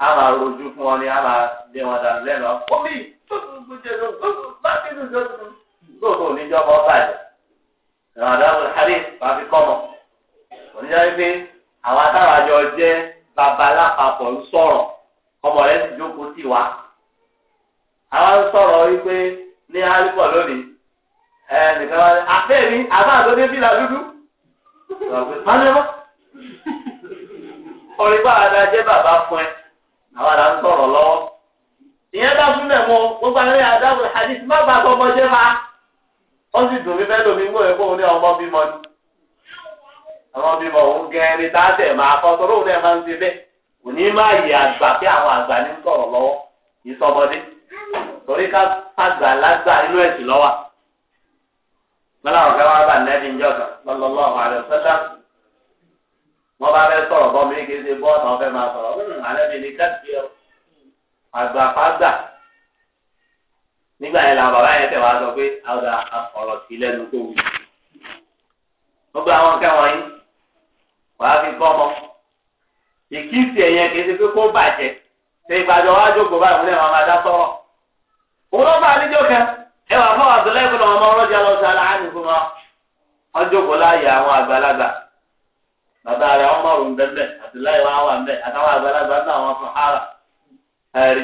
a máa rojú fún wọn ni a máa lé wọn dànù lẹ́nu ọ̀pọ̀ mi tó jẹ tó tó bá ti tó tó tó tó tó níjọ́ ọmọ bàjẹ́ fi wípé àwọn atáwọn àjọ wa àwọn sọ̀rọ̀ wípé ní ẹ nìkan wá àtẹ́rí ah, àbá dúdú jẹ́ bàbá fún ẹ ń sọ̀rọ̀ lọ́wọ́ ìyẹn bá fún mẹ́ gbogbo má bàa jẹ́ máa sì dùn mí lómi ní ọmọ bímọ ni ọmọ bímọ òun gẹ́rin máa kọ́ òun máa ń ṣe bẹ́ẹ̀ kò wọn làwọn bá nẹ́ẹ̀dì ń jọ̀gà lọ́lọ́lọ́ àrẹ sẹ́lá wọn bá fẹ́ sọ̀rọ̀ bọ́ mi kì í ṣe bọ́ọ̀tà wọn fẹ́ máa sọ̀rọ̀ hmm, àlẹ́bí ni kẹ́sì ọ àgbàfágbà nígbà yẹn làwọn bàbá yẹn tẹ̀ wá sọ pé àwọn ọ̀rọ̀ sí lẹ́nu tó wù gbogbo àwọn kẹwọn yìí wàá fi fọmọ ìkíìsì ẹ̀yẹn kì í ṣe pé kó bàjẹ́ ṣe ìbàdàn wájú kò báyìí wọn máa dá sọ̀rọ̀ òun ló bá àlejò kan. ẹ wà fún abdullahi ibùdó ọmọ ọlọ́jà lọ sí aláàánú fún wa ọjọ́ kò láàyè àwọn àgbàlagbà bàbá rẹ̀ ọmọ òun bẹ́ẹ̀ abdullahi wà wà bẹ́ẹ̀ àtàwọn àgbàlagbà náà wọn fún ara ẹ̀rí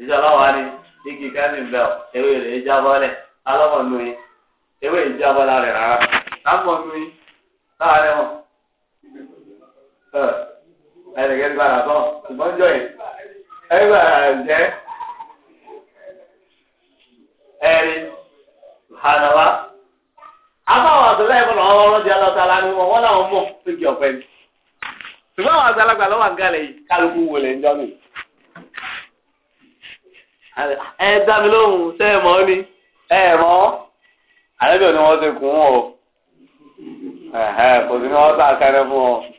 ìdíjọ́ ọlọ́wà ni igi kẹ́mi bẹ́ẹ̀ ọ ewé rẹ̀ ẹ jábọ́ lẹ̀ alọ́mọ ewé rẹ̀ rárá wọn ẹ̀ ẹ̀ ẹ̀ ẹ̀rí hànàwá. Abáwọ̀ àdúrà ìbọn àwọn ọlọ́run di ọlọ́ta lánàá wọn wọn làwọn mọ̀ tó jẹ mi. Ṣùgbọ́n àwọn àgbàlagbà lọ́wọ́ àgàlẹ̀ yìí kálukú wò lè ń mi. Ẹ dá mi lóhùn ṣé ẹ mọ̀ ọ́ ni? Ẹ mọ̀ ọ́? ni wọ́n ti kún Kò sí ní wọ́n sá fún ọ. Kò sí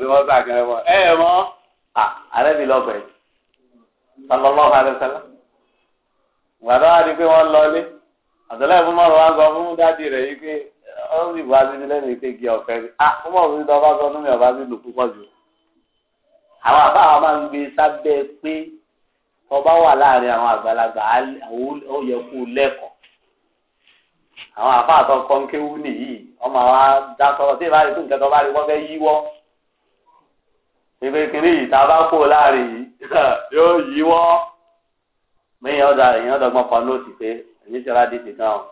ní wọ́n sá fún ọ. Ẹ mọ̀ ọ́? sallallahu alayhi wa sallam gbàdá wa di pé wọ́n lọ ilé àtọ́lá ìfún mọ́rọ̀ wá gbọ́ fún dáàdì rẹ̀ yìí pé ó sì bá mi lẹ́nu ìpè gé ọ̀fẹ́ rí ah fún mọ̀rún ní ọba sọ númi ọba sí lù púpọ̀ jù àwọn àbá àwọn máa ń gbé sábẹ́ pé ọba wà láàrin àwọn àgbàlagbà ó yẹ kó lẹ́kọ̀ọ́ àwọn àbá àtọ́ kọ́ńkéwú nìyí ọmọ àwa dá sọ̀rọ̀ tí ìbá rí fún bá rí wọ́n fẹ́ yíwọ́ ìpè kìnnìyí tá a bá kó láàrin yóò yí wọ́ mẹ́yìn ọ̀dà èèyàn ọ̀dọ́gbọ́n kan ló ti pé èmi ti ra dìtì kan o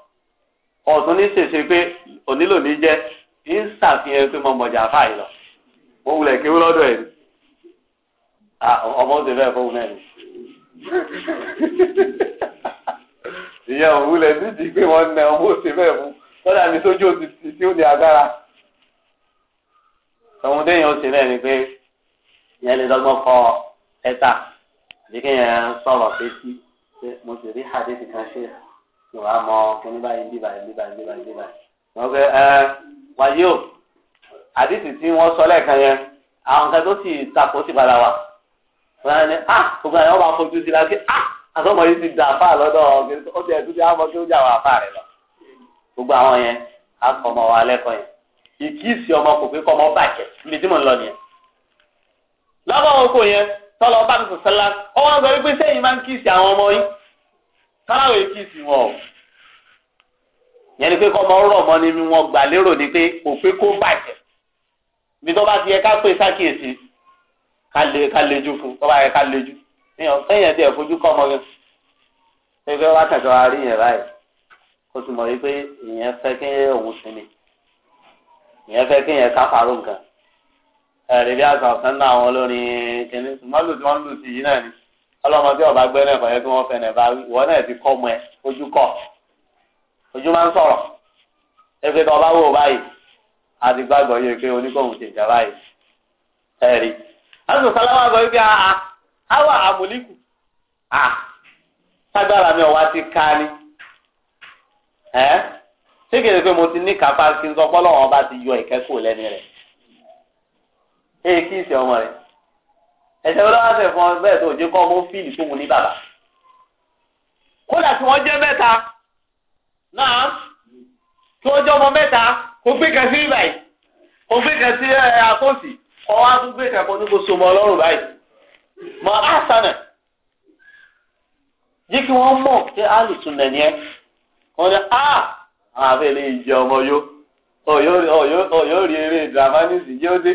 ọ̀tún ní ṣèṣe pé onílò ní jẹ́ ń ṣàfihàn pé mo mọ̀jà fáì lọ mo wulẹ̀ kéwú lọ́dọ̀ ẹ̀ ọmọ oṣù bẹ́ẹ̀ fóun náà ni ìyẹn òun wulẹ̀ nídìí pé wọ́n na ọmọ oṣù bẹ́ẹ̀ fún lọ́dà mi sójú òtítì tí ó di agbára ọmọdé yẹn oṣù náà ni pé ìyẹn lè dọ́gbọ́n kọ́ ọ ẹ̀ta àbí kéèyàn sọ̀rọ̀ sétí pé mo sì rí hadithi kan ṣe kí wàá mọ kíní báyìí bí báyìí bí báyìí bí báyìí bí báyìí. wọ́n pe ẹ wáyé o hadithi tí wọ́n sọ lẹ́ẹ̀kan yẹn àwọn kan tó sì takò sí padà wà. wọ́n á ní à gbogbo àwọn ọmọ afojú sí la kí à àtọ́mọ yìí ti dà fà lọ́dọ̀ ó ti ẹ̀dúdú àmọ́ kí jà wà fà rẹ̀ lọ. gbogbo àwọn yẹn á kọ́ ọmọ wa lẹ́kọ̀ọ́ yẹn ìkíìsì ọmọ kò pé kọ́ ọmọ bàjẹ́ ibi tí mò lọ nìyẹn. lọ́wọ́ wọn kò yẹn tọ́lọ ọba mi sọ̀sọ́lá ọwọ́ sọ wípé sẹ́yìn máa ń kíìsì àwọn ọmọ yín sáláwọ̀ yìí kíìsì wọn o yẹn ni pé kọ́ ọmọ rọ̀ mọ́ ni wọn gbà lérò ni pé kò pé kó bàjẹ́ bí tó bá ti yẹ ká pè sákìyèsí ká lejú fún tó bá yẹ ká lejú èèyàn sẹ́yìn ẹ̀ tí ẹ̀ fojú kọ́ ọmọ rẹ ṣé pé wá tẹ̀sán wa rí yẹn báyìí kó sì mọ̀ wípé ìyẹn fẹ́ kí òun sinmi ìyẹn fẹ́ kí ìyẹn ká parọ́ nǹkan ẹ̀rí bí àṣà ọ̀sán náà àwọn olórin kìíní mọ́lù tí wọ́n lù sí yìí náà ni ọlọ́mọ tí ọba gbẹ́ náà kọ̀yẹ́ tí wọ́n fẹ́ náà bá wí ìwọ náà ti kọ́ mọ́ ẹ ojú kọ̀ ojú máa ń sọ̀rọ̀ ẹgbẹ́ tó ọba wò báyìí àti gbàgbọ́ yẹ pé oníkóhùn ti jà báyìí ẹ̀rí. àti sọ̀sálàmà sọ wípé a àwọ̀ àmúlíkù à ságbára mi ọ̀wá ti ká ni ẹ̀ ṣé kìí ṣe pé mo ti ní kápá kí n sọ pé ọlọ́run ọba ti yọ ìkẹ́kọ̀ọ́ lẹ́ni rẹ̀ ẹ kí ìsìn ọmọ rẹ ẹsẹ̀ wọn lọ́wọ́ fún ọ bẹ́ẹ̀ tó kọ́ ọmọ fíìlì tó wù ní bàbá kódà tí wọn jẹ́ mẹ́ta náà tí wọ́n jẹ́ ọmọ mẹ́ta kò gbé kan sí kò gbé kan ẹ àtọ́sí kọ́ wá tún gbé kan ní kó so mọ́ ọlọ́run báyìí mọ́ àṣànà jẹ́ kí wọ́n mọ̀ pé alùsùn ọmọ yó rí eré yóò dé.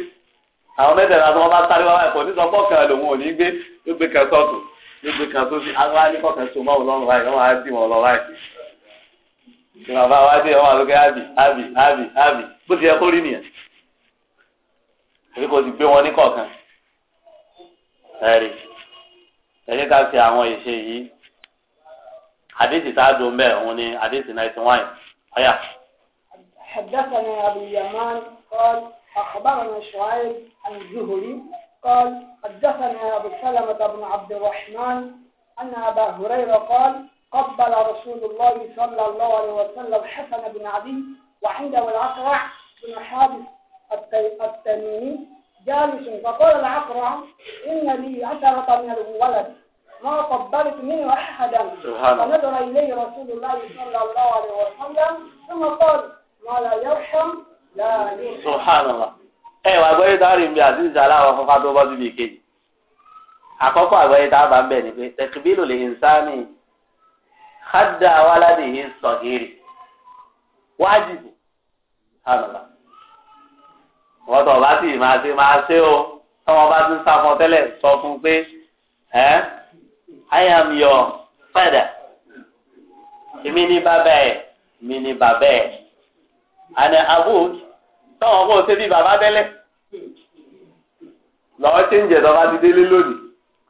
àwọn mẹ́tẹ̀ẹ̀ta tó wọ́n bá sáré wáwá ẹ̀kọ́ nítorí ọgbọ́n kan lòun ò ní gbé ló gbé kan sọ́ọ̀tù ló gbé kan sósì àwọn alẹ́kọ̀ọ́ kan so mọ́wọ́ lọ́rùn báyìí wọ́n á dì wọ́n lọ báyìí. ìrànbá wa dé ọmọ àlùkẹ́ àbì àbì àbì àbì bó ti yẹ kó rí nìyẹn. èyí kò sì gbé wọn ní kọ̀ọ̀kan. ẹ̀rí ẹ̀jẹ̀ ká fi àwọn ìṣe yìí àdéhìí tá a dùn bẹ́ẹ̀ òun ni àdéhìí ninety one ọ̀yà. حدثنا أبو اليمان قال أخبرنا شعيب الزهري قال حدثنا أبو سلمة بن عبد الرحمن أن أبا هريرة قال قبل رسول الله صلى الله عليه وسلم حسن بن علي وعنده العقرع بن حابس التميمي جالس فقال العقرع إن لي عشرة من الولد ما قبلت منه أحدا فنظر إليه رسول الله صلى الله عليه وسلم ثم قال ما لا يرحم لا يرحم سبحان الله ẹ wà gbọ́dọ̀ tá a rìn bí aziz aláwọ̀ fúnfà tó bọ́ síbi ìkejì àkọ́kọ́ àgbọ̀yé tá a bá ń bẹ̀ ni pé tẹ̀kíbílù lè ń sáni hádà wàládì yìí ń sọ̀gìrì wájibù hànàlá wọ́n tọ̀ bá sì máa ṣe máa ṣe o tọ́wọ́n bá ti ń sá fún tẹ́lẹ̀ sọ fún pé ẹ́ I am your father èmi ni bàbá ẹ̀ mi ni bàbá ẹ̀ àná abúlé táwọn kò ṣe bí bàbá tẹ́lẹ̀ lọ́wọ́ ṣe ń jẹ tọ́ba ti délé lónìí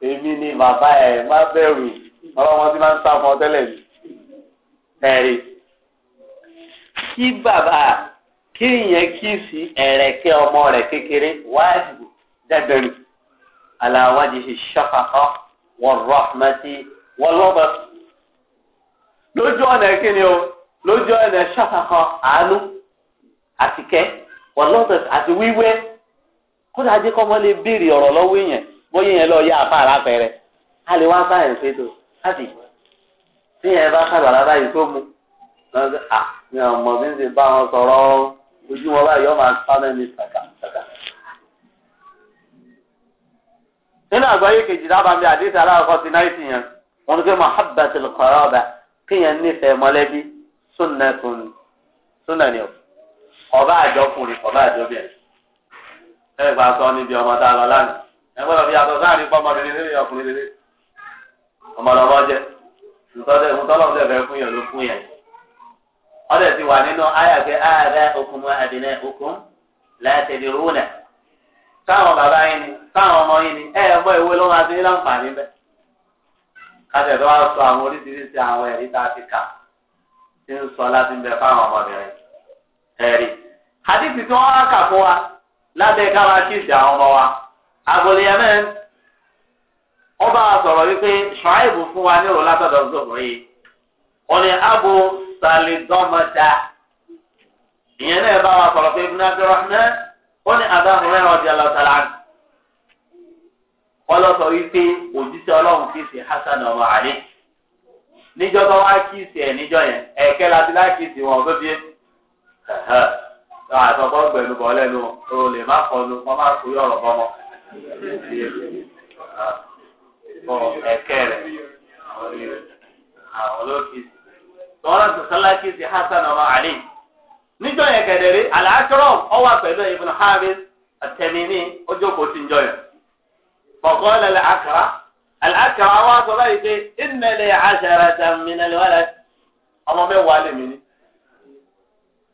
èmi ni bàbá ẹ̀ má bẹ̀rù ọlọ́wọ́n ti máa ń sá fún ọ tẹ́lẹ̀ ni ẹ̀rí kí bàbá kí ìyẹn kí sí ẹ̀rẹ̀kẹ́ ọmọ rẹ̀ kékeré wájú dẹ́gbẹ̀rù aláwájú ṣe ṣọ́kàkọ́ wọ́n rọ́ọ̀mẹ́tì wọ́n lọ́bọ̀ lójú ọ̀nà kí ni o lójú ọ̀nà ṣọ́kàkọ́ àánú àtikẹ́ wọlọsẹ àti wíwẹ kódà ajé kọ́mọ lè béèrè ọ̀rọ̀ lọ́wọ́ èèyàn bóyá yẹn lọ yá apá alápẹrẹ a lè wá sáyẹn ṣètò láti tí yẹn bá sábà lára yìí tó mu lọ́sẹ̀ à mi ò mọ̀ bí n ṣe bá wọn sọ̀rọ̀ ojú wọn báyìí ọmọ asọ́nà mi kàkà kàkà. nínú àgbáyé kejì dábàá mi àdéhùn aláàkọ́ ti náìtì yẹn wọn ní pé mahabbatul qaraba kéèyàn nífẹ̀ẹ́ mọ́lẹ́bí sunnatun sunna ni o. ọba àjọkùnrin ọba àjọbìnrin ẹ gba sọ níbi ọmọ tá a lọ lánàá ẹ sáà ọkùnrin ọmọlọmọ jẹ ntọ́lẹ̀ ntọ́lọ́sẹ̀ fẹ́ fún yẹn ló fún yẹn ọdẹ ti wà nínú ayàgbé ayàgbé okùn mọ àdínẹ okùn láti di bàbá yín ni ọmọ yín ni ẹ ẹ ìwé ló máa ti ní láǹfààní bẹ tó sọ àwọn oríṣiríṣi àwọn tá a ti ẹ̀rí hadithi tí wọ́n á kà fún wa lábẹ́ káwa àwọn ọmọ wa àgọ́lẹ̀ yẹn wọ́n bá wa sọ̀rọ̀ wípé ṣọ́ọ́ìbù fún wa ní òrùlá tọ̀dọ̀ zọ̀rọ̀ yìí wọ́n ní abu ìyẹn náà bá wa sọ̀rọ̀ pé wọ́n ní wípé òjíṣẹ́ ọlọ́run hasan ọmọ níjọ́ tó wá ẹ̀ níjọ́ yẹn ẹ̀kẹ́ láti láì wọn tó àtọkọ gbẹnu bọ lẹ́nu o lè má kọlu wọn má kú yọrọ bọmọ bọ ẹkẹ rẹ àwọn olókìsì tọ́lá tó sálákì hasan ọmọ ali níjọ yẹn kẹdẹrí aláàtúrọ ọwọ pẹ̀lú ibùdó hamid àtẹmíní ọjọ́ kò tí ń jọyọ bọkọ lẹlẹ àkàrà àkàrà wa sọ báyìí pé ìnẹlẹ àṣàrà tàmínà lẹwàlẹ ọmọ mẹ́wàá lèmi ni.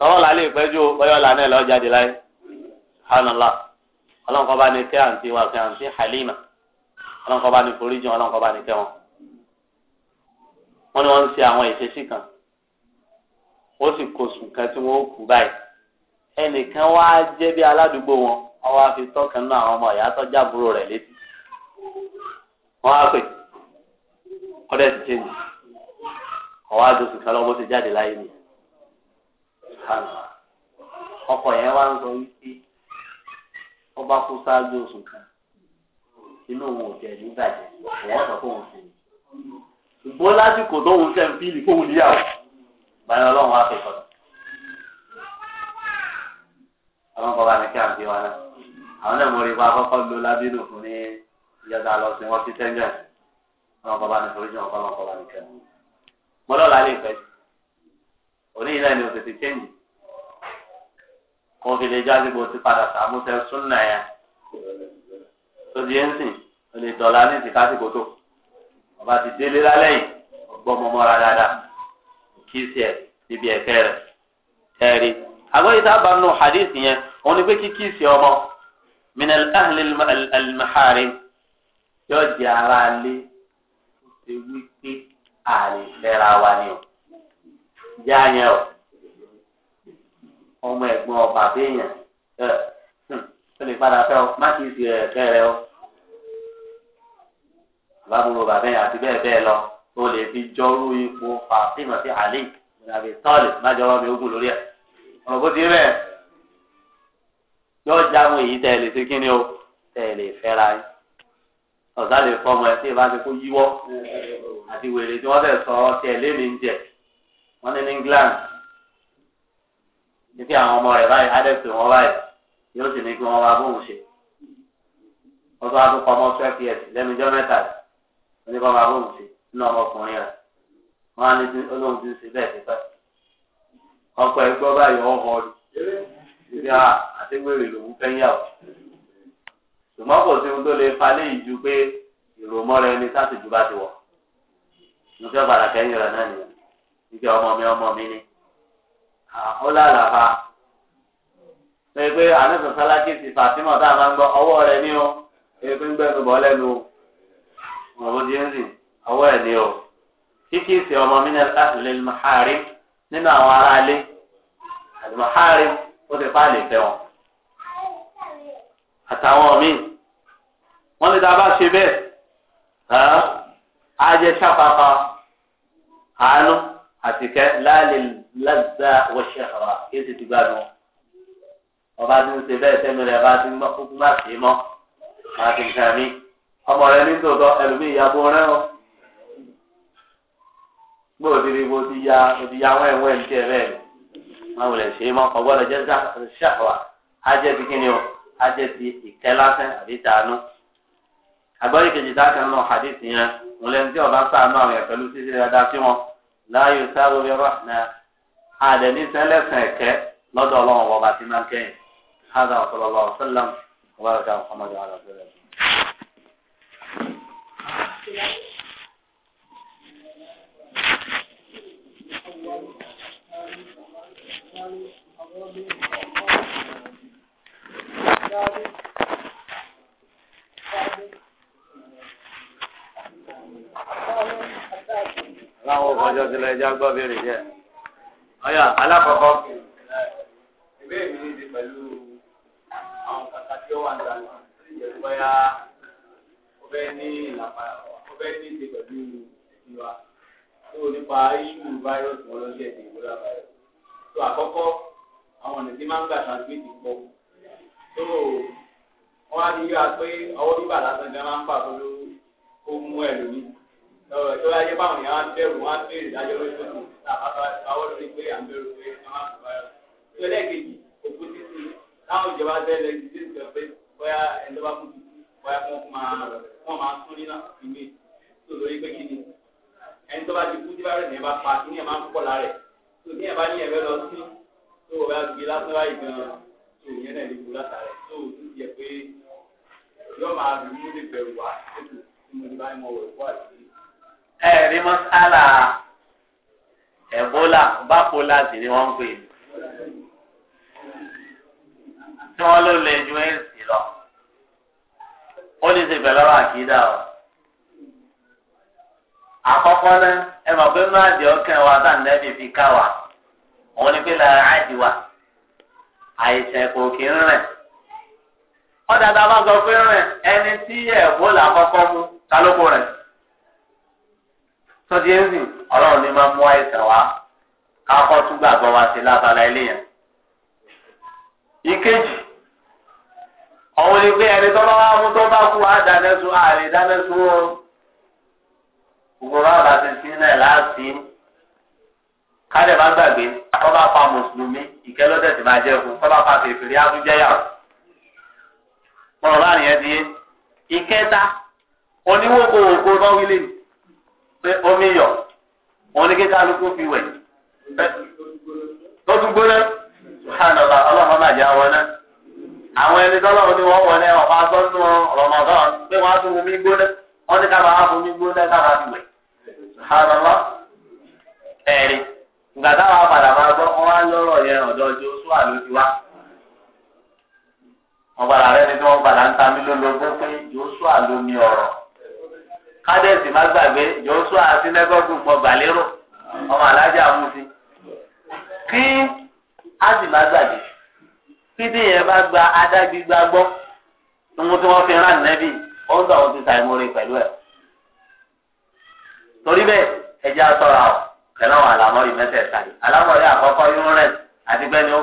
tọ́wọ́ la lè pẹ́jọ́ bọ́yọ́ la náà lọ́ọ́ jáde láyé hànàlá ọlọ́run kọ́ bá ní kẹ́ àǹtí wa kẹ́ àǹtí Halima ọlọ́run kọ́ bá ní foríjì ọlọ́run kọ́ bá ní kẹ́ wọn. wọ́n ní wọ́n ń ṣe àwọn ìṣesí kan ó sì kó sùn kan tí wọ́n ó kú báyìí ẹnìkan wá jẹ́ bí aládùúgbò wọn ọwọ́ àfi tọ́kàn náà àwọn ọmọ ìyá tó jábúrò rẹ̀ létí wọ́n á pè ọdẹ ti ṣe nì ọwọ́ àdóṣù kan lọ́wọ́ bó ṣe jáde láyé nìyẹn subhanallah ọkọ yẹn wá ń sọ wípé ọba kú sáájú oṣù kan inú òun ò jẹ nígbàjẹ òun sọ fóun sí i ṣùgbọ́n lásìkò tóun ṣe ń fíìlì fóun níyàwó báyọ̀ ọlọ́run á fi kọ́ta àwọn bàbá mi kí à ń bí wa náà àwọn náà mo rí wa kọ́kọ́ lo lábínú fún ní ìyọ̀dà lọ sí wọn sí tẹ́ńgẹ̀ àwọn bàbá mi forí jù wọn kọ́ bàbá mi kẹ́ mo lọ́ọ́ lálẹ́ ìfẹ́ jù oníyìí náà ni o tètè chẹ́ǹjì kó fi lè já sí bó ti padà sàmúsẹ súnà yẹn tó di ẹ́ńsìn o lè dọ̀la ní ti kásìkò tó ọba ti délé lálẹ́ yìí ọgbọ́n mọ́mọ́ra dáadáa kí sí ẹ̀ níbi ẹ̀kẹ́ rẹ̀ ẹ̀rí àgọ́ yìí sábà nù hadith yẹn òun ni pé kíkí sí ọmọ min al-ahli al yóò di ara lé ṣe pé àlè fẹ́ra wa ni o ìyá yẹn o ọmọ ẹ̀gbọ́n ọba béèyàn ẹ tó hmm, lè padà fẹ́ ọ má kì í sì rẹ̀ o bàbáwo bàbá yẹn àti bẹ́ẹ̀ bẹ́ẹ̀ lọ tó lè fi jọrú ipò fàtímọ̀ sí àlè ìrìnàbí tọ́ọ̀lì májọba mi ogun lórí ẹ̀ ọ̀rọ̀ bó ti rẹ̀ yóò jáwé èyí tẹ̀ lè ṣe kíni o tẹ̀ lè fẹ́ra yín ọ̀sán lè fọmọ ẹ tí ì ti kó yíwọ́ àti wèrè tí wọ́n fẹ́ sọ ọ́ tẹ̀ lé mi ń jẹ wọ́n ní ní England ní kí àwọn ọmọ rẹ̀ báyìí adẹ́sì wọn báyìí yóò sì ní kí wọ́n wá bóun ṣe wọ́n tó wá tó kọ́ ọmọ twelve years lẹ́nu ijọ́ mẹ́ta ní kí wọ́n wá bóun ṣe nínú ọmọkùnrin rẹ̀ wọ́n á ní olóhùn tí ń ṣe bẹ́ẹ̀ ti pẹ́ ọkọ̀ ẹgbọ́ báyìí ọ̀họ́ ọdún ìdí àtẹ́gbèrè lòún fẹ́ yà ó ṣùgbọ́n kò sí ohun tó lè fa léyìí ju pé ìròmọ́ rẹ ni sásìjú bá ti wọ̀ mo fẹ́ padà kẹ́yìn rẹ̀ náà nìyẹn ìgbà ọmọ mi ọmọ mi ni ó lálàáfà pé pé àníṣe sálákì ti Fatima tá a máa ń gbọ́ ọwọ́ rẹ̀ ní o pé pé ń gbẹ́nu bọ́ lẹ́nu o ọ̀rọ̀ díẹ̀ sì ọwọ́ ẹ̀ ní o kíkí ìsìn ọmọ mi náà láti lè mahari nínú àwọn aráalé àti mahari ó ti pa àlè fẹ́ àtàwọn míì wọ́n lè dá bá ṣe bẹ́ẹ̀ á jẹ́ ṣàpápá àánú àti kẹ láàlè lẹ́gbẹ́ wọ́ṣẹ́ ọ̀rọ̀ kéde ti gbádùn ọba tí ń ṣe bẹ́ẹ̀ sẹ́nu rẹ̀ bá ti ń mọ́ kókó má sí mọ́ má ti ń kàn mí ọmọ rẹ ní tòótọ́ ẹlòmíì ya bó rẹ́ o gbọ́dọ̀ ti rí bó ti ya o ti ya wẹ́ẹ̀ wẹ́ẹ̀ ní tiẹ̀ bẹ́ẹ̀ má wulẹ̀ ṣe é mọ́ ọgbọ́dọ̀ jẹ́ ṣàkọ́wà ajẹ́ ti kíni o ajẹ́ ti ìkẹ́ lásán àbí tàánú àgbọ̀yìn láàyò sáré orí ọ̀rọ̀ àná àdẹ̀ní sẹ́lẹ̀sìn ẹ̀kẹ́ lọ́dọ̀ ọlọ́run ọba àti máa kẹ́yìn hádà ọ̀sọ̀lọ́lọ́ ọ̀sẹ̀lẹ̀m ọba àti àwọn ọmọdé wa lọ́dọ̀ rẹ̀. Thank you láwọn ọjọ́ ti lọ ẹja gbọ́ béèrè jẹ́. ọ̀yà alákọ̀ọ́kọ́. ìbéèrè mi ní ti pẹ̀lú àwọn kàkà tí ó wà nígbà náà sì jẹ́ bóyá ó fẹ́ ní ìlàpá ó fẹ́ ní ìdè pẹ̀lú ẹ̀sìn wa tó nípa iṣu fáírọ́ọ̀sì wọn lọ́jọ́ ẹ̀sìn ìgbóra fáírọ́ọ̀sì. tó àkọ́kọ́ àwọn ọ̀nà tí máa ń gbà transmit pọ̀ tó wọ́n á ní yíra pé ọwọ́ bíbà lásán gan máa ń pàtó ló kó mú ẹlòmíì tó yà yé báwọn yẹn wá ń bẹ̀rù wá ń bẹ̀rù ìdájọ́ lóṣooṣù tá a bá báwọ́ lórí pé à ń bẹ̀rù pé wọ́n máa bá yọ. tó yẹ kejì òkú títí táwọn ìjọba tẹ́lẹ̀ ti ti sọ pé bóyá ẹ̀ńdọ́ bá kú bóyá wọ́n máa tún nínú ìmí tó lórí pé kí ni ẹni tó bá ti rí mú lè bẹ̀rù wá tó kù tí mo ní bá ń mọ òwe àti ẹ̀rí mọ́sálà ẹ̀bólà bápólà ni wọ́n ń pè tí wọ́n ló lè ju èsì lọ. ó lè ṣe pẹ̀lú ọ̀rọ̀ àkídà o. àkọ́kọ́ náà ẹ mọ̀ pé máa ọkẹ́ wa fi ká wa òun ni pé lára àìdí wa àìsàn kò kí ń rìn. ọ̀dà tá a bá sọ pé rìn ẹni sọ́dí ẹ̀sìn ọlọ́run ní máa mú àìsàn wá kákọ́ tún gbàgbọ́ wa sí lábala ilé yẹn. ìkejì ọ̀hún ni pé ẹni tó bá wá mú tó bá kú wá dáná sun ààrẹ dáná sun ó gbogbo bá bá ti sin náà láti kálẹ̀ bá gbàgbé kọ́ bá pa mùsùlùmí ìkẹ́lọ́dẹ̀ tí máa jẹ́ fún kọ́ bá pa fèfèrè àtúnjẹ́yàwó. mọ̀rọ̀ nìyẹn ti yé ìkẹta oníwòkòwò kó bá wílé ni. pé omi yọ òun ní kíkà lóko fi wẹ̀ tó tún gbóná sùhánàlá ọlọ́run máa jẹ́ àwọn náà àwọn ẹni tọ́lọ́run ni wọ́n wọlé ọ̀pá sọ́nù rọ̀mọ̀dán pé wọ́n á tún omi gbóná wọ́n ní kábàá á fomi gbóná kábàá fi sùhánàlá ẹ̀rí ìgbà táwọn máa gbọ́ á lọ́rọ̀ yẹn kádẹ́sì má gbàgbé àti sinagogu mọ balẹ̀rọ ọmọ alájà amúsí kí ásì má gbàgbé títí yẹn bá gba adágbígbá gbọ́ tí wọ́n fi rán nẹ́bì ti pẹ̀lú ẹ̀ torí bẹ́ẹ̀ ọ̀ àkọ́kọ́ àti ó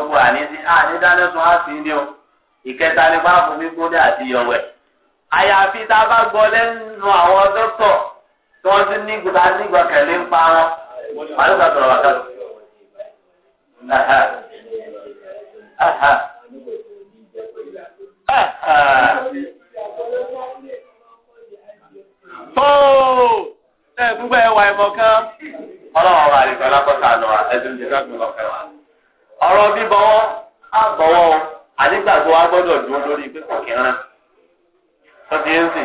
sí àní dáná sun á ní o ìkẹta nípa àyàfi tá a bá gbọ́ lẹ́nu àwọn dókítọ̀ tí wọ́n ti ní gbọ́dá nígbà kẹ̀lé ń pa wọn. wọ́n yóò sọ̀rọ̀ wákà lọ. tóó ẹ gbogbo ẹwà ẹ̀mọ̀ kan. ọlọ́run ahụ. àlejò alákọ̀ọ́sà lọ ẹ̀sùn ìjọba ìgbìmọ̀ kẹwàá. ọ̀rọ̀ bíbọ̀wọ́ á bọ̀wọ́ o àdígbàgbọ́ wa gbọ́dọ̀ dúró tọ́tí yẹn sì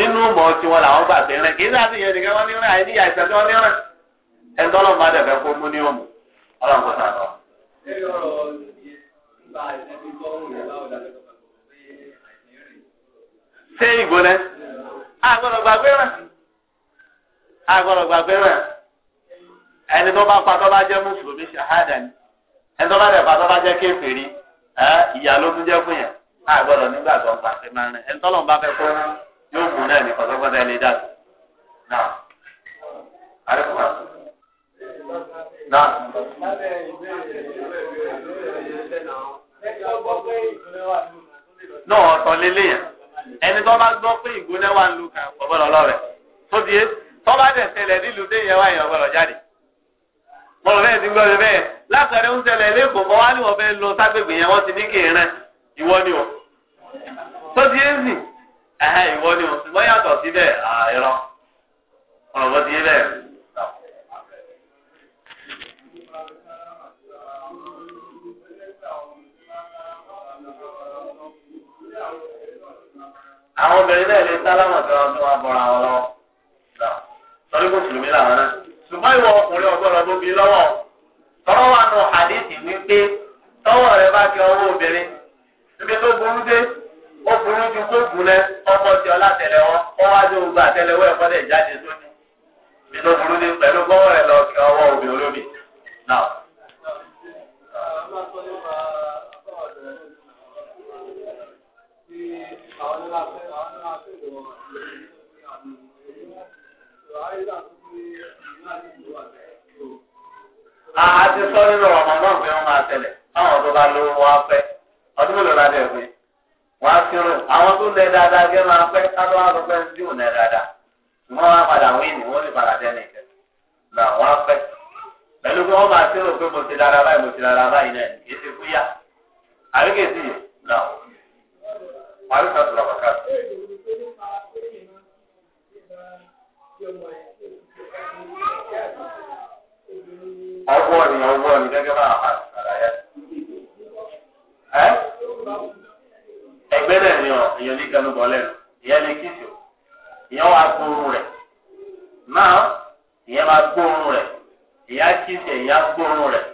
inú mọ̀ tí wọn làwọn gbà pé rìn kì sáà sì yẹn nìkan wọn ní rìn àìní ìyá tí wọn ní rìn ẹ̀ńtọ́lọ́ máa dẹ̀fẹ́ fún mú ní òmù ọlọ́run kò lọ. ṣé ìgbóná àgbọ̀dọ̀ gbàgbé rẹ̀ àgbọ̀dọ̀ gbàgbé rẹ̀ ẹni tó bá pa tó bá jẹ́ mùsùlùmí ṣàhádà ẹni tó bá dẹ̀ pa tó bá jẹ́ kéferì ìyá ló tún jẹ́ fún yẹn. a gbọ́dọ̀ nígbàgbọ́ pàṣẹ máa rìn ẹni tọ́lọ́run bá fẹ́ kó yóò mú náà ní kọ́sọ́gbọ́dọ̀ ẹni dà náà àríkùmá náà. náà ọ̀tọ̀ lélẹ́yìn ẹni tó bá gbọ́ pé ìgbóná wà ń lu kan ọ̀gbọ́dọ̀ lọ́rẹ̀ tó di é tó bá dẹ̀ ṣẹlẹ̀ nílùú déyẹ wá yẹn ọ̀gbọ́dọ̀ jáde mọ̀lọ́ bẹ́ẹ̀ ti gbọ́ bẹ́ẹ̀ látàrí oúnjẹ lẹ́lẹ́kọ̀ọ́ wá ní wọ́n fẹ́ lọ ságbègbè yẹn wọ́n ti ní kéèrè ìwọ ni wọ́n. sọ́dí ẹ̀sìn ẹ̀hẹ́ ìwọ ni òṣùgbọ́n yàtọ̀ síbẹ̀ àìrọ̀ ọ̀rọ̀ ti yé àwọn obìnrin náà lè sálámà tí wọn tún wá bọra wọn lọ́wọ́ sọrí kò làwọn náà ṣùgbọ́n ìwọ ọkùnrin ọgbọ́dọ̀ tó bí lọ́wọ́ tọ́wọ́ nù àdéhìí wípé tọ́wọ́ rẹ bá fi ọwọ́ obìnrin níbi tó ó burú ju kó gúnlẹ̀ ọkọ̀ tí ọlá tẹ̀lẹ̀ wọn kọ́ wá ní ogun àtẹlẹwọ́ ẹ̀kọ́ dẹ̀ jáde sójú mi ló burú ní pẹ̀lú gbọ́wọ́ rẹ̀ lọ kí ọwọ́ obì olómi náà. a ti sọ nínú ọmọ náà pé wọn máa tẹlẹ báwọn tó bá lówó wá pẹ ọdún mélòó la dẹ̀ pé. wọn á kírun àwọn tó lẹ dáadáa gẹ máa pẹ kálọ àlọ pẹ ń na náà dáadáa á padà wíìnì wọn lè padà dẹni kẹ là wọn á pẹ̀lú pé máa pé mo ti dára báyìí mo ti dára báyìí náà kì í yá yìí á ni ni gẹ́gẹ́ bá àwọn ẹgbẹ́ rẹ̀ ni ọ èèyàn ní kẹnu bọ̀ lẹ́nu ìyẹn ní kìsì o ìyẹn wàá gbóòórùn rẹ̀ náà ìyẹn máa gbóòórùn rẹ̀ ìyá kìsì ìyá gbóòórùn rẹ̀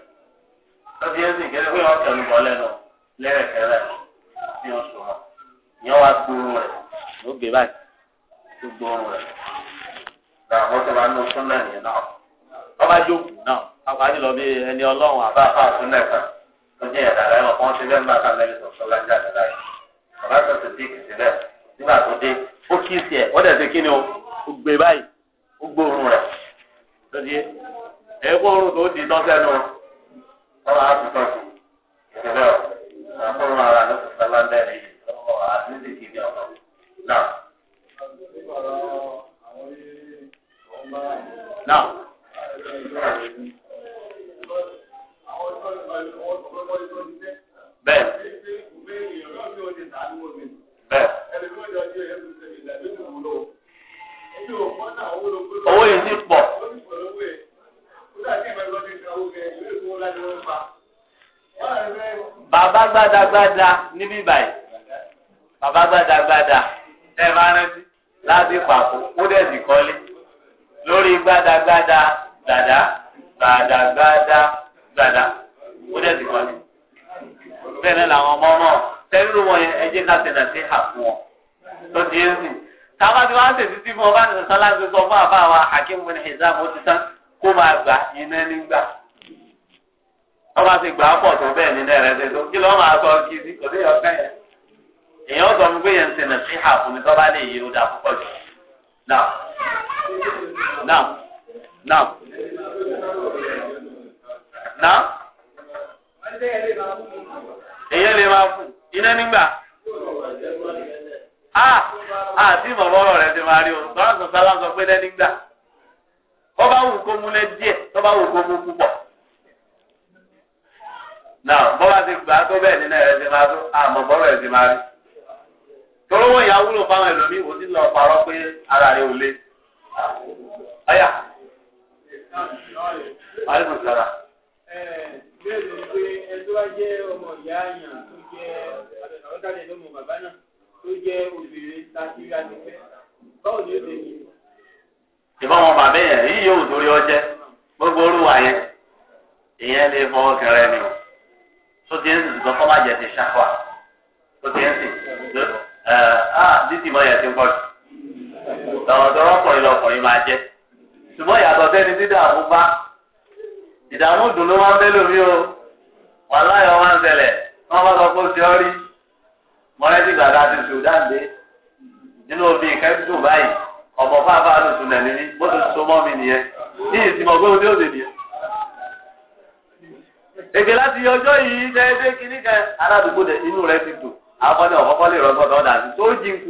lọ́sí yẹn sì kéré pé wọ́n kẹnu bọ̀ lẹ́nu lẹ́rẹ̀kẹ́rẹ́ ní oṣù wọn ìyẹn wàá gbóòórùn rẹ̀ ló gbé báyìí tó gbóòórùn rẹ̀ náà wọ́n ti máa ń lo súnmọ́ ẹ̀yìn náà wọ́n àwọn àti lọ ẹni ọlọ́run àbá àfáà súnmọ́ ẹ̀ka tó jẹ́ ẹ̀dá rẹ̀ wọ́n ti fẹ́ ń bá àtàlẹ́yìn sọ̀tún lájà àtàlẹ́yìn. Abubakar Siddiq síbẹ̀ nígbà tó dé ó kí sí ẹ̀ ó dẹ̀ ṣe kí ni o gbé báyìí ó gbóòórùn rẹ̀ lórí ẹ̀ gbóòórùn tó di lọ́sẹ̀nu ọ̀rọ̀ àtúntàn sí ìṣẹ̀lẹ̀ àkóró ara ló fi sọ́lá ń bẹ̀rẹ̀ yìí lọ́wọ́ àdúgbò kì í ní ọ̀rọ̀ náà. Now. Bẹ́ẹ̀ni. owó yìí ti pọ̀. bàbá gbadagbada níbí báyìí bàbá gbadagbada ẹ máa rántí láti pàkó ó dẹ̀ sì kọ́lé lórí gbadagbada dàdá gbadagbada dàdá ó dẹ̀ sì kọ́lé bẹ́ẹ̀ ni làwọn ọmọ náà tẹ́lú wọn ẹjẹ́ ká tẹ̀lé sí àfún wọn. tó di táwa tí wọ́n tẹ̀sí tí mo bá ní sọ́lá ń sọ fún àbá wa hakim bin hizam ó ti tán kó máa gbà iná nígbà wọ́n bá ti gbà á pọ̀ tó bẹ́ẹ̀ ní ẹ̀rẹ́ tẹ̀ tó kí ló máa sọ kí sí kò fẹ́ yẹn èèyàn sọ fún sí tọ́ba lè yí púpọ̀ jù náà Ah, ah, àti ìmọ̀mọ́rọ̀ rẹ̀ ti máa rí o lọ́wọ́ sọ sálá sọ pé lẹ́ni gbà tó bá wù kó múlẹ̀ díẹ̀ tó bá wù kó mú púpọ̀. náà bọ́lá ti gbà tó bẹ́ẹ̀ nínú ẹ̀rẹ́ ti máa tó àmọ̀mọ́rọ̀ rẹ̀ ti máa rí. wọn wúlò fáwọn ẹlòmíì wò sí lọ parọ́ pé ara rẹ̀ ò le. sára. ẹ tó jẹ́ obìnrin láti rí àtẹ̀fẹ́ báwo ni ó lè ní. ìbọn bàbá yẹn yìí yóò torí ọjẹ gbogbo olúwa yẹn ìyẹn lè fọwọ́ kẹrẹ ni o tó ti ń sìn tó kọ́ má jẹ ti ṣàkóà tó ti ń sìn ẹ á dídì mọ́ yẹn ti ń pọ̀ jù lọ́wọ́ tó rọ́pọ̀rin máa jẹ ṣùgbọ́n ìyàtọ̀ sẹ́ni dídààmú bá ìdààmú dùn máa ń bẹ́ lómi o wàhálà yẹn wọ́n máa ń ṣẹlẹ̀ wọ́n bá sọ pé ó mọ̀lẹ́bí gbàdá ti Sudan dé nínú òbí kẹ́kọ̀ọ́ báyìí ọ̀bọ̀ fáfá ló tún nà bó tó so mọ́ mi nìyẹn ní ìsìmọ̀ gbé òde òde nìyẹn. èké láti ọjọ́ yìí dẹ́ẹ́dẹ́ kínní kan aládùúgbò dẹ inú rẹ ti dùn akọ́ni ọ̀kọ́kọ́ lè rọ́gbọ́n tó dàbí tó jí ń kú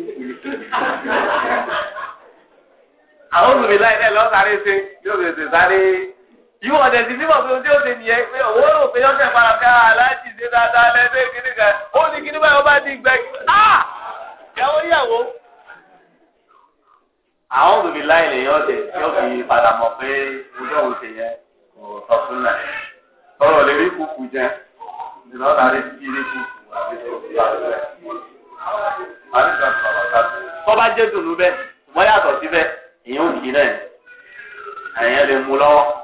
àwọn olùmíláyìn náà lọ́sàárẹ̀ ṣe yóò sáré ìwọ ọ̀dẹ̀ ti bímọ pé ojú òde nìyẹn pé owó rò pé yọ̀ọ̀sẹ̀ para pé aláàtì ah, ṣe dáadáa lẹ́sẹ̀ kíní kan ó ní kíní báyìí ó bá ti gbẹ ah! ìyàwó ìyàwó. àwọn òbí láì lè yọ̀ ọ̀dẹ̀ tí ó fi padà mọ̀ pé ojú òun ṣe yẹn kò sọ fún náà ọ̀rọ̀ lè rí kúkú jẹ ìlọ́ta rí sí rí kúkú àti tó fi wà lọ́wọ́ tọ́ba jẹ́ dùnú bẹ́ẹ̀ wọ́n yàtọ̀ síbẹ̀ èèyàn ò kì í náà èèyàn lè mú lọ́wọ́.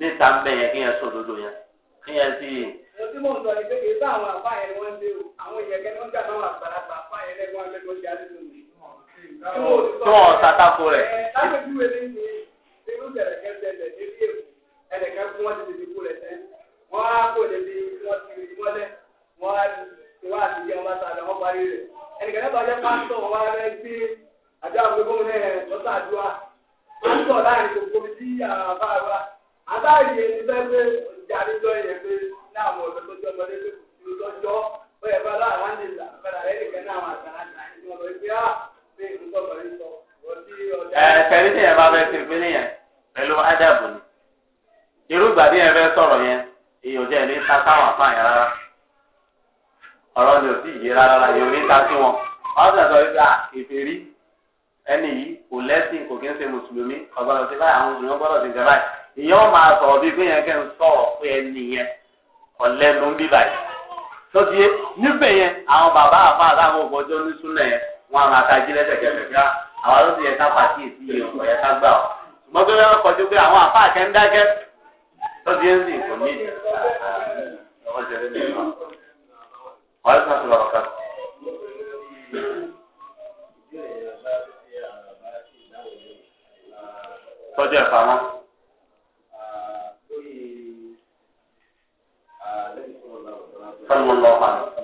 níta ń bẹ yẹn kí yẹn sọ òdodo yẹn kí yẹn sì. ẹni sọ ni pé kì àwọn àbá yẹn wọ́n ń lé àwọn èèyàn kẹ́ni wọ́n ń gbàgbọ́ àwọn àgbàlagbà àbá yẹn lẹ́gbọ́n alẹ́gbọ́n ti alẹ́gbọ́n mi. tí wọ́n ṣàtàkù rẹ̀. láti ju èlé ní irú ẹ̀rẹ̀kẹ́ tẹ̀lẹ̀ nílé èkó ẹ̀rẹ̀kẹ́ fún wọn ti ti fi kú rẹ̀ tẹ́ wọ́n á kó lè wọ́n ti rí mọ́lẹ̀ wọ́n á ti wá àti abáyé ẹni fẹ́ pé ìdánilọ́ yẹn pé ní àwọn ọ̀dọ́ tó jẹ́ ọmọdé pé kò lọ́jọ́ ó yẹ fẹ́ láwọn ní ìlànà rẹ̀ nìkan ní àwọn àgbàlagbà ní wọn lọ gbé á pé nǹkan bẹ̀rẹ̀ sọ wọ́n sí ọjà. ẹ tẹ̀lé tí yẹn bá fẹ́ ṣe ìpínlẹ̀ yẹn ádàbò ni irú ìgbà tí yẹn fẹ́ sọ̀rọ̀ yẹn èyí ò jẹ́ ní sátáwọn àfáàyàn rárá ọ̀rọ̀ ni ò sí ìyè rárá èyí ò ní ta sí wọn wọ́n sì sọ wípé ìfèrí ẹni yìí kò lẹ́sìn kò kí ń ṣe mùsùlùmí ọgbọ́dọ̀ sí báyìí àwọn mùsùlùmí ọgbọ́dọ̀ sí jẹ báyìí ìyẹn máa sọ̀rọ̀ bíi fún yẹn kẹ́ ń sọ̀rọ̀ pé ẹni yẹn ọ̀lẹ́nu ń bí báyìí tó ti yé níbẹ̀ yẹn àwọn bàbá àfa àtàwọn ògbọ́jọ́ ní súnlẹ̀ yẹn wọn àwọn àtàjì lẹ́sẹ̀kẹsẹ̀ fíà ah, àwọn ló ti yẹ ká pàtí èsì yẹn kò yẹ ká gbà ọ́ ṣùgbọ́n tó yẹ kọjú pé àwọn àfa àkẹ́ ń dákẹ́ tó ti yé ń kò ní ìdí tọ́jú ẹ̀ pamọ́. sọlọ lọ